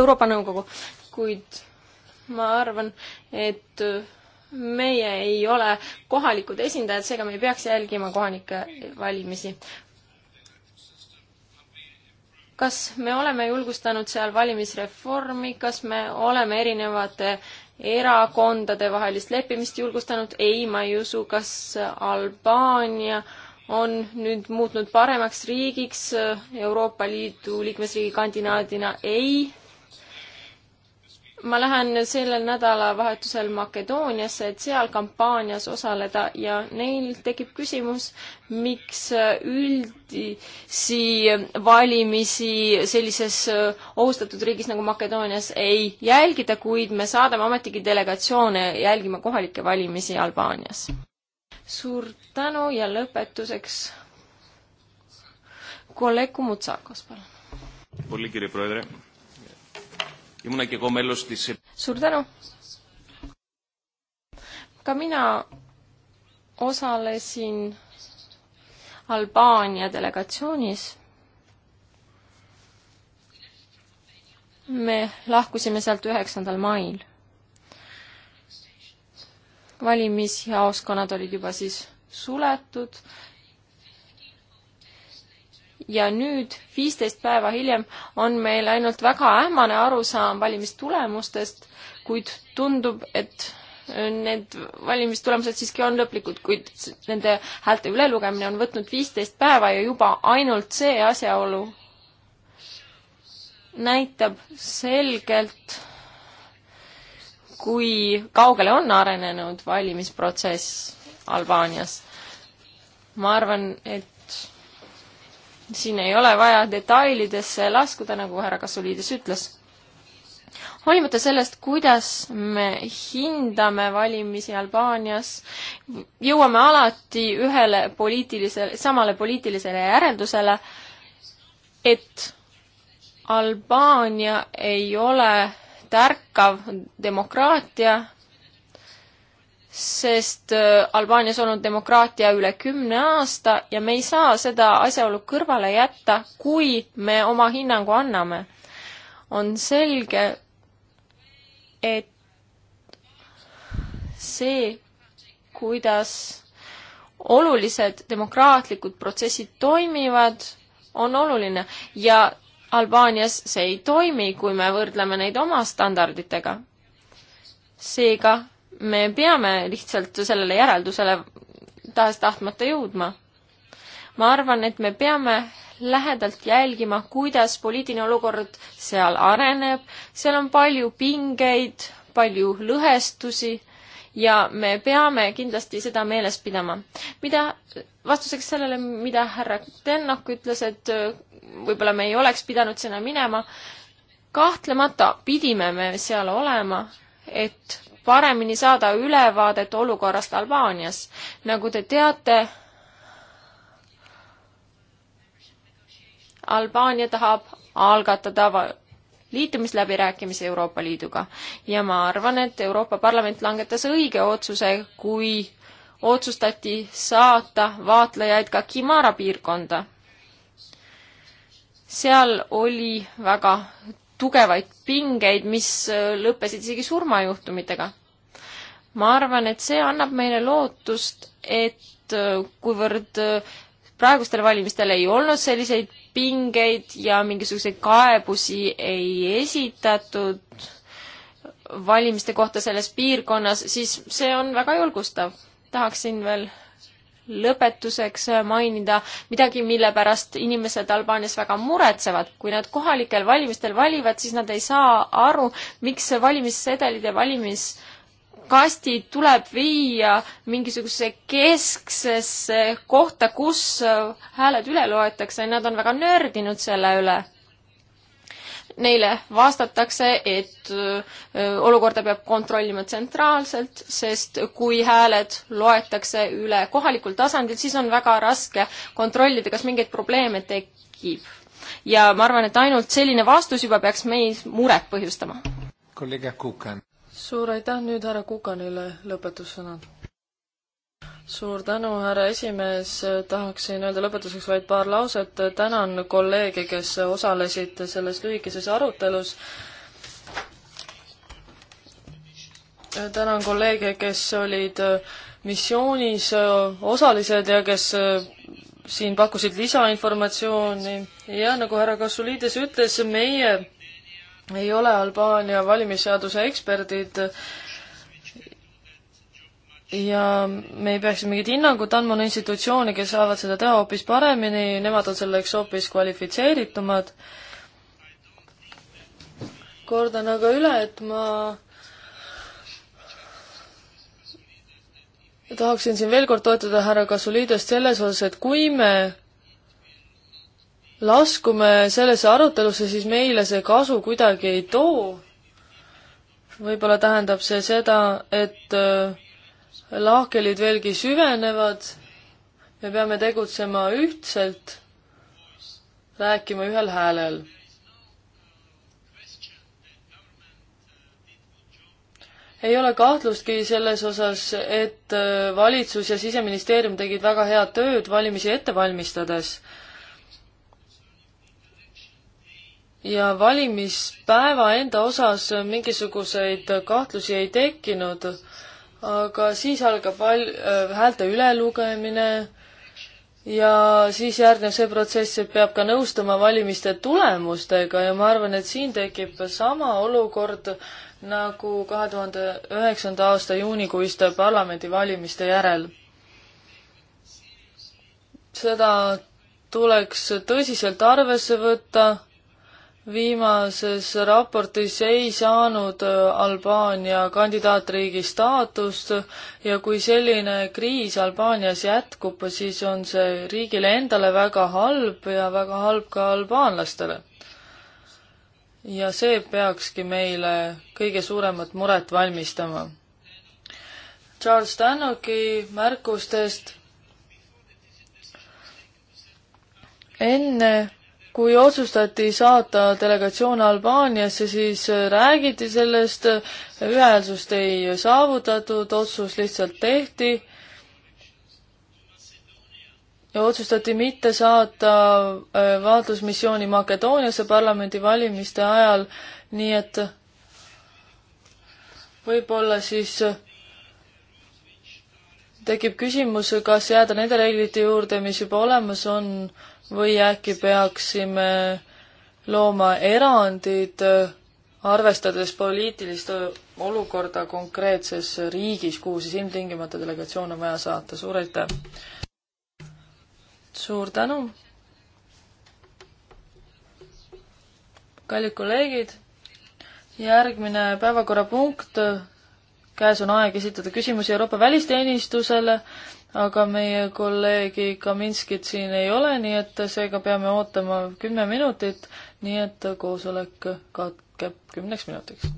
Speaker 2: Euroopa Nõukogu, kuid ma arvan, et meie ei ole kohalikud esindajad, seega me ei peaks jälgima kohalikke valimisi. kas me oleme julgustanud seal valimisreformi, kas me oleme erinevate erakondade vahelist leppimist julgustanud, ei, ma ei usu, kas Albaania on nüüd muutnud paremaks riigiks Euroopa Liidu liikmesriigi kandidaadina, ei ma lähen sellel nädalavahetusel Makedooniasse, et seal kampaanias osaleda ja neil tekib küsimus, miks üldisi valimisi sellises äh, ohustatud riigis nagu Makedoonias ei jälgida, kuid me saadame ometigi delegatsioone jälgima kohalikke valimisi Albaanias. suur tänu ja lõpetuseks kolleeg Kumutsakos,
Speaker 1: palun ήμουν και εγώ μέλος της...
Speaker 2: Suur tänu! Ka mina osalesin Albaania delegatsioonis. me lahkusime sealt üheksandal mail. valimisjaoskonnad olid juba siis suletud ja nüüd, viisteist päeva hiljem, on meil ainult väga ähmane arusaam valimistulemustest, kuid tundub, et need valimistulemused siiski on lõplikud, kuid nende häälte ülelugemine on võtnud viisteist päeva ja juba ainult see asjaolu näitab selgelt, kui kaugele on arenenud valimisprotsess Albaanias. ma arvan, et siin ei ole vaja detailidesse laskuda, nagu härra Kasuliidis ütles. hoolimata sellest, kuidas me hindame valimisi Albaanias, jõuame alati ühele poliitilisele, samale poliitilisele järeldusele, et Albaania ei ole tärkav demokraatia, sest äh, Albaanias olnud demokraatia üle kümne aasta ja me ei saa seda asjaolu kõrvale jätta, kui me oma hinnangu anname. on selge, et see, kuidas olulised demokraatlikud protsessid toimivad, on oluline ja Albaanias see ei toimi, kui me võrdleme neid oma standarditega. seega me peame lihtsalt sellele järeldusele tahes-tahtmata jõudma. ma arvan, et me peame lähedalt jälgima, kuidas poliitiline olukord seal areneb, seal on palju pingeid, palju lõhestusi ja me peame kindlasti seda meeles pidama. mida, vastuseks sellele, mida härra Tennok ütles, et äh, võib-olla me ei oleks pidanud sinna minema, kahtlemata pidime me seal olema, et paremini saada ülevaadet olukorrast Albaanias. nagu te teate, Albaania tahab algatada liitumisläbirääkimisi Euroopa Liiduga ja ma arvan, et Euroopa Parlament langetas õige otsuse, kui otsustati saata vaatlejaid ka Kimara piirkonda. seal oli väga tugevaid pingeid, mis äh, lõppesid isegi surmajuhtumitega. ma arvan, et see annab meile lootust, et äh, kuivõrd äh, praegustel valimistel ei olnud selliseid pingeid ja mingisuguseid kaebusi ei esitatud valimiste kohta selles piirkonnas, siis see on väga julgustav. tahaksin veel lõpetuseks mainida midagi, mille pärast inimesed Albaanias väga muretsevad. kui nad kohalikel valimistel valivad, siis nad ei saa aru, miks valimissedelid ja valimiskastid tuleb viia mingisugusesse kesksesse kohta, kus hääled üle loetakse. Nad on väga nördinud selle üle neile vastatakse, et olukorda peab kontrollima tsentraalselt, sest kui hääled loetakse üle kohalikul tasandil, siis on väga raske kontrollida, kas mingeid probleeme tekib. ja ma arvan, et ainult selline vastus juba peaks meis muret põhjustama.
Speaker 1: kolleeg Kukan. suur aitäh nüüd härra Kukanile lõpetussõnad suur tänu, härra esimees, tahaksin öelda lõpetuseks vaid paar lauset, tänan kolleege, kes osalesid selles lühikeses arutelus. tänan kolleege, kes olid missioonis osalised ja kes siin pakkusid lisainformatsiooni ja nagu härra Kasuliides ütles, meie ei ole Albaania valimisseaduse eksperdid ja me ei peaks mingit hinnangut andma institutsioone, kes saavad seda teha hoopis paremini, nemad on selleks hoopis kvalifitseeritumad. kordan aga üle, et ma tahaksin siin veel kord toetada härra Kasuliidest selles osas, et kui me laskume sellesse arutelusse, siis meile see kasu kuidagi ei too. võib-olla tähendab see seda, et äh, lahkhelid veelgi süvenevad. me peame tegutsema ühtselt, rääkima ühel häälel. ei ole kahtlustki selles osas, et äh, valitsus ja siseministeerium tegid väga head tööd valimisi ette valmistades ja valimispäeva enda osas mingisuguseid kahtlusi ei tekkinud aga siis algab val-, äh, häälte ülelugemine ja siis järgneb see protsess, et peab ka nõustuma valimiste tulemustega ja ma arvan, et siin tekib sama olukord nagu kahe tuhande üheksanda aasta juunikuiste parlamendivalimiste järel. seda tuleks tõsiselt arvesse võtta viimases raportis ei saanud äh, Albaania kandidaatriigi staatust ja kui selline kriis Albaanias jätkub, siis on see riigile endale väga halb ja väga halb ka albaanlastele. ja see peakski meile kõige suuremat muret valmistama. Charles Stanoki märkustest enne kui otsustati saata delegatsioon Albaaniasse, siis räägiti sellest, ühehäälsust ei saavutatud, otsus lihtsalt tehti. ja otsustati mitte saata äh, vaatlusmissiooni Makedooniasse parlamendivalimiste ajal, nii et võib-olla siis äh, tekib küsimus, kas jääda nende reeglite juurde, mis juba olemas on või äkki peaksime looma erandid, arvestades poliitilist olukorda konkreetses riigis, kuhu siis ilmtingimata delegatsioon on vaja saata, suur aitäh! suur tänu! kallid kolleegid, järgmine päevakorrapunkt, käes on aeg esitada küsimusi Euroopa välisteenistusele aga meie kolleegi Kaminskit siin ei ole, nii et seega peame ootama kümme minutit, nii et koosolek katkeb kümneks minutiks.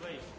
Speaker 1: place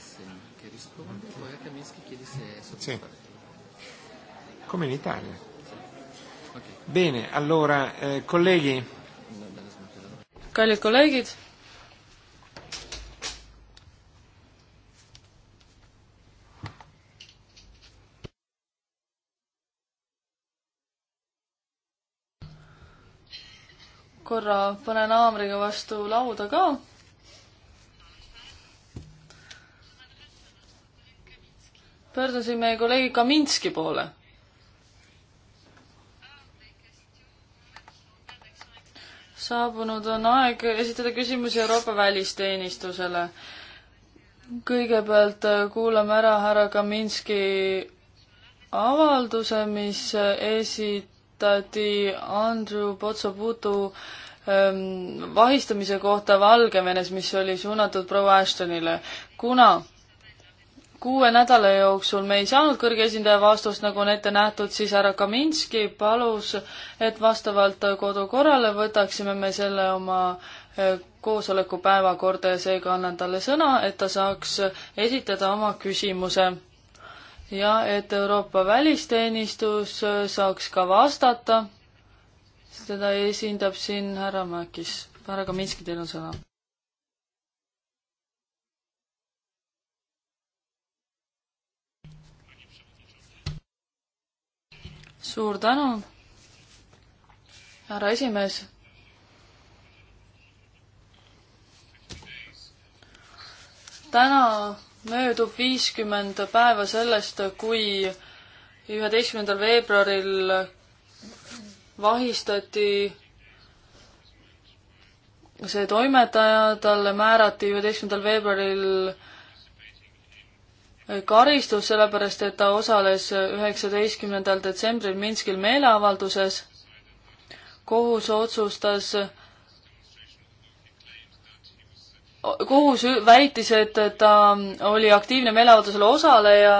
Speaker 1: Essen che risponde, poi a Kaminsky chiedi se è eh, soddisfatto. Sì. Come in Italia. Okay. Bene, allora, eh, colleghi. Cari colleghi. korra panen haamriga vastu lauda ka pöördusin meie kolleegi Kaminski poole. saabunud on aeg esitada küsimusi Euroopa välisteenistusele. kõigepealt kuulame ära härra Kaminski avalduse, mis esitati Andrew Potsoputu ähm, vahistamise kohta Valgevenes, mis oli suunatud proua Ashtonile. kuna kuue nädala jooksul me ei saanud kõrge esindaja vastust, nagu on ette nähtud, siis härra Kaminski palus, et vastavalt kodukorrale võtaksime me selle oma e, koosoleku päevakorda ja seega annan talle sõna, et ta saaks esitada oma küsimuse. ja et Euroopa välisteenistus e, saaks ka vastata. teda esindab siin härra Mäkis. härra Kaminski, teil on sõna suur tänu, härra esimees. täna möödub viiskümmend päeva sellest, kui üheteistkümnendal veebruaril vahistati see toimetaja, talle määrati üheteistkümnendal veebruaril karistus, sellepärast et ta osales üheksateistkümnendal detsembril Minskil meeleavalduses. kohus otsustas, kohus väitis, et ta oli aktiivne meeleavaldusel osaleja,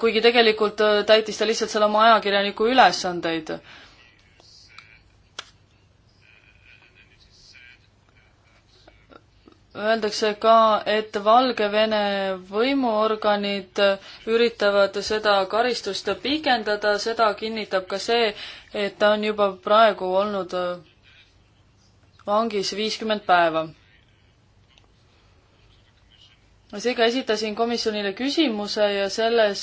Speaker 1: kuigi tegelikult täitis ta lihtsalt seal oma ajakirjaniku ülesandeid Öeldakse ka, et Valgevene võimuorganid üritavad seda karistust pikendada, seda kinnitab ka see, et ta on juba praegu olnud vangis viiskümmend päeva. seega esitasin komisjonile küsimuse ja selles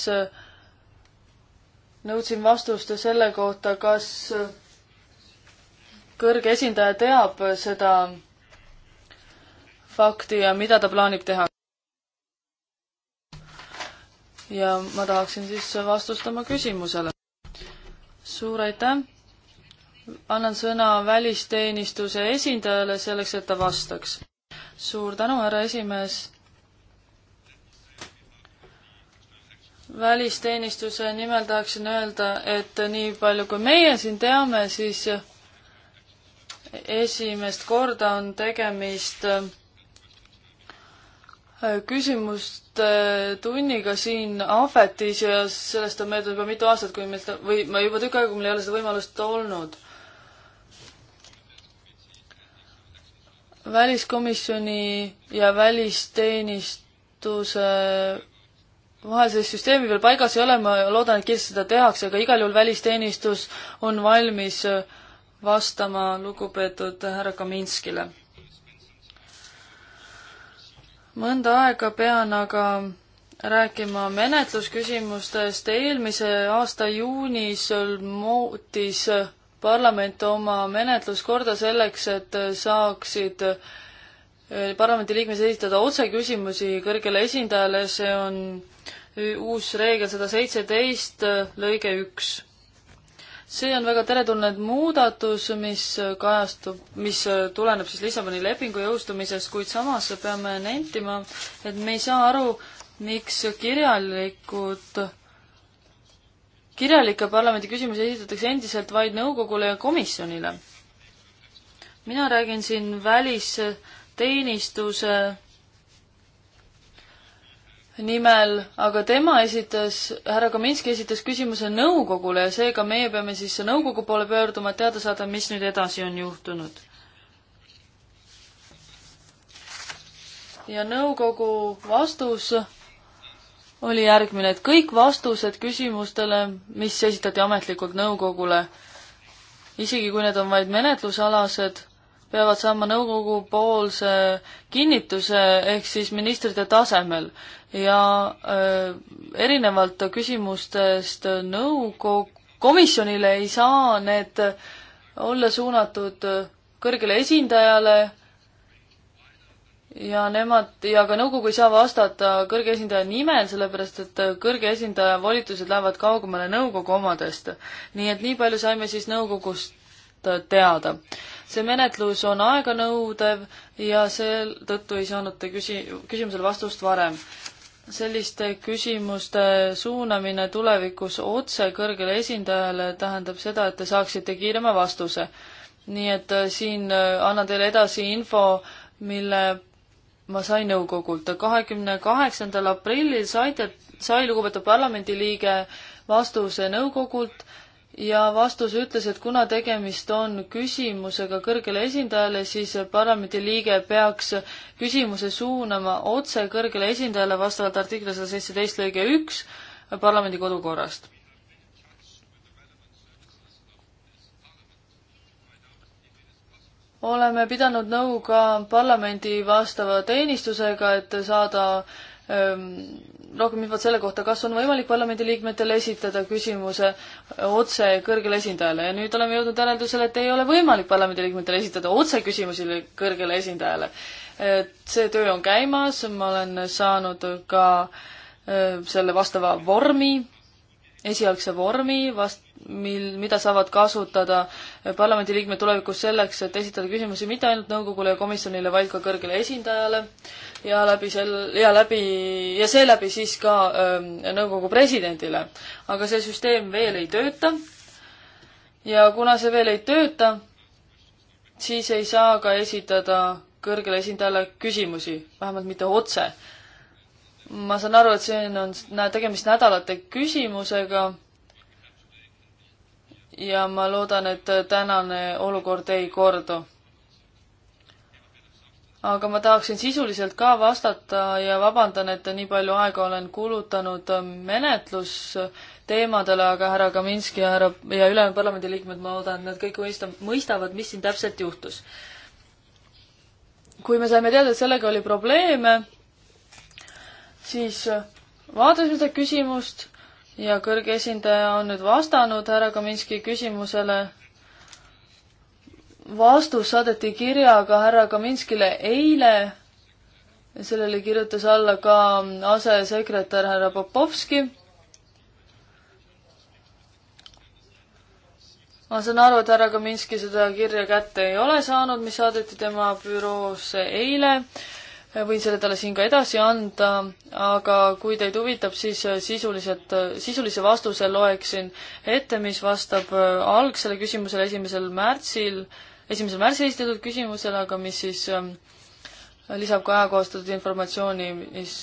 Speaker 1: nõudsin vastust selle kohta, kas kõrge esindaja teab seda fakti ja mida ta plaanib teha. ja ma tahaksin siis vastust oma küsimusele. suur aitäh! annan sõna välisteenistuse esindajale selleks, et ta vastaks. suur tänu, härra esimees! välisteenistuse nimel tahaksin öelda, et nii palju kui meie siin teame, siis esimest korda on tegemist küsimust äh, tunniga siin ahvetis ja sellest on möödunud juba mitu aastat, kui meil seda või ma juba tükk aega, kui mul ei ole seda võimalust olnud. väliskomisjoni ja välisteenistuse vahel sellist süsteemi veel paigas ei ole, ma loodan, et kiiresti seda tehakse, aga igal juhul välisteenistus on valmis vastama lugupeetud härra Kaminskile mõnda aega pean aga rääkima menetlusküsimustest. eelmise aasta juunis muutis parlament oma menetluskorda selleks, et saaksid eh, parlamendiliikmed esitada otseküsimusi kõrgele esindajale, see on eh, uus reegel sada seitseteist lõige üks see on väga teretulnud muudatus, mis kajastub, mis tuleneb siis Lissaboni lepingu jõustumisest, kuid samas peame nentima, et me ei saa aru, miks kirjalikud, kirjalikke parlamendi küsimusi esitatakse endiselt vaid nõukogule ja komisjonile. mina räägin siin välisteenistuse nimel, aga tema esitas, härra Kaminski esitas küsimuse nõukogule ja seega meie peame siis nõukogu poole pöörduma, et teada saada, mis nüüd edasi on juhtunud. ja nõukogu vastus oli järgmine, et kõik vastused küsimustele, mis esitati ametlikult nõukogule, isegi kui need on vaid menetlusalased peavad saama nõukogu poolse kinnituse ehk siis ministrite tasemel ja äh, erinevalt küsimustest nõukogu komisjonile ei saa need olla suunatud kõrgele esindajale ja nemad ja ka nõukogu ei saa vastata kõrge esindaja nimel, sellepärast et kõrge esindaja volitused lähevad kaugemale nõukogu omadest. nii et nii palju saime siis nõukogust teada see menetlus on aeganõudev ja seetõttu ei saanud te küsi-, küsimusele vastust varem. selliste küsimuste suunamine tulevikus otse kõrgele esindajale tähendab seda, et te saaksite kiirema vastuse. nii et äh, siin äh, annan teile edasi info, mille ma sain nõukogult. kahekümne kaheksandal aprillil saite, sai lugupeetud parlamendiliige vastuse nõukogult ja vastus ütles, et kuna tegemist on küsimusega kõrgele esindajale, siis parlamendi liige peaks küsimuse suunama otse kõrgele esindajale vastavalt artikli sada seitseteist lõige üks parlamendi kodukorrast. oleme pidanud nõu ka parlamendi vastava teenistusega, et saada öö, ähm, rohkem infot selle kohta, kas on võimalik parlamendiliikmetele esitada küsimuse otse kõrgele esindajale ja nüüd oleme jõudnud järeldusele, et ei ole võimalik parlamendiliikmetele esitada otse küsimusi kõrgele esindajale. see töö on käimas, ma olen saanud ka äh, selle vastava vormi esialgse vormi, vast-, mil, mida saavad kasutada parlamendiliikmed tulevikus selleks, et esitada küsimusi mitte ainult nõukogule ja komisjonile, vaid ka kõrgele esindajale ja läbi sel-, ja läbi, ja seeläbi siis ka ähm, nõukogu presidendile. aga see süsteem veel ei tööta ja kuna see veel ei tööta, siis ei saa ka esitada kõrgele esindajale küsimusi, vähemalt mitte otse ma saan aru, et siin on tegemist nädalate küsimusega. ja ma loodan, et tänane olukord ei kordu. aga ma tahaksin sisuliselt ka vastata ja vabandan, et nii palju aega olen kulutanud menetlusteemadele, aga härra Kaminski ja härra ja ülejäänud parlamendiliikmed, ma loodan, et nad kõik mõista-, mõistavad, mis siin täpselt juhtus. kui me saime teada, et sellega oli probleeme siis äh, vaatasime seda küsimust ja kõrge esindaja on nüüd vastanud härra Kaminski küsimusele. vastus saadeti kirjaga härra Kaminskile eile. sellele kirjutas alla ka asesekretär härra Popovski. ma saan aru, et härra Kaminski seda kirja kätte ei ole saanud, mis saadeti tema büroosse eile võin selle talle siin ka edasi anda, aga kui teid huvitab, siis äh, sisuliselt, äh, sisulise vastuse loeksin ette, mis vastab äh, algsele küsimusele esimesel märtsil, esimesel märtsil esitatud küsimusele, aga mis siis ähm, lisab ka ajakohastatud informatsiooni, mis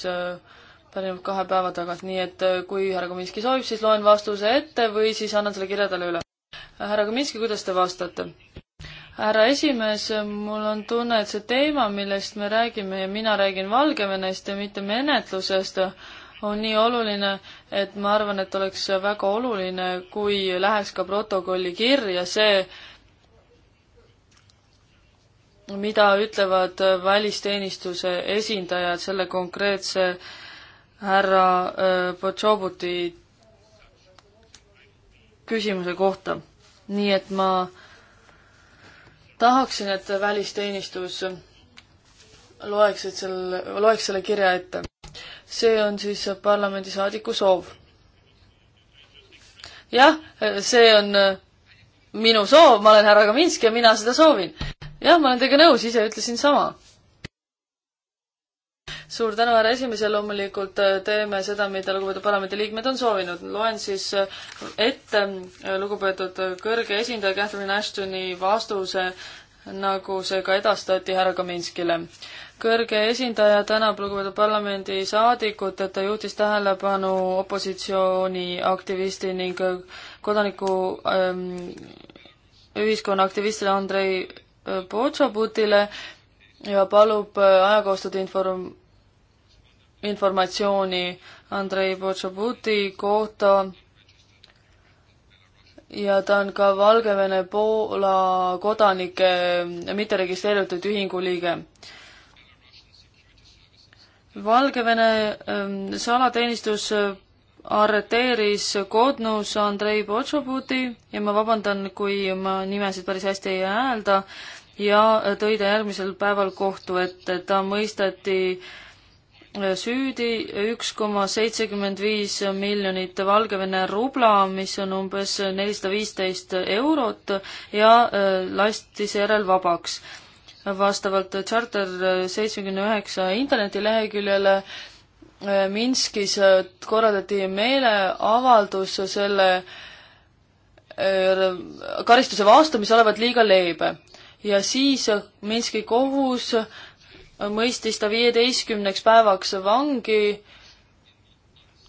Speaker 1: pärineb kahe päeva tagant, nii et kui härra Kominski soovib, siis loen vastuse ette või siis annan selle kirja talle üle. härra Kominski, kuidas te vastate? härra esimees, mul on tunne, et see teema, millest me räägime ja mina räägin Valgevenest ja mitte menetlusest, on nii oluline, et ma arvan, et oleks väga oluline, kui läheks ka protokolli kirja see, mida ütlevad välisteenistuse esindajad selle konkreetse härra äh, Potšobuti küsimuse kohta. nii et ma tahaksin, et välisteenistus loeks, et selle, loeks selle kirja ette. see on siis parlamendisaadiku soov. jah, see on minu soov, ma olen härra Kaminski ja mina seda soovin. jah, ma olen teiega nõus, ise ütlesin sama suur tänu, härra esimees, ja loomulikult äh, teeme seda, mida lugupeetud parlamendiliikmed on soovinud. loen siis äh, ette äh, lugupeetud kõrge esindaja Catherine Ashtoni vastuse, nagu see ka edastati härra Kaminskile. kõrge esindaja tänab lugupeetud parlamendisaadikut, et ta juhtis tähelepanu opositsiooni aktivisti ning kodaniku ähm, ühiskonna aktivistile Andrei Potšaputile ja palub ajakohastatud inform-, informatsiooni Andrei Potšabuti kohta ja ta on ka Valgevene Poola kodanike mitteregistreeritud ühingu liige. Valgevene ähm, salateenistus äh, arreteeris Kodnus Andrei Potšoputi ja ma vabandan, kui ma nimesid päris hästi ei häälda, ja äh, tõi ta järgmisel päeval kohtu ette, ta mõisteti äh, süüdi üks koma seitsekümmend viis miljonit Valgevene rubla, mis on umbes nelisada viisteist eurot ja äh, lasti seejärel vabaks. vastavalt Charter seitsmekümne üheksa internetileheküljele äh, Minskis äh, korraldati meeleavaldus selle karistuse vastu, mis olevat liiga leebe. ja siis Minski kohus mõistis ta viieteistkümneks päevaks vangi,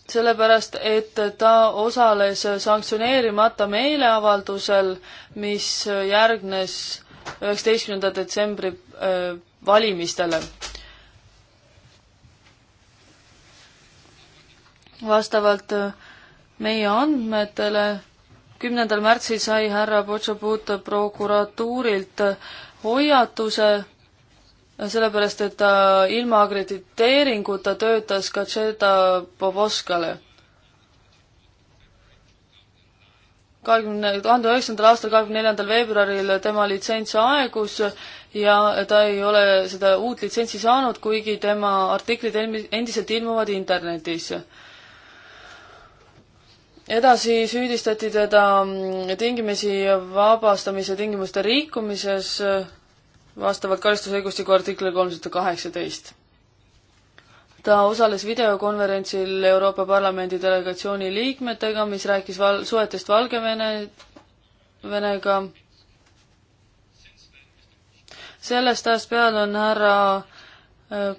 Speaker 1: sellepärast et ta osales sanktsioneerimata meeleavaldusel, mis järgnes üheksateistkümnenda detsembri valimistele. vastavalt meie andmetele kümnendal märtsil sai härra Potšaput prokuratuurilt hoiatuse sellepärast, et ta ilma akrediteeringuta töötas Katšeta Poboskale. kahekümne, tuhande üheksandal aastal, kahekümne neljandal veebruaril tema litsents aegus ja ta ei ole seda uut litsentsi saanud, kuigi tema artiklid endiselt ilmuvad internetis. edasi süüdistati teda tingimisi vabastamise tingimuste rikkumises vastavalt karistusõigustiku artikli kolmsada kaheksateist. ta osales videokonverentsil Euroopa Parlamendi delegatsiooni liikmetega, mis rääkis val-, suhetest Valgevene, Venega. sellest ajast peale on härra äh,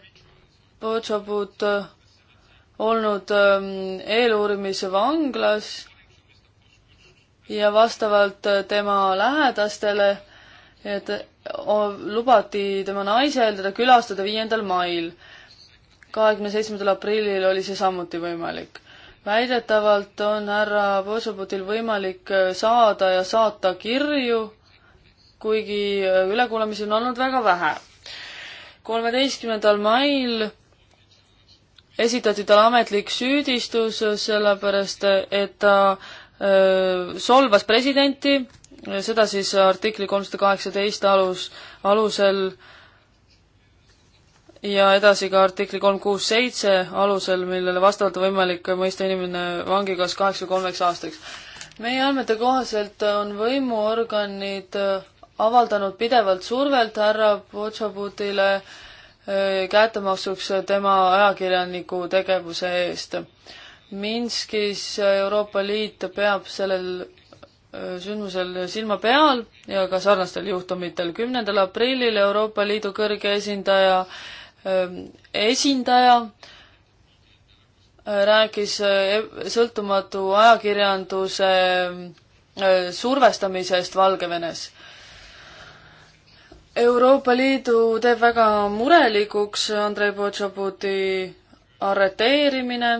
Speaker 1: Potšaput äh, olnud ähm, eeluurimise vanglas ja vastavalt äh, tema lähedastele, et lubati tema naisel teda külastada viiendal mail. kahekümne seitsmendal aprillil oli see samuti võimalik. väidetavalt on härra Posobutil võimalik äh, saada ja saata kirju, kuigi äh, ülekuulamisi on olnud väga vähe. kolmeteistkümnendal mail esitati talle ametlik süüdistus, sellepärast äh, et ta öö, solvas presidenti seda siis artikli kolmsada kaheksateist alus, alusel ja edasi ka artikli kolm kuus seitse alusel, millele vastavalt on võimalik mõista inimene vangi kas kaheks või kolmeks aastaks. meie andmete kohaselt on võimuorganid avaldanud pidevalt survelt härra Potšaputile eh, kättemaksuks tema ajakirjaniku tegevuse eest Minskis Euroopa Liit peab sellel sündmusel silma peal ja ka sarnastel juhtumitel. kümnendal aprillil Euroopa Liidu kõrge esindaja ähm, esindaja äh, rääkis äh, sõltumatu ajakirjanduse äh, survestamisest Valgevenes. Euroopa Liidu teeb väga murelikuks Andrei Potšaputi arreteerimine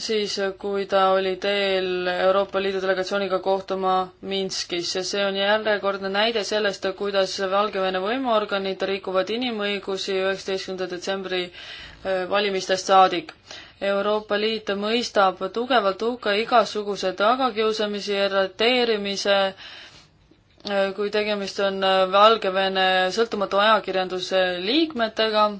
Speaker 1: siis, äh, kui ta oli teel Euroopa Liidu delegatsiooniga kohtuma Minskis ja see on järjekordne näide sellest, kuidas Valgevene võimuorganid rikuvad inimõigusi üheksateistkümnenda detsembri äh, valimistest saadik. Euroopa Liit mõistab tugevalt hukka igasuguse tagakiusamise ja rateerimise, äh, kui tegemist on Valgevene sõltumatu ajakirjanduse liikmetega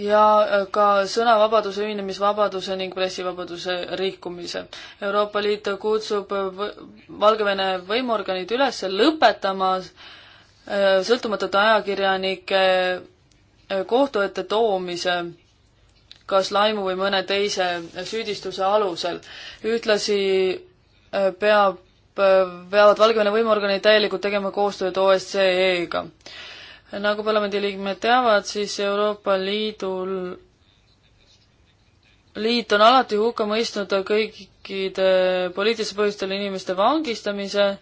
Speaker 1: ja äh, ka sõnavabaduse, ühinemisvabaduse ning pressivabaduse rikkumise. Euroopa Liit kutsub äh, Valgevene võimuorganid üles lõpetama äh, sõltumatute ajakirjanike kohtu ette toomise kas laimu või mõne teise süüdistuse alusel. ühtlasi peab, peavad Valgevene võimuorganid täielikult tegema koostööd OSCE-ga nagu parlamendiliikmed teavad, siis Euroopa Liidul, liit on alati hukka mõistnud kõikide poliitilistel põhjustel inimeste vangistamise.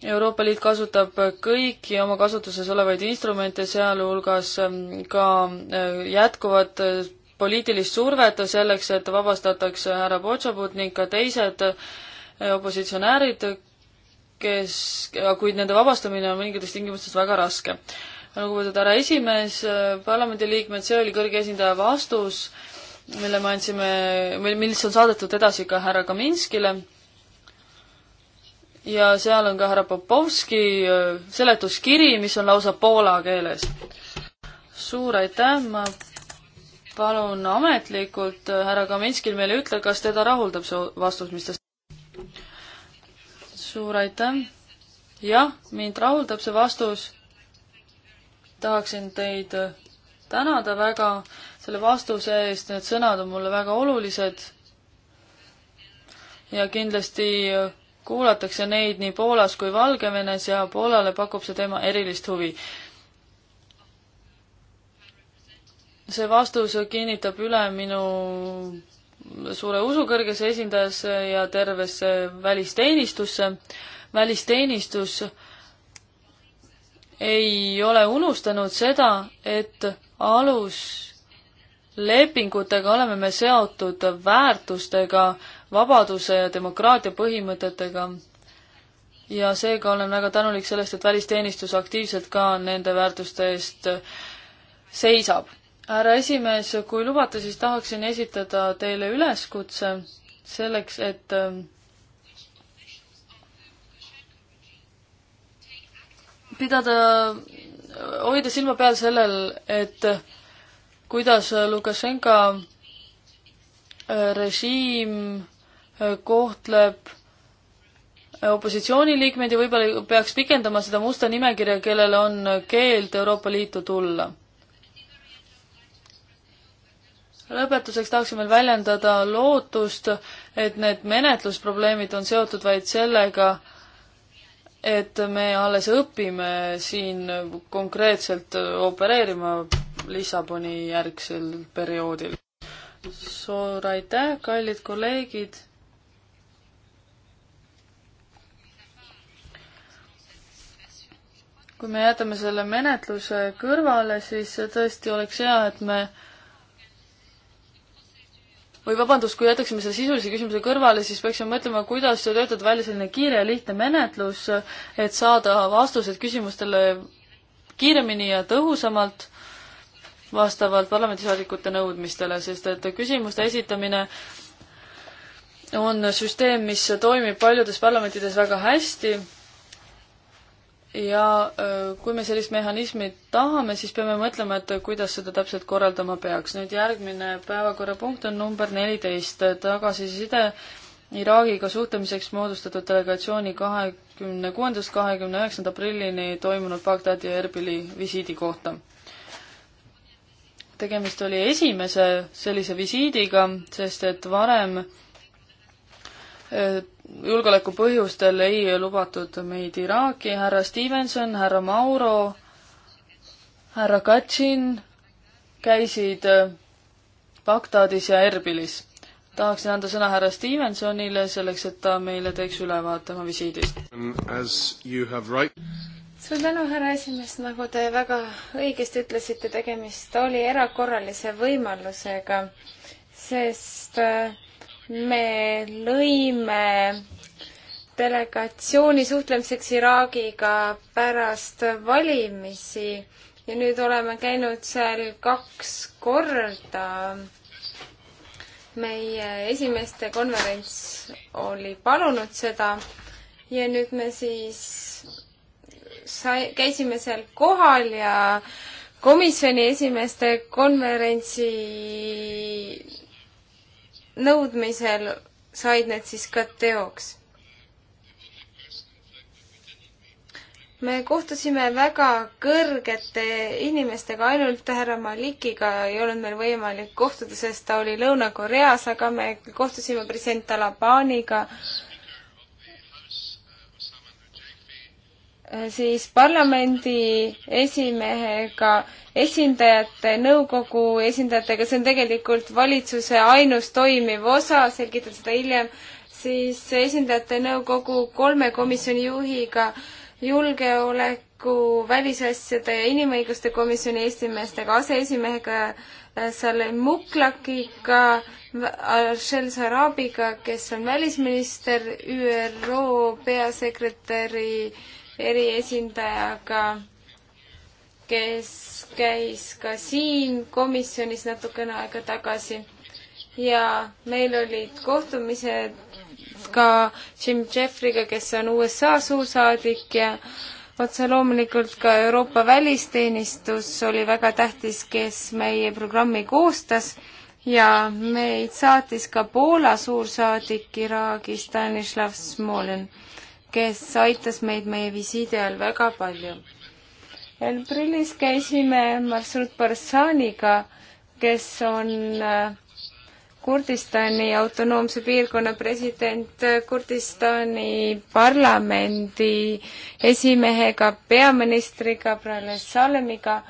Speaker 1: Euroopa Liit kasutab kõiki oma kasutuses olevaid instrumente, sealhulgas ähm, ka äh, jätkuvat äh, poliitilist survet selleks, et vabastataks härra Potšabut ning ka teised äh, opositsionäärid, kes, kuid nende vabastamine on mõningates tingimustes väga raske. lugupeetud härra esimees, parlamendiliikmed, see oli kõrge esindaja vastus, mille me andsime, mis on saadetud edasi ka härra Kaminskile. ja seal on ka härra Popovski äh, seletuskiri, mis on lausa poola keeles. suur aitäh, ma palun ametlikult äh, härra Kaminskil meile ütle, kas teda rahuldab see vastus, mis ta suur aitäh. jah, mind rahuldab see vastus. tahaksin teid tänada väga selle vastuse eest, need sõnad on mulle väga olulised. ja kindlasti kuulatakse neid nii Poolas kui Valgevenes ja Poolale pakub see teema erilist huvi. see vastus kinnitab üle minu suure usukõrgesse esindajasse ja tervesse välisteenistusse. välisteenistus ei ole unustanud seda, et aluslepingutega oleme me seotud väärtustega, vabaduse ja demokraatia põhimõtetega. ja seega olen väga tänulik sellest, et välisteenistus aktiivselt ka nende väärtuste eest seisab härra esimees, kui lubate, siis tahaksin esitada teile üleskutse selleks, et ähm, pidada, äh, hoida silma peal sellel, et kuidas Lukašenka äh, režiim äh, kohtleb opositsiooniliikmeid ja võib-olla peaks pikendama seda musta nimekirja, kellele on keeld Euroopa Liitu tulla lõpetuseks tahaksin veel väljendada lootust, et need menetlusprobleemid on seotud vaid sellega, et me alles õpime siin konkreetselt opereerima Lissaboni järgsel perioodil. suur aitäh, kallid kolleegid! kui me jätame selle menetluse kõrvale, siis tõesti oleks hea, et me või vabandust, kui jätaksime selle sisulise küsimuse kõrvale, siis peaksime mõtlema, kuidas töötada välja selline kiire ja lihtne menetlus, et saada vastused küsimustele kiiremini ja tõhusamalt vastavalt parlamendisaadikute nõudmistele, sest et küsimuste esitamine on süsteem, mis toimib paljudes parlamentides väga hästi ja kui me sellist mehhanismi tahame, siis peame mõtlema, et kuidas seda täpselt korraldama peaks. nüüd järgmine päevakorrapunkt on number neliteist, tagasiside Iraagiga suhtlemiseks moodustatud delegatsiooni kahekümne kuuendast kahekümne üheksanda aprillini toimunud Bagdadi ja Erbili visiidi kohta. tegemist oli esimese sellise visiidiga, sest et varem julgeoleku põhjustel ei lubatud meid Iraaki, härra Stevenson, härra Mauro, härra Katšin käisid äh, Bagdadis ja Erbilis. tahaksin anda sõna härra Stevensonile selleks, et ta meile teeks ülevaate oma visiidist.
Speaker 2: Um, right...
Speaker 1: suur tänu, härra
Speaker 3: esimees, nagu te väga õigesti ütlesite, tegemist oli erakorralise võimalusega, sest äh, me lõime delegatsiooni suhtlemiseks Iraagiga pärast valimisi ja nüüd oleme käinud seal kaks korda. meie esimeste konverents oli palunud seda ja nüüd me siis sai, käisime seal kohal ja komisjoni esimeeste konverentsi nõudmisel said need siis ka teoks. me kohtusime väga kõrgete inimestega, ainult härra Malikiga ei olnud meil võimalik kohtuda, sest ta oli Lõuna-Koreas, aga me kohtusime president Talabaniga, siis parlamendi esimehega esindajate, nõukogu esindajatega, see on tegelikult valitsuse ainus toimiv osa, selgitan seda hiljem, siis esindajate nõukogu kolme komisjoni juhiga, julgeoleku, välisasjade ja inimõiguste komisjoni esimeestega, aseesimehega äh, Salem Muklakiga, Arshel Sarabiga, kes on välisminister, ÜRO peasekretäri eriesindajaga, kes käis ka siin komisjonis natukene aega tagasi ja meil olid kohtumised ka Jim Jeffriga, kes on USA suursaadik ja otse loomulikult ka Euroopa välisteenistus oli väga tähtis, kes meie programmi koostas ja meid saatis ka Poola suursaadik Iraagis Stanislav Smolin, kes aitas meid meie visiidi ajal väga palju aprillis käisime Marsut Barsaniga, kes on äh, Kurdistani autonoomse piirkonna president, äh, Kurdistani parlamendi esimehega, peaministriga, Salemiga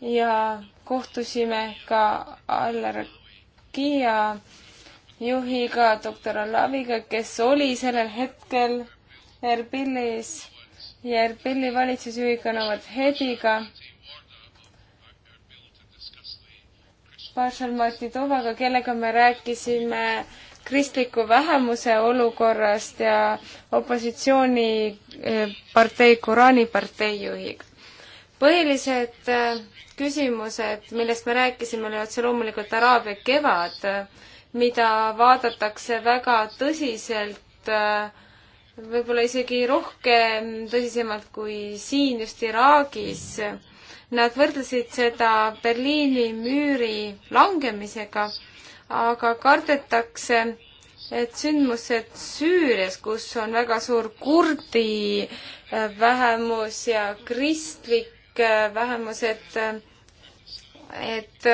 Speaker 3: ja kohtusime ka Al-Rakia juhiga, doktor Alaviga, kes oli sellel hetkel Erbilis Jerbilli valitsusjuhi Kanavat Hediga, Marshal Martinovaga, kellega me rääkisime kristliku vähemuse olukorrast ja opositsioonipartei, eh, Koraani partei juhiga. põhilised eh, küsimused, millest me rääkisime, oli otse loomulikult Araabia kevad, eh, mida vaadatakse väga tõsiselt äh, võib-olla isegi rohkem tõsisemalt kui siin just Iraagis. Nad võrdlesid seda Berliini müüri langemisega, aga kardetakse, et sündmused Süürias, kus on väga suur kurdi äh, vähemus ja kristlik äh, vähemus, et, äh, et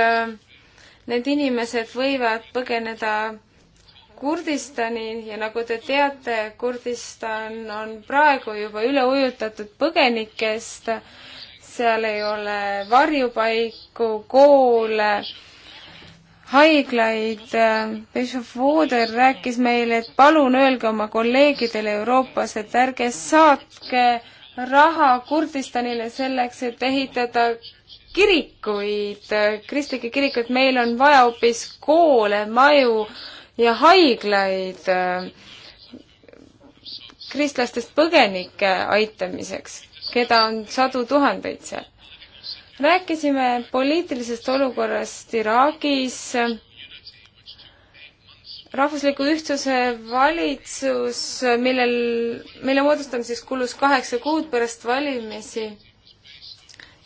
Speaker 3: need inimesed võivad põgeneda Kurdistani ja nagu te teate, Kurdistan on praegu juba üle ujutatud põgenikest, seal ei ole varjupaiku, koole, haiglaid. Bishop Water rääkis meile, et palun öelge oma kolleegidele Euroopas, et ärge saatke raha Kurdistanile selleks, et ehitada kirikuid, kristlikke kirikuid, meil on vaja hoopis koole, maju, ja haiglaid äh, kristlastest põgenike aitamiseks, keda on sadu tuhandeid seal. rääkisime poliitilisest olukorrast Iraagis. rahvusliku ühtsuse valitsus, millel, mille moodustamiseks kulus kaheksa kuud pärast valimisi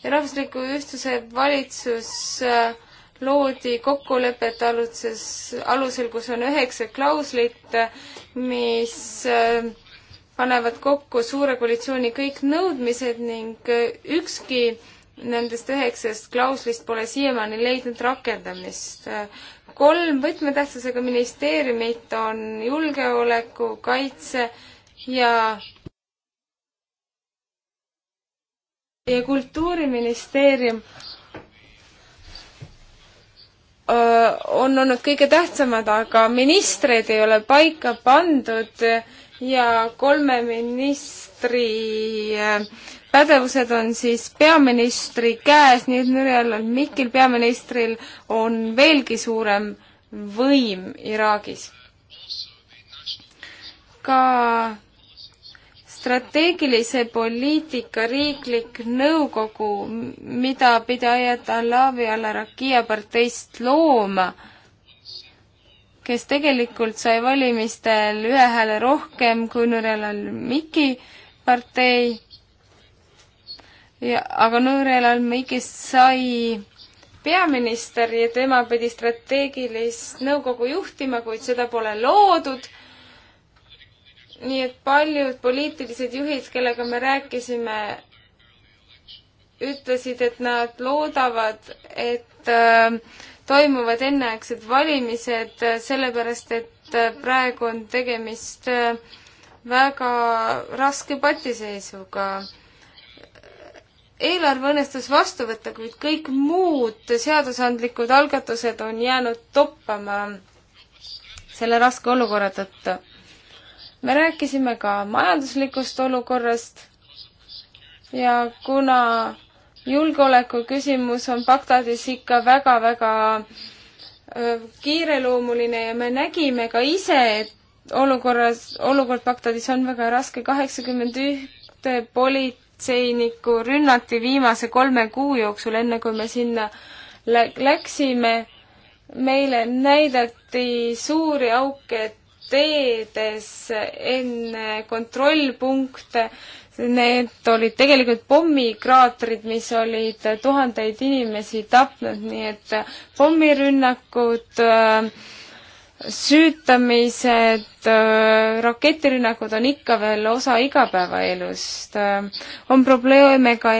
Speaker 3: ja rahvusliku ühtsuse valitsus äh, loodi kokkulepete aluses, alusel, kus on üheksa klauslit, mis äh, panevad kokku suure koalitsiooni kõik nõudmised ning äh, ükski nendest üheksast klauslist pole siiamaani leidnud rakendamist. kolm võtmetähtsusega ministeeriumit on julgeoleku, kaitse ja ja kultuuriministeerium on olnud kõige tähtsamad, aga ministreid ei ole paika pandud ja kolme ministri pädevused on siis peaministri käes, nii et Nürjal on Mikil peaministril on veelgi suurem võim Iraagis. ka strateegilise poliitika riiklik nõukogu, mida pidi aidata Alavi Alarakia parteist looma, kes tegelikult sai valimistel ühe hääle rohkem kui Nurel Al-Miki partei. ja, aga Nurel Al-Mikist sai peaminister ja tema pidi strateegilist nõukogu juhtima, kuid seda pole loodud nii et paljud poliitilised juhid, kellega me rääkisime, ütlesid, et nad loodavad, et äh, toimuvad enneaegsed valimised, äh, sellepärast et äh, praegu on tegemist äh, väga raske patiseisuga. eelarve õnnestus vastu võtta, kuid kõik muud seadusandlikud algatused on jäänud toppama selle raske olukorra tõttu me rääkisime ka majanduslikust olukorrast ja kuna julgeoleku küsimus on Bagdadis ikka väga-väga kiireloomuline ja me nägime ka ise, et olukorras, olukord Bagdadis on väga raske, kaheksakümmend ühte politseinikku rünnati viimase kolme kuu jooksul, enne kui me sinna läksime. meile näidati suuri auke, et teedes enne kontrollpunkte. Need olid tegelikult pommikraatrid, mis olid tuhandeid inimesi tapnud, nii et pommirünnakud äh, süütamised, äh, raketirünnakud on ikka veel osa igapäevaelust. Äh, on probleeme ka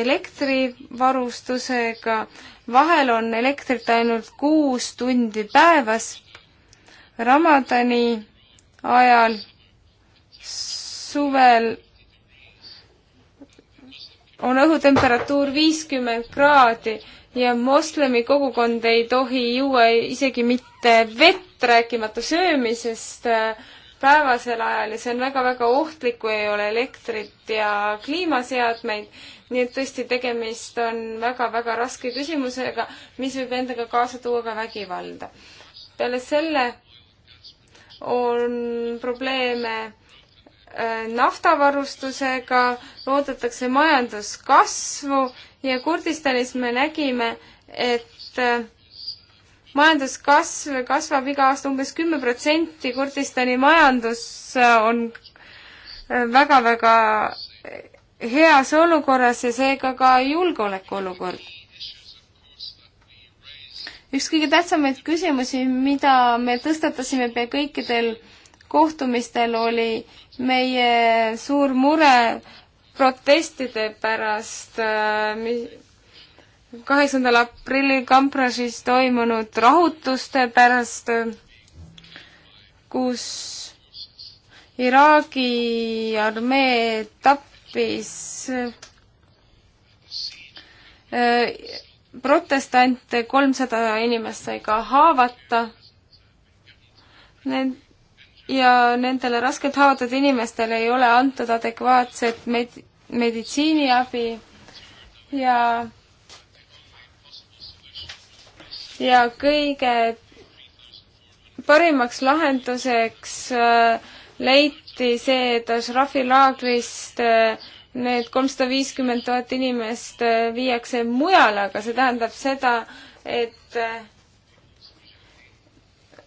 Speaker 3: elektrivarustusega, vahel on elektrit ainult kuus tundi päevas Ramadani ajal suvel on õhutemperatuur viiskümmend kraadi ja moslemi kogukond ei tohi juua isegi mitte vett, rääkimata söömisest äh, päevasel ajal ja see on väga-väga ohtlik, kui ei ole elektrit ja kliimaseadmeid. nii et tõesti, tegemist on väga-väga raske küsimusega, mis võib endaga kaasa tuua ka vägivalda. peale selle on probleeme äh, naftavarustusega, loodetakse majanduskasvu ja Kurdistanis me nägime, et äh, majanduskasv kasvab iga aasta umbes kümme protsenti, Kurdistani majandus äh, on väga-väga heas olukorras ja seega ka julgeolekuolukord üks kõige tähtsamaid küsimusi, mida me tõstatasime pea kõikidel kohtumistel, oli meie suur mure protestide pärast äh, kaheksandal aprillil Kamprasis toimunud rahutuste pärast, kus Iraagi armee tappis äh, protestante, kolmsada inimest sai ka haavata. Need ja nendele raskelt haavatud inimestele ei ole antud adekvaatset med-, meditsiiniabi ja ja kõige parimaks lahenduseks äh, leiti see, et Ashrafi laagrist äh, need kolmsada viiskümmend tuhat inimest äh, viiakse mujale, aga see tähendab seda, et äh,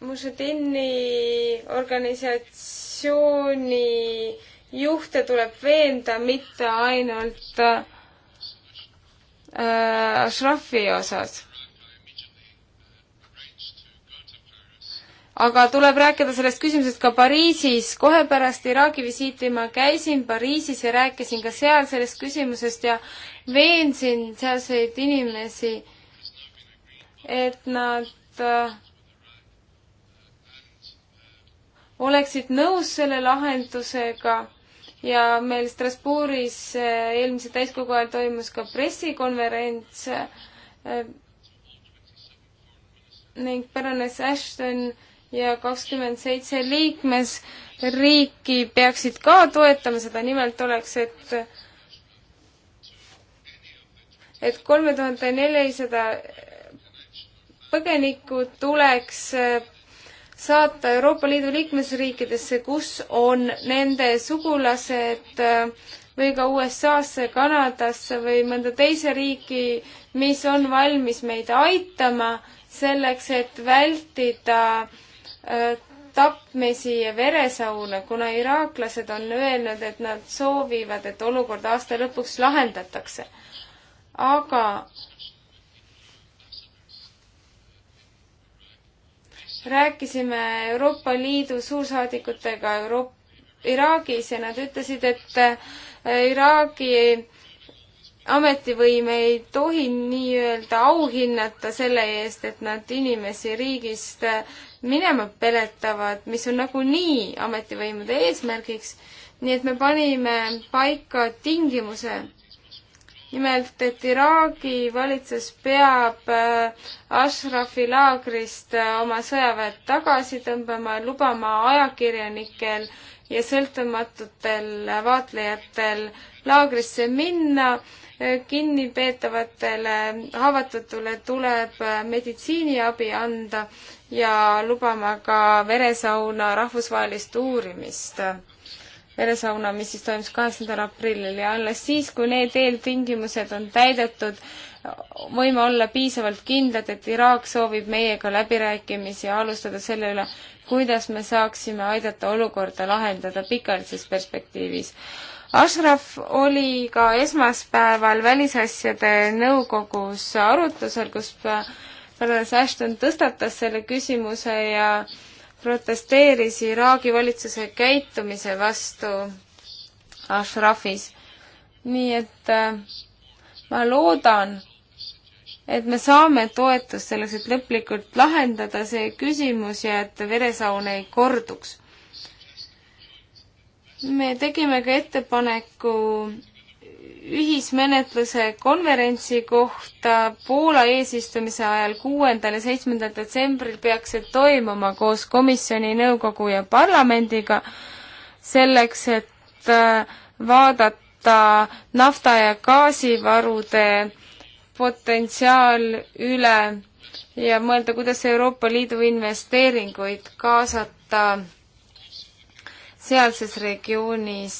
Speaker 3: Mužedini organisatsiooni juhte tuleb veenda mitte ainult äh, Ashrafi osas aga tuleb rääkida sellest küsimusest ka Pariisis. kohe pärast Iraagi visiiti ma käisin Pariisis ja rääkisin ka seal sellest küsimusest ja veensin sealseid inimesi, et nad äh, oleksid nõus selle lahendusega ja meil Strasbourgis äh, eelmise täiskogu ajal toimus ka pressikonverents äh, ning paranes Ashton äh, ja kakskümmend seitse liikmesriiki peaksid ka toetama seda, nimelt oleks, et et kolme tuhande nelisada põgenikku tuleks äh, saata Euroopa Liidu liikmesriikidesse, kus on nende sugulased äh, või ka USA-sse, Kanadasse või mõnda teise riiki, mis on valmis meid aitama selleks, et vältida äh, Äh, tapmisi ja veresaune, kuna iraaklased on öelnud, et nad soovivad, et olukord aasta lõpuks lahendatakse. aga rääkisime Euroopa Liidu suursaadikutega Euroop-, Iraagis ja nad ütlesid, et äh, Iraagi ametivõim ei tohi nii-öelda auhinnata selle eest, et nad inimesi riigist äh, minema peletavad, mis on nagunii ametivõimude eesmärgiks. nii et me panime paika tingimuse. nimelt, et Iraagi valitsus peab äh, Ashrafi laagrist äh, oma sõjaväed tagasi tõmbama, lubama ajakirjanikel äh, ja sõltumatutel vaatlejatel laagrisse minna. Eh, kinnipeetavatele haavatutule tuleb eh, meditsiiniabi anda ja lubama ka veresauna rahvusvahelist uurimist veresauna, mis siis toimus kaheksandal aprillil ja alles siis, kui need eeltingimused on täidetud, võime olla piisavalt kindlad, et Iraak soovib meiega läbirääkimisi alustada selle üle, kuidas me saaksime aidata olukorda lahendada pikaajalises perspektiivis. Ashraf oli ka esmaspäeval Välisasjade Nõukogus arutlusel, kus Paradise Ashton tõstatas selle küsimuse ja protesteeris Iraagi valitsuse käitumise vastu Ashrafis. nii et äh, ma loodan, et me saame toetust selleks, et lõplikult lahendada see küsimus ja et veresaun ei korduks. me tegime ka ettepaneku ühismenetluse konverentsi kohta Poola eesistumise ajal, kuuendal ja seitsmendal detsembril peaks see toimuma koos komisjoni, nõukogu ja parlamendiga, selleks et äh, vaadata nafta- ja gaasivarude potentsiaal üle ja mõelda, kuidas Euroopa Liidu investeeringuid kaasata sealses regioonis,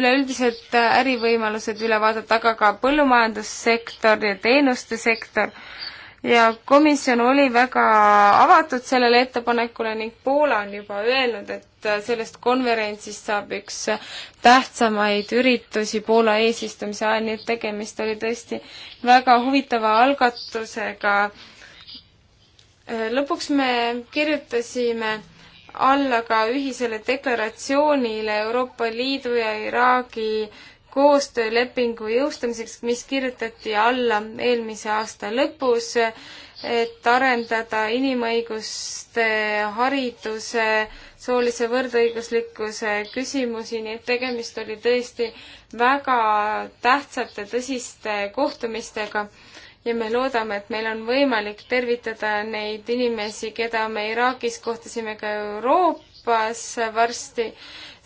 Speaker 3: üleüldiselt ärivõimalused üle vaadata, aga ka põllumajandussektor ja teenuste sektor ja komisjon oli väga avatud sellele ettepanekule ning Poola on juba öelnud, et äh, sellest konverentsist saab üks äh, tähtsamaid üritusi Poola eesistumise ajal, nii et tegemist oli tõesti väga huvitava algatusega. Äh, lõpuks me kirjutasime alla ka ühisele deklaratsioonile Euroopa Liidu ja Iraagi koostöölepingu jõustamiseks, mis kirjutati alla eelmise aasta lõpus, et arendada inimõiguste, hariduse, soolise võrdõiguslikkuse küsimusi, nii et tegemist oli tõesti väga tähtsate, tõsiste kohtumistega ja me loodame, et meil on võimalik tervitada neid inimesi, keda me Iraagis kohtasime ka Euroopas varsti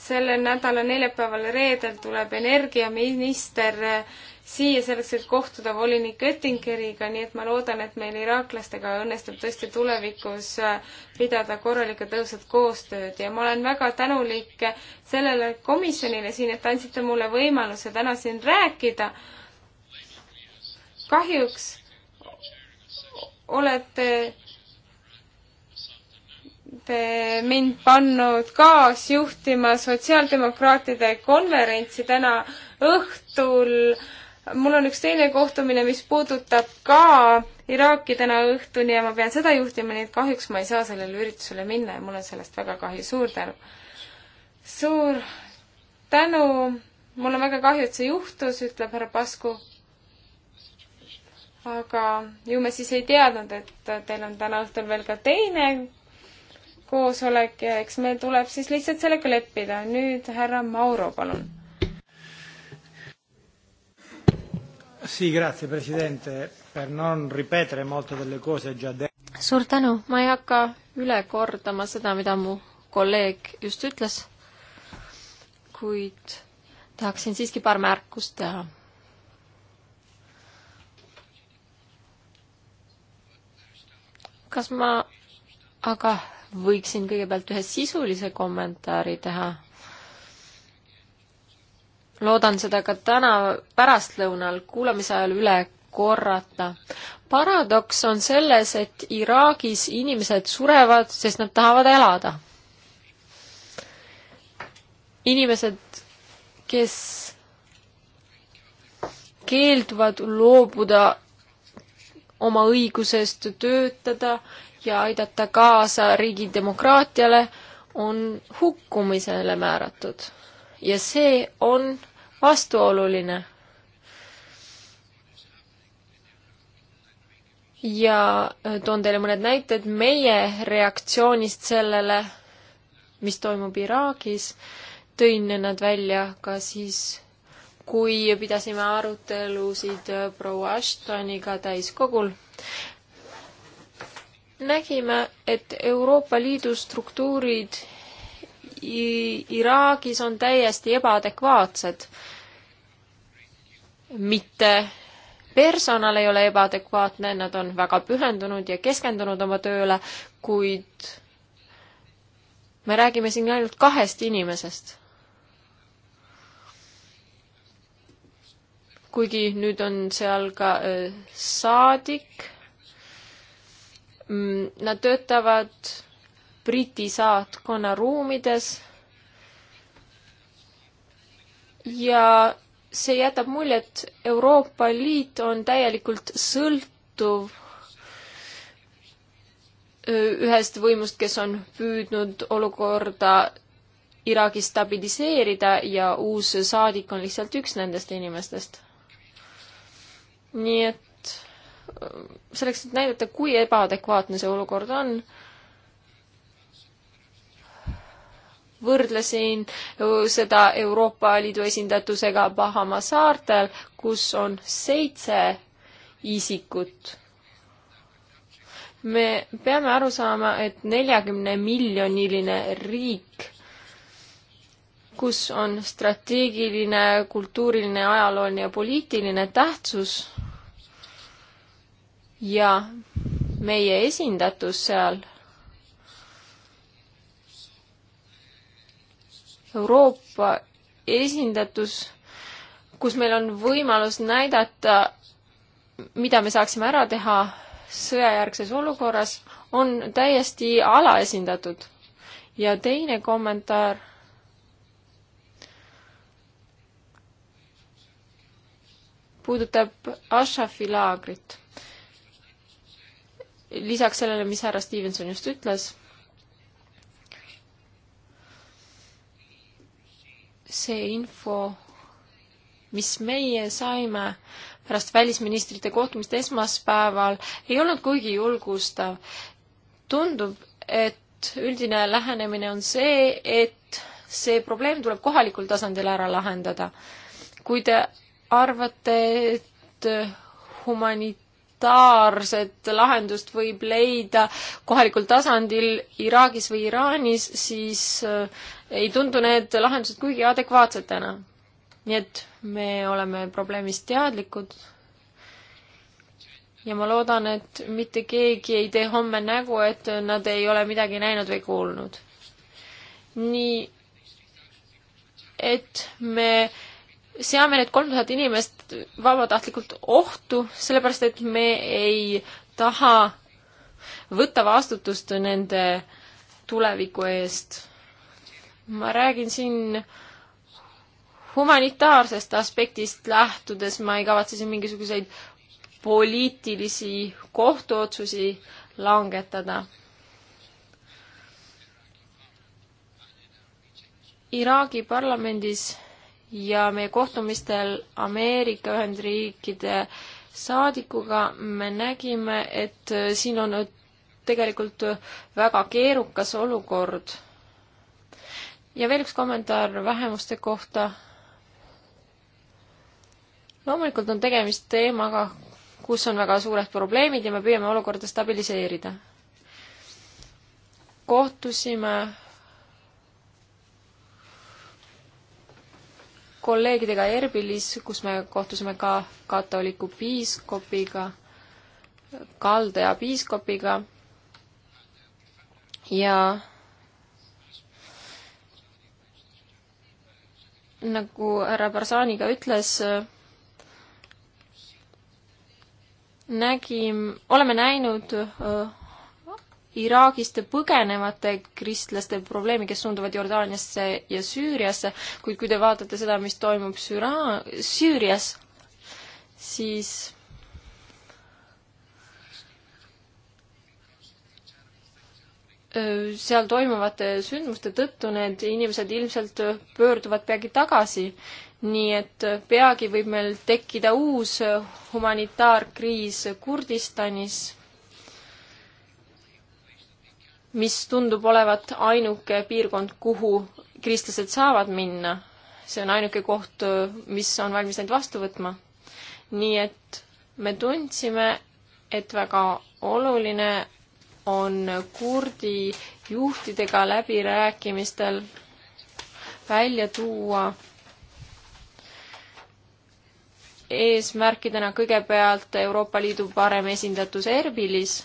Speaker 3: selle nädala neljapäeval ja reedel tuleb energiaminister äh, siia selleks, et kohtuda volinik Oettingeriga, nii et ma loodan, et meil iraaklastega õnnestub tõesti tulevikus äh, pidada korralikku tõhusat koostööd ja ma olen väga tänulik äh, sellele komisjonile siin, et andsite mulle võimaluse täna siin rääkida. kahjuks olete mind pannud kaasjuhtima sotsiaaldemokraatide konverentsi täna õhtul. mul on üks teine kohtumine, mis puudutab ka Iraaki täna õhtuni ja ma pean seda juhtima, nii et kahjuks ma ei saa sellele üritusele minna ja mul on sellest väga kahju. suur tänu! suur tänu! mul on väga kahju, et see juhtus, ütleb härra Pasku. aga ju me siis ei teadnud, et teil on täna õhtul veel ka teine koosolek ja eks meil tuleb siis lihtsalt sellega leppida. nüüd härra Mauro,
Speaker 2: palun. suur tänu, ma ei hakka üle kordama seda, mida mu kolleeg just ütles, kuid tahaksin siiski paar märkust teha kas ma aga võiksin kõigepealt ühe sisulise kommentaari teha. loodan seda ka täna pärastlõunal kuulamise ajal üle korrata. paradoks on selles, et Iraagis inimesed surevad, sest nad tahavad elada. inimesed, kes keelduvad loobuda oma õigusest töötada ja aidata kaasa riigi demokraatiale, on hukkumisele määratud. ja see on vastuoluline. ja toon teile mõned näited meie reaktsioonist sellele, mis toimub Iraagis. tõin nad välja ka siis, kui pidasime arutelusid proua Ashtoniga täiskogul nägime, et Euroopa Liidu struktuurid Iraagis on täiesti ebaadekvaatsed. mitte personal ei ole ebaadekvaatne, nad on väga pühendunud ja keskendunud oma tööle, kuid me räägime siin ainult kahest inimesest. kuigi nüüd on seal ka öö, äh, saadik Mm, nad töötavad Briti saatkonna ruumides ja see jätab mulje, et Euroopa Liit on täielikult sõltuv ühest võimust, kes on püüdnud olukorda Iraagis stabiliseerida ja uus saadik on lihtsalt üks nendest inimestest. nii et selleks, et näidata, kui ebaadekvaatne see olukord on, võrdlesin seda Euroopa Liidu esindatusega Bahama saartel, kus on seitse isikut. me peame aru saama, et neljakümne miljoniline riik, kus on strateegiline, kultuuriline, ajalooline ja poliitiline tähtsus ja meie esindatus seal Euroopa esindatus, kus meil on võimalus näidata, mida me saaksime ära teha sõjajärgses olukorras, on täiesti alaesindatud. ja teine kommentaar. puudutab Ashrafi laagrit lisaks sellele, mis härra Stevenson just ütles, see info, mis meie saime pärast välisministrite kohtumist esmaspäeval, ei olnud kuigi julgustav. tundub, et üldine lähenemine on see, et see probleem tuleb kohalikul tasandil ära lahendada. kui te arvate, et humani-, humanitaarset lahendust võib leida kohalikul tasandil Iraagis või Iraanis, siis äh, ei tundu need lahendused kuigi adekvaatsetena. nii et me oleme probleemist teadlikud ja ma loodan, et mitte keegi ei tee homme nägu, et nad ei ole midagi näinud või kuulnud. nii et me seame need kolm tuhat inimest vabatahtlikult ohtu, sellepärast et me ei taha võtta vastutust nende tuleviku eest. ma räägin siin humanitaarsest aspektist lähtudes, ma ei kavatse siin mingisuguseid poliitilisi kohtuotsusi langetada. Iraagi parlamendis ja meie kohtumistel Ameerika Ühendriikide saadikuga me nägime, et äh, siin on äh, tegelikult äh, väga keerukas olukord. ja veel üks kommentaar vähemuste kohta. loomulikult on tegemist teemaga, kus on väga suured probleemid ja me püüame olukorda stabiliseerida. kohtusime kolleegidega Erbilis, kus me kohtusime ka katoliku piiskopiga, kaldaja piiskopiga ja nagu härra Barzani ka ütles, nägin, oleme näinud öö, äh, Iraagist põgenevate kristlaste probleemi, kes suunduvad Jordaaniasse ja Süüriasse, kuid kui te vaatate seda, mis toimub Süra-, Süürias, siis seal toimuvate sündmuste tõttu need inimesed ilmselt pöörduvad peagi tagasi. nii et peagi võib meil tekkida uus humanitaarkriis Kurdistanis mis tundub olevat ainuke piirkond, kuhu kristlased saavad minna. see on ainuke koht, mis on valmis neid vastu võtma. nii et me tundsime, et väga oluline on kurdi juhtidega läbirääkimistel välja tuua eesmärkidena kõigepealt Euroopa Liidu parem esindatus Erbilis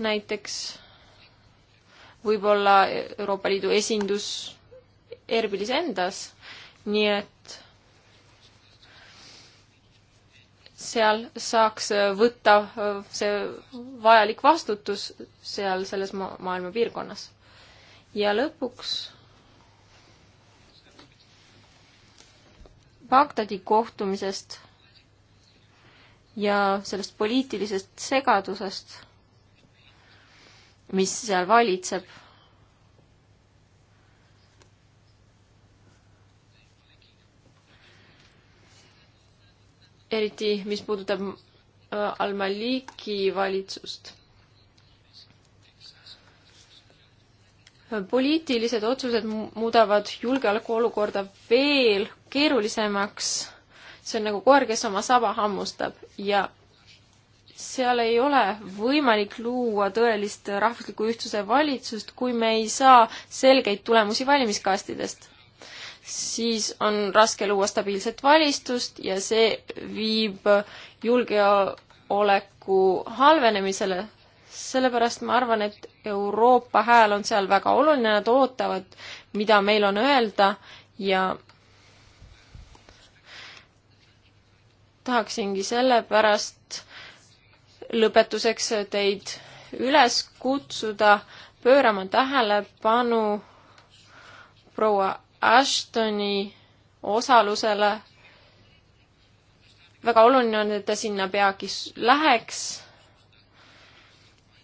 Speaker 2: näiteks võib-olla Euroopa Liidu esindus Erbilis endas, nii et seal saaks võtta äh, see vajalik vastutus seal selles ma-, maailma piirkonnas. ja lõpuks Bagdadi kohtumisest ja sellest poliitilisest segadusest mis seal valitseb. eriti, mis puudutab äh, Al-Maliki valitsust. poliitilised otsused muudavad julgeolekuolukorda veel keerulisemaks. see on nagu koer, kes oma saba hammustab ja seal ei ole võimalik luua tõelist rahvusliku ühtsuse valitsust, kui me ei saa selgeid tulemusi valimiskastidest. siis on raske luua stabiilset valistust ja see viib julgeoleku halvenemisele. sellepärast ma arvan, et Euroopa hääl on seal väga oluline, nad ootavad, mida meil on öelda ja tahaksingi sellepärast lõpetuseks teid üles kutsuda pöörama tähelepanu proua Ashtoni osalusele. väga oluline on, et ta sinna peagi läheks.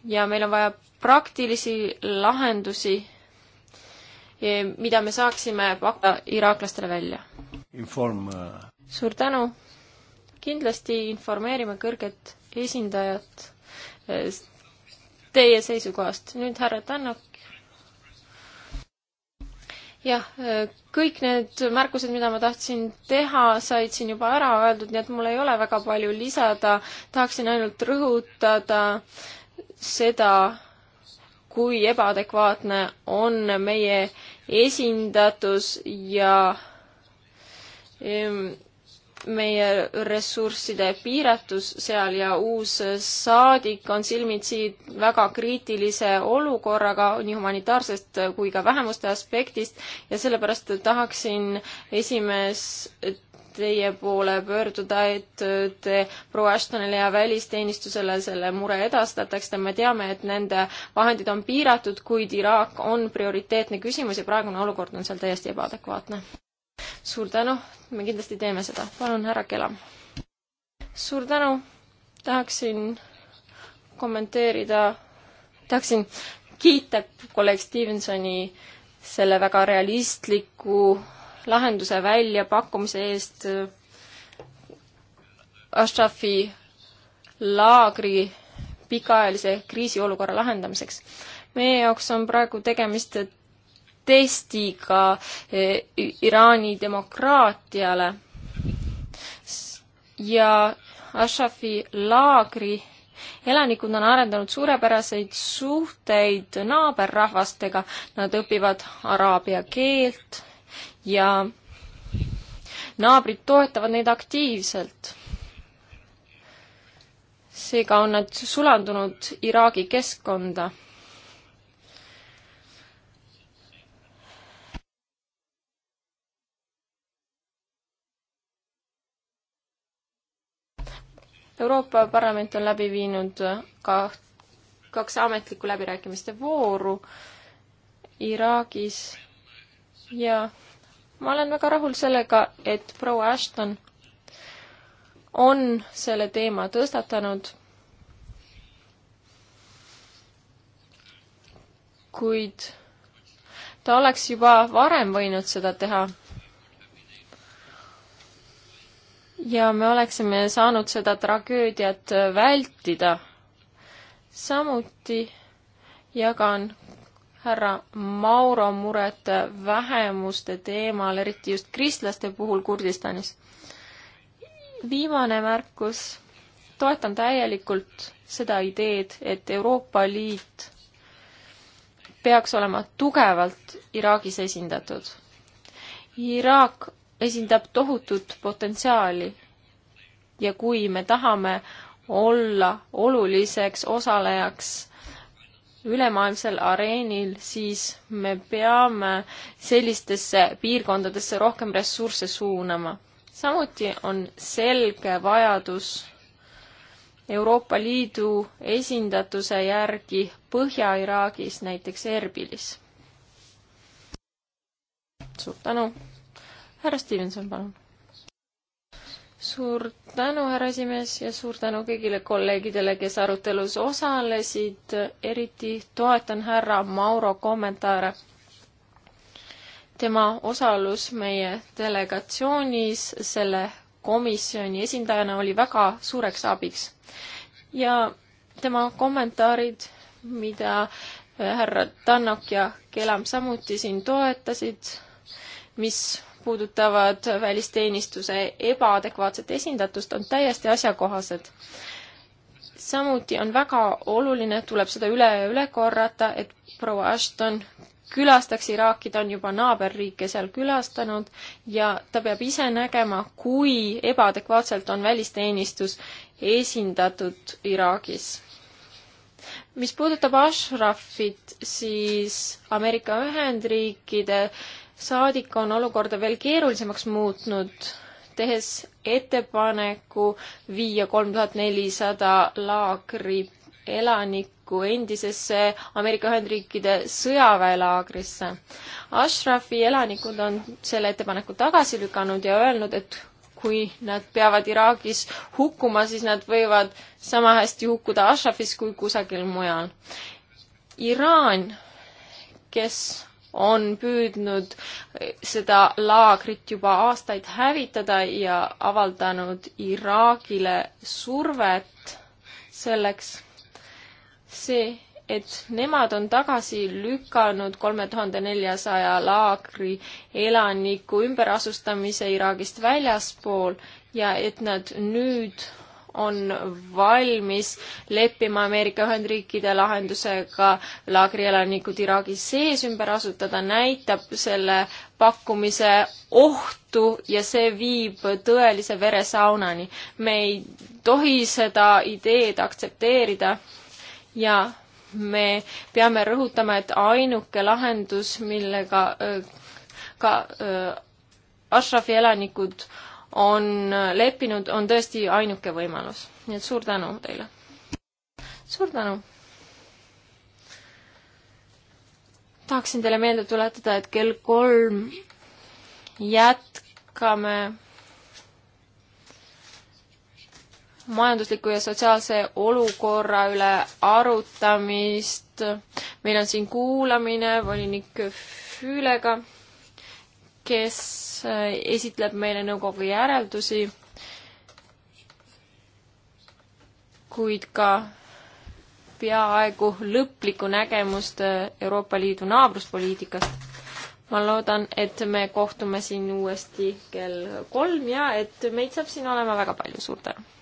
Speaker 2: ja meil on vaja praktilisi lahendusi, mida me saaksime pakkuda iraaklastele välja. Inform. suur tänu. kindlasti informeerime kõrget esindajat teie seisukohast. nüüd härra Tannak. jah, kõik need märkused, mida ma tahtsin teha, said siin juba ära öeldud, nii et mul ei ole väga palju lisada. tahaksin ainult rõhutada seda, kui ebaadekvaatne on meie esindatus ja ehm, meie ressursside piiratus seal ja uus saadik on silmitsi väga kriitilise olukorraga nii humanitaarsest kui ka vähemuste aspektist ja sellepärast tahaksin esimees teie poole pöörduda, et te proua Ashtonile ja välisteenistusele selle mure edastataksite. me teame, et nende vahendid on piiratud, kuid Iraak on prioriteetne küsimus ja praegune olukord on seal täiesti ebaadekvaatne suur tänu, me kindlasti teeme seda. palun, härra Kelam. suur tänu, tahaksin kommenteerida, tahaksin kiita kolleeg Stevensoni selle väga realistliku lahenduse väljapakkumise eest Ashrafi laagri pikaajalise kriisiolukorra lahendamiseks. meie jaoks on praegu tegemist testiga e, Iraani demokraatiale. ja Ashrafi laagri elanikud on arendanud suurepäraseid suhteid naaberrahvastega, nad õpivad araabia keelt ja naabrid toetavad neid aktiivselt. seega on nad sulandunud Iraagi keskkonda Euroopa Parlament on läbi viinud ka kaks ametlikku läbirääkimiste vooru Iraagis ja ma olen väga rahul sellega, et proua Ashton on selle teema tõstatanud. kuid ta oleks juba varem võinud seda teha ja me oleksime saanud seda tragöödiat vältida. samuti jagan härra Mauro muret vähemuste teemal, eriti just kristlaste puhul Kurdistanis. viimane märkus, toetan täielikult seda ideed, et Euroopa Liit peaks olema tugevalt Iraagis esindatud. Iraak esindab tohutut potentsiaali. ja kui me tahame olla oluliseks osalejaks ülemaailmsel areenil, siis me peame sellistesse piirkondadesse rohkem ressursse suunama. samuti on selge vajadus Euroopa Liidu esindatuse järgi Põhja-Iraagis, näiteks Erbilis. suur tänu! härra Stevenson, palun. suur tänu, härra esimees ja suur tänu kõigile kolleegidele, kes arutelus osalesid, eriti toetan härra Mauro kommentaare. tema osalus meie delegatsioonis selle komisjoni esindajana oli väga suureks abiks. ja tema kommentaarid, mida eh, härra Tannok ja Kelam samuti siin toetasid, mis puudutavad välisteenistuse ebaadekvaatset esindatust, on täiesti asjakohased. samuti on väga oluline, tuleb seda üle ja üle korrata, et proua Ashton külastaks Iraaki, ta on juba naaberriike seal külastanud ja ta peab ise nägema, kui ebaadekvaatselt on välisteenistus esindatud Iraagis. mis puudutab Ashrafit, siis Ameerika Ühendriikide saadik on olukorda veel keerulisemaks muutnud, tehes ettepaneku viia kolm tuhat nelisada laagri elanikku endisesse Ameerika Ühendriikide sõjaväelaagrisse. Ashrafi elanikud on selle ettepaneku tagasi lükanud ja öelnud, et kui nad peavad Iraagis hukkuma, siis nad võivad sama hästi hukkuda Ashrafis kui kusagil mujal. Iraan, kes on püüdnud seda laagrit juba aastaid hävitada ja avaldanud Iraagile survet selleks, see, et nemad on tagasi lükanud kolme tuhande neljasaja laagri elaniku ümberasustamise Iraagist väljaspool ja et nad nüüd on valmis leppima Ameerika Ühendriikide lahendusega laagrieelanikud Iraagis sees ümber asutada, näitab selle pakkumise ohtu ja see viib tõelise veresaunani. me ei tohi seda ideed aktsepteerida ja me peame rõhutama, et ainuke lahendus, millega äh, ka äh, Ashrafi elanikud äh, on leppinud, on tõesti ainuke võimalus. nii et suur tänu teile! suur tänu! tahaksin teile meelde tuletada, et kell kolm jätkame majandusliku ja sotsiaalse olukorra üle arutamist. meil on siin kuulamine volinik Füülega kes äh, esitleb meile nõukogu järeldusi, kuid ka peaaegu lõplikku nägemust äh, Euroopa Liidu naabruspoliitikast. ma loodan, et me kohtume siin uuesti kell kolm ja et meid saab siin olema väga palju, suur tänu!